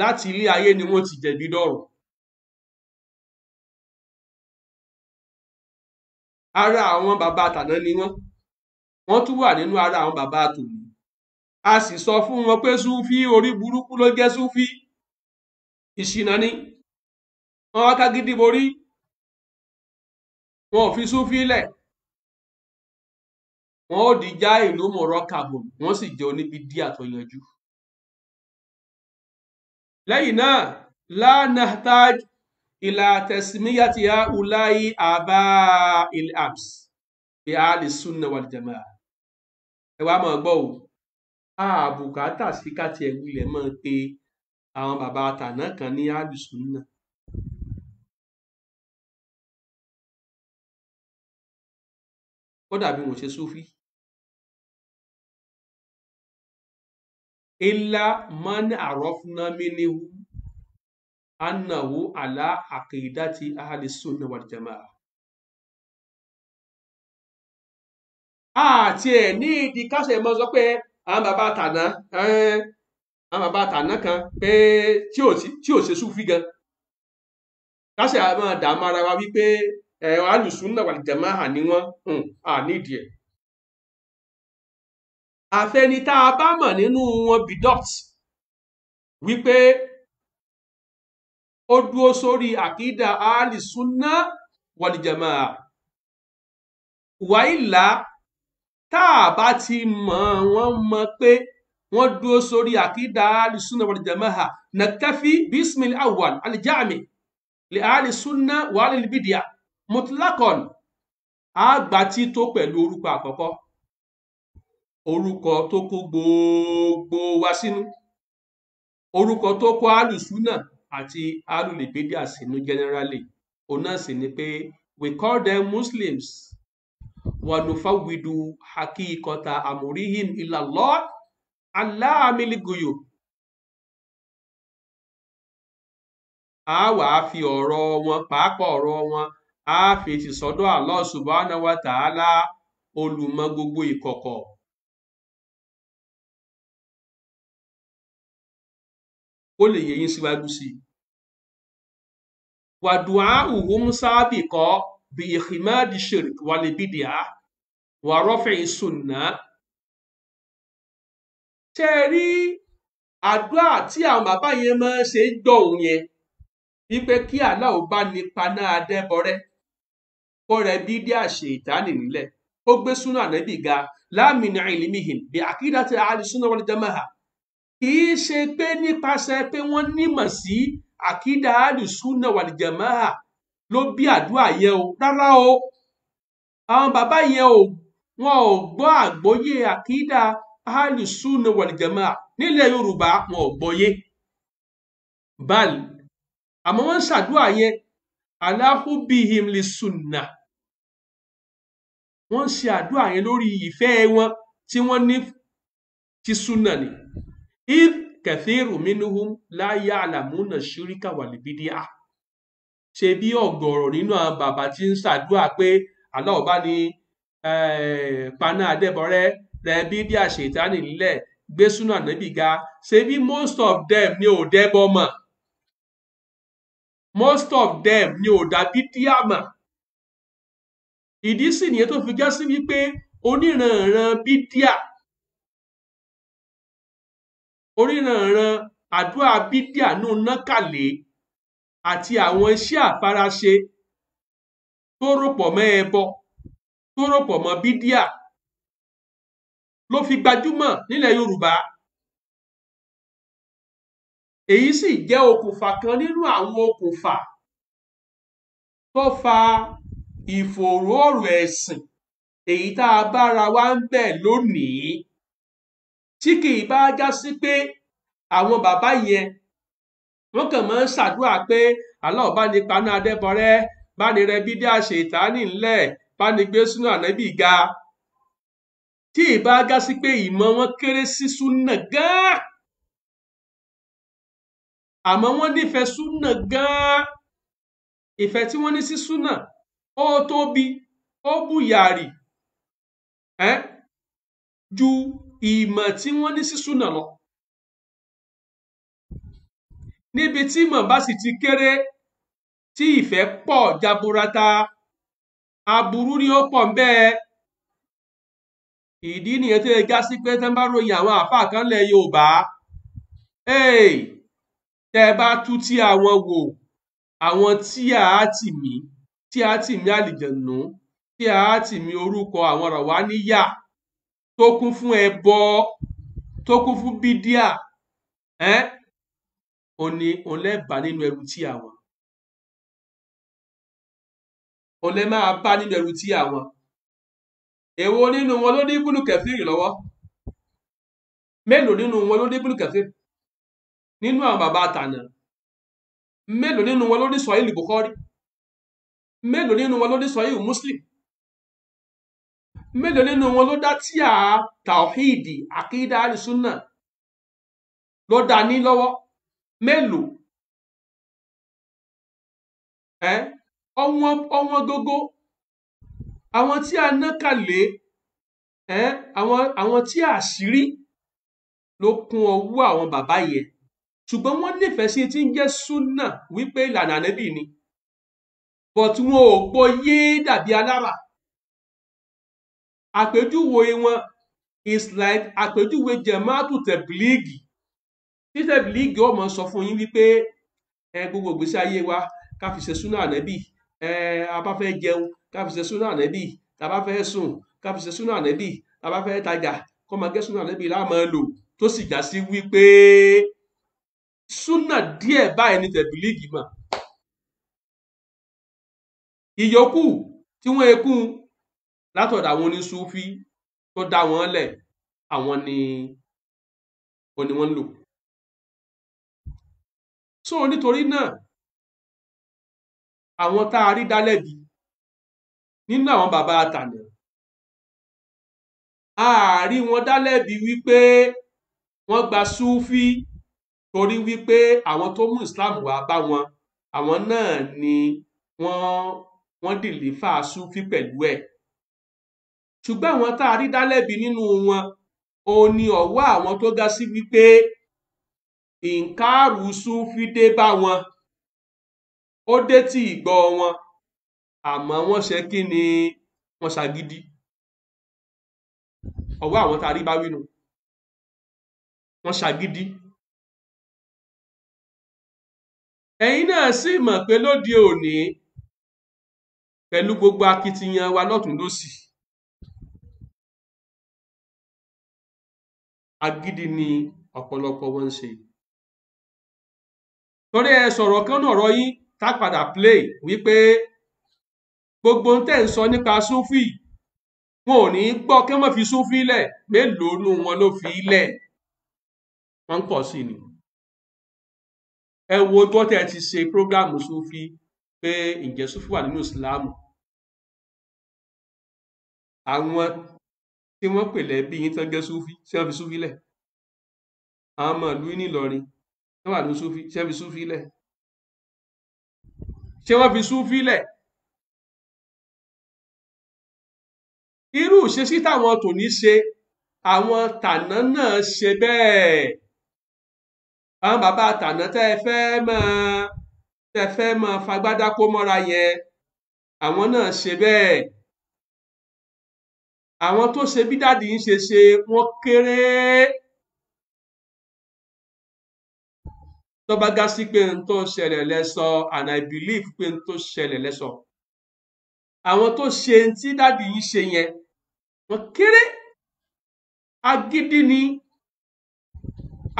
láti ilé ayé ni wọ́n ti jẹ̀bi dọ̀run ara àwọn bàbá tàná ni wọ́n wọ́n tún wà nínú ara àwọn bàbá tòní a sì sọ fún wọn pé súfí orí burúkú ló jẹ́ súfí ìṣìnà ni wọ́n wá ká gidi borí wọn ò fi súfí lẹ̀ wọn ò dìjà ìlú mọ̀rọ̀ kàbọ̀ wọ́n sì jẹ́ oníbi díà tó yanjú lẹ́yìn náà la nahtaj ìlà tẹ̀símíyàtì ya ùláyí àbá ilẹ̀ abs bí a lè súnà wal jamaa ẹ wá máa gbọ́ o àbùkátà sí káti ẹ̀wù ilẹ̀ máa pe àwọn bàbá àtàná kan ní àlùsùn kódà bí wọn ṣe súfí. ilá man àrọ́fúnná mi annahu ala aqidati ahli sunna wal jamaa àti ẹ̀ ní ìdí káṣẹ̀ mọ́ sọ pé àwọn bàbá tàná àwọn bàbá tàná kan pé tí ò ṣe súfì gan káṣẹ̀ àwọn dààmú ara wa wípé ẹ̀rọ alùsùn náà wal jamaa ní wọ́n àníìdí ẹ̀ àfẹni bá mọ̀ nínú wọn bidọ́t wípé ó dúó sórí àkídà áàlì súnná wàlìjàmà wàílà tá a bá ti mọ̀ wọ́n mọ̀ pé wọ́n dúó sórí àkídà áàlì súnná wàlìjàmà nàkẹ́fì bísmìl awwal alìjáàmì lè áàlì súnná wàhálì libidìyà mutlakon àgbà tí tó pẹ̀lú orúkọ àkọ́kọ́ orúkọ tó kó gbogbo wa sínú orúkọ tó kó áàlì súnná àti alùlẹ̀bídíà sínú generally òun náà sì ni pé we call them muslims wa nufawidu hakikota amurihim ilallah aláàmìlíguyò a wàá fi ọ̀rọ̀ wọn pàápàá ọ̀rọ̀ wọn a fèsì sọ́dọ̀ Allah subhanahu wa ta'ala gbogbo ìkọ̀kọ̀. ó lè yẹ yín síwájú sí i. ودعاؤهم سابقا بإخماد الشرك والبدعة ورفع السنة ṣe rí àdúrà tí àwọn bàbá yẹn máa ṣe ń dọ̀ òun yẹn wípé kí àlá ò bá nípa náà adẹ́bọrẹ́ kọ́rẹ́ bídíà ṣe ìdánì nílẹ̀ ó gbé súnà ànábì ga láàmìnà ìlímìhìn bí àkídá ti àlùsúnà wal jama'a kì í ṣe pé nípasẹ̀ pé wọ́n nímọ̀ sí àkídà alùsùnà wàlìjàmáà ló bí àdúrà yẹn o rárá o àwọn bàbá yẹn o wọn ò gbọ́ àgbọ́yé àkídà alùsùnà wàlìjàmáà nílẹ̀ yorùbá wọn ò gbọ́yé báàlì àmọ́ wọ́n ń ṣàdúrà yẹn aláhùbíhìm lè sùnà wọ́n ṣe àdúrà yẹn lórí ìfẹ́ wọn tí wọ́n ní ti sùnà ni if kẹ̀síìrù mínúhùn láyé àlàmúnà ṣíríkà wàlìbídíà ṣe bí ọ̀gọ̀rọ̀ nínú àwọn bàbá tí ń ṣàdúrà pé aláwọ̀ bá ní eh, paná adébọ̀rẹ́ rẹ bídíà ṣètánì nílẹ̀ gbé súnà ga ṣe bí most of them ni ò dẹ́bọ mọ̀ most of them ni ò dá bídíà mọ̀ ìdí sì nìyẹn tó fi jẹ́ sí wípé oníranran bídíà oríranran àdúrà bídíà nù nákàlè àti àwọn iṣẹ́ àfaraṣe tó rọ̀pọ̀ mọ́ ẹbọ tó rọ̀pọ̀ mọ́ bídíà ló fi gbajúmọ̀ nílẹ̀ Yorùbá èyí sì jẹ́ okùnfà kan nínú àwọn okùnfà tó fa ìfòòró ọ̀rọ̀ ẹ̀sìn èyí tá a bára wa ń bẹ̀ lónìí tí kì bá já sí pé àwọn bàbá yẹn wọ́n kàn máa ń ṣàdúrà pé Allah ní paná adẹ́bọrẹ́ bá ní rẹ bídí àṣetánì ńlẹ̀ bá ní gbé súnà ànábì ga tí ì já sí pé ìmọ̀ wọn kéré sí súnà gan-an àmọ́ wọ́n súnà gan-an tí wọ́n ní sí súnà ó tóbi ó bùyàrì ju ìmọ̀ tí wọ́n ní sí súnà lọ níbi tí ìmọ̀ bá sì ti kéré tí ìfẹ́ pọ̀ jaburata aburú ni ó pọ̀ bẹ́ẹ̀ ìdí nìyẹn tó yẹ já sí pé tẹ́ ń bá ròyìn àwọn àfáà kan lẹ̀ Yorùbá tẹ́ ẹ bá tú tí àwọn wò àwọn tí a á mí tí a á mí àlìjẹ̀nù tí a á mí orúkọ àwọn ọ̀rọ̀ wá níyà tó kún fún ẹbọ tó kún fún bídíà ẹ́n òun ni òun lẹ́bàá nínú ẹrù tí àwọn òun lẹ́ máa bá nínú ẹrù tí àwọn èwo nínú wọn ló ní búlù kẹfìrì lọ́wọ́ mélòó nínú wọn ló ní búlù kẹfìrì nínú àwọn bàbá àtànà mélòó nínú wọn ló ní sọ̀hìlì Bukhari mélòó nínú wọn ló ní sọ̀hìlì Muslim mélòó nínú wọn ló dá tí a tàwíìdì àkídá àlùsùnà ló dá ní lọ́wọ́ mélòó ẹ ọ̀wọ́n ọ̀wọ́n gógó àwọn tí a ná kàlé ẹ àwọn àwọn tí a ṣírí ló kún ọwọ́ àwọn bàbá yẹn ṣùgbọ́n wọ́n nífẹ̀ẹ́ sí tí ń jẹ́ súnà wípé ìlànà ànábì ni but wọn ò gbọ́ yé dàbí alára àpèjúwe wọn is like àpèjúwe jẹ̀mátù tẹ̀blíìgì tí tẹ̀blíìgì ọmọ sọ fún yín wípé ẹ gbogbo ìgbésí ayé wa ká fi ṣe súnà ànẹ́bì ẹ abá fẹ́ jẹun ká fi ṣe súnà ànẹ́bì tàbá fẹ́ sùn ká fi ṣe súnà ànẹ́bì tàbá fẹ́ tajà kọ́ máa gẹ́ súnà ànẹ́bì láàmú lò tó sì já sí wípé súnà díẹ̀ báyìí ní tẹ̀blíìgì mọ̀ ìyókù tí wọ́n ekún látọ̀dọ̀ àwọn onísúfí tó dá wọn lẹ̀ àwọn ni wọn ni wọ́n ń lò. so nítorí náà àwọn tá a rí dálẹ́bi nínú àwọn bàbá àtànà a rí wọn dálẹ́bi wípé wọ́n gba súfí torí wípé àwọn tó mú Islam wá bá wọn àwọn náà ni wọ́n wọ́n dìlífà súfí pẹ̀lú ẹ̀. E ṣùgbọ́n àwọn tá a rí dá lẹ́bi nínú wọn òun ni ọ̀wọ́ àwọn tó ga sí wípé nǹkaàrú súnfí dé bá wọn ó dé tí ìgbọ́ wọn àmọ́ wọ́n ṣe kí ni wọ́n ṣàgídí ọ̀wọ́ àwọn tá a rí bá wínú wọ́n ṣàgídí ẹ̀yin náà sì mọ̀ pé lóde òní pẹ̀lú gbogbo akitiyan wa lọ́tùn lósì. agídí ni ọ̀pọ̀lọpọ̀ wọn ń ṣe torí ẹ sọ̀rọ̀ kan náà rọ yín tá padà play wípé gbogbo ń tẹ̀ ń sọ nípa súfì wọn ò ní gbọ́ kí wọ́n fi súfì lẹ̀ mélòó nu wọn ló fi lẹ̀ wọ́n ń pọ̀ sí ni ẹ wo gbọ́tẹ̀ ti ṣe prógámù súfì pé ǹjẹ́ súfì wà nínú ìsìláàmù àwọn tí wọ́n pè lẹ́bí yín tán gẹ́ súfí tí wọ́n fi súfí lẹ̀ àwọn ọmọ ìlú nìlọrin tó wà ní súfí tí wọ́n fi súfí lẹ̀ tí wọ́n fi súfí lẹ̀ irú ìṣesí táwọn tòní ṣe àwọn tàná náà ṣe bẹ́ẹ̀ àwọn bàbá tàná tẹ́ ẹ fẹ́ máa tẹ́ ẹ fẹ́ máa fagbádá kó mọ́ra yẹn àwọn náà ṣe bẹ́ẹ̀ àwọn tó ṣe bí dáàdì ń ṣe ṣe wọ́n kéré tó bá gá sí pé n tó ṣẹlẹ̀ lẹ́sọ and I believe pé n tó ṣẹlẹ̀ lẹ́sọ àwọn tó ṣe tí dáàdì ń ṣe yẹn wọ́n kéré agídí ni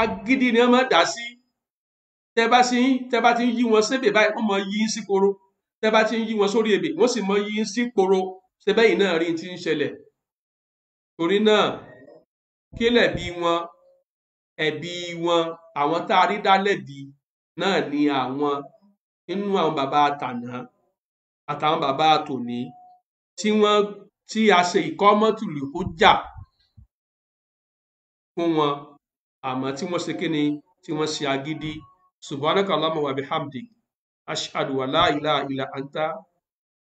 agídí ni wọ́n máa dá sí tẹ bá sí tẹ bá ti ń yí wọn sébè báyìí wọ́n máa yí sí koro tẹ bá ti ń yí wọn sórí ebè wọ́n sì máa yí sí koro ṣe náà rí ti ń ṣẹlẹ̀ torí náà kílẹ̀ bí wọn ẹ̀bi wọn àwọn tá a rí dálẹ́bi náà ni àwọn nínú àwọn bàbá àtàná àtàwọn bàbá àtòní tí wọ́n tí a ṣe ìkọ́mọ́tùlù kó jà fún wọn àmọ́ tí wọ́n ṣe kí tí wọ́n ṣe agídí subhanaka allahumma wa bihamdik ashhadu wa la ilaha illa anta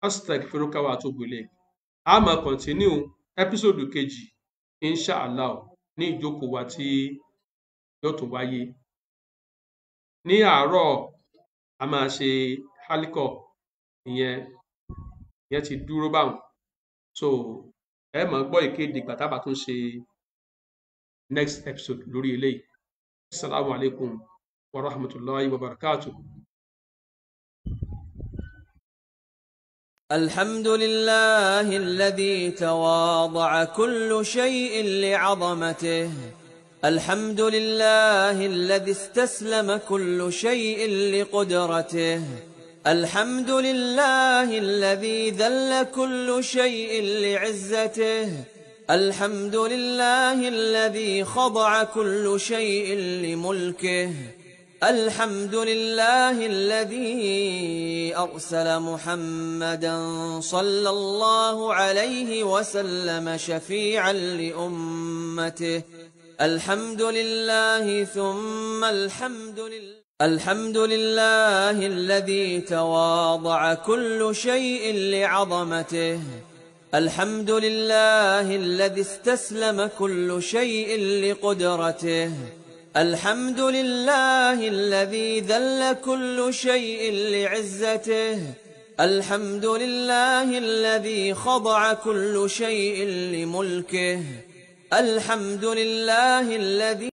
astaghfiruka wa atubu ilayk a continue ẹ́písòdù kejì inshallah ní ìjókòó wa tí yóò tún wáyé ní àárọ̀ a máa ṣe hálíkọ̀ ìyẹn ìyẹn ti dúró báwọn so ẹ máa gbọ́ ìkéde gbàtàbà tún ṣe next episode lórí eléyìí assalamu alaikum wa rahmatullahi wa barakatuh. الحمد لله الذي تواضع كل شيء لعظمته الحمد لله الذي استسلم كل شيء لقدرته الحمد لله الذي ذل كل شيء لعزته الحمد لله الذي خضع كل شيء لملكه الحمد لله الذي أرسل محمدا صلى الله عليه وسلم شفيعا لأمته الحمد لله ثم الحمد لله الحمد لله الذي تواضع كل شيء لعظمته الحمد لله الذي استسلم كل شيء لقدرته الحمد لله الذي ذل كل شيء لعزته الحمد لله الذي خضع كل شيء لملكه الحمد لله الذي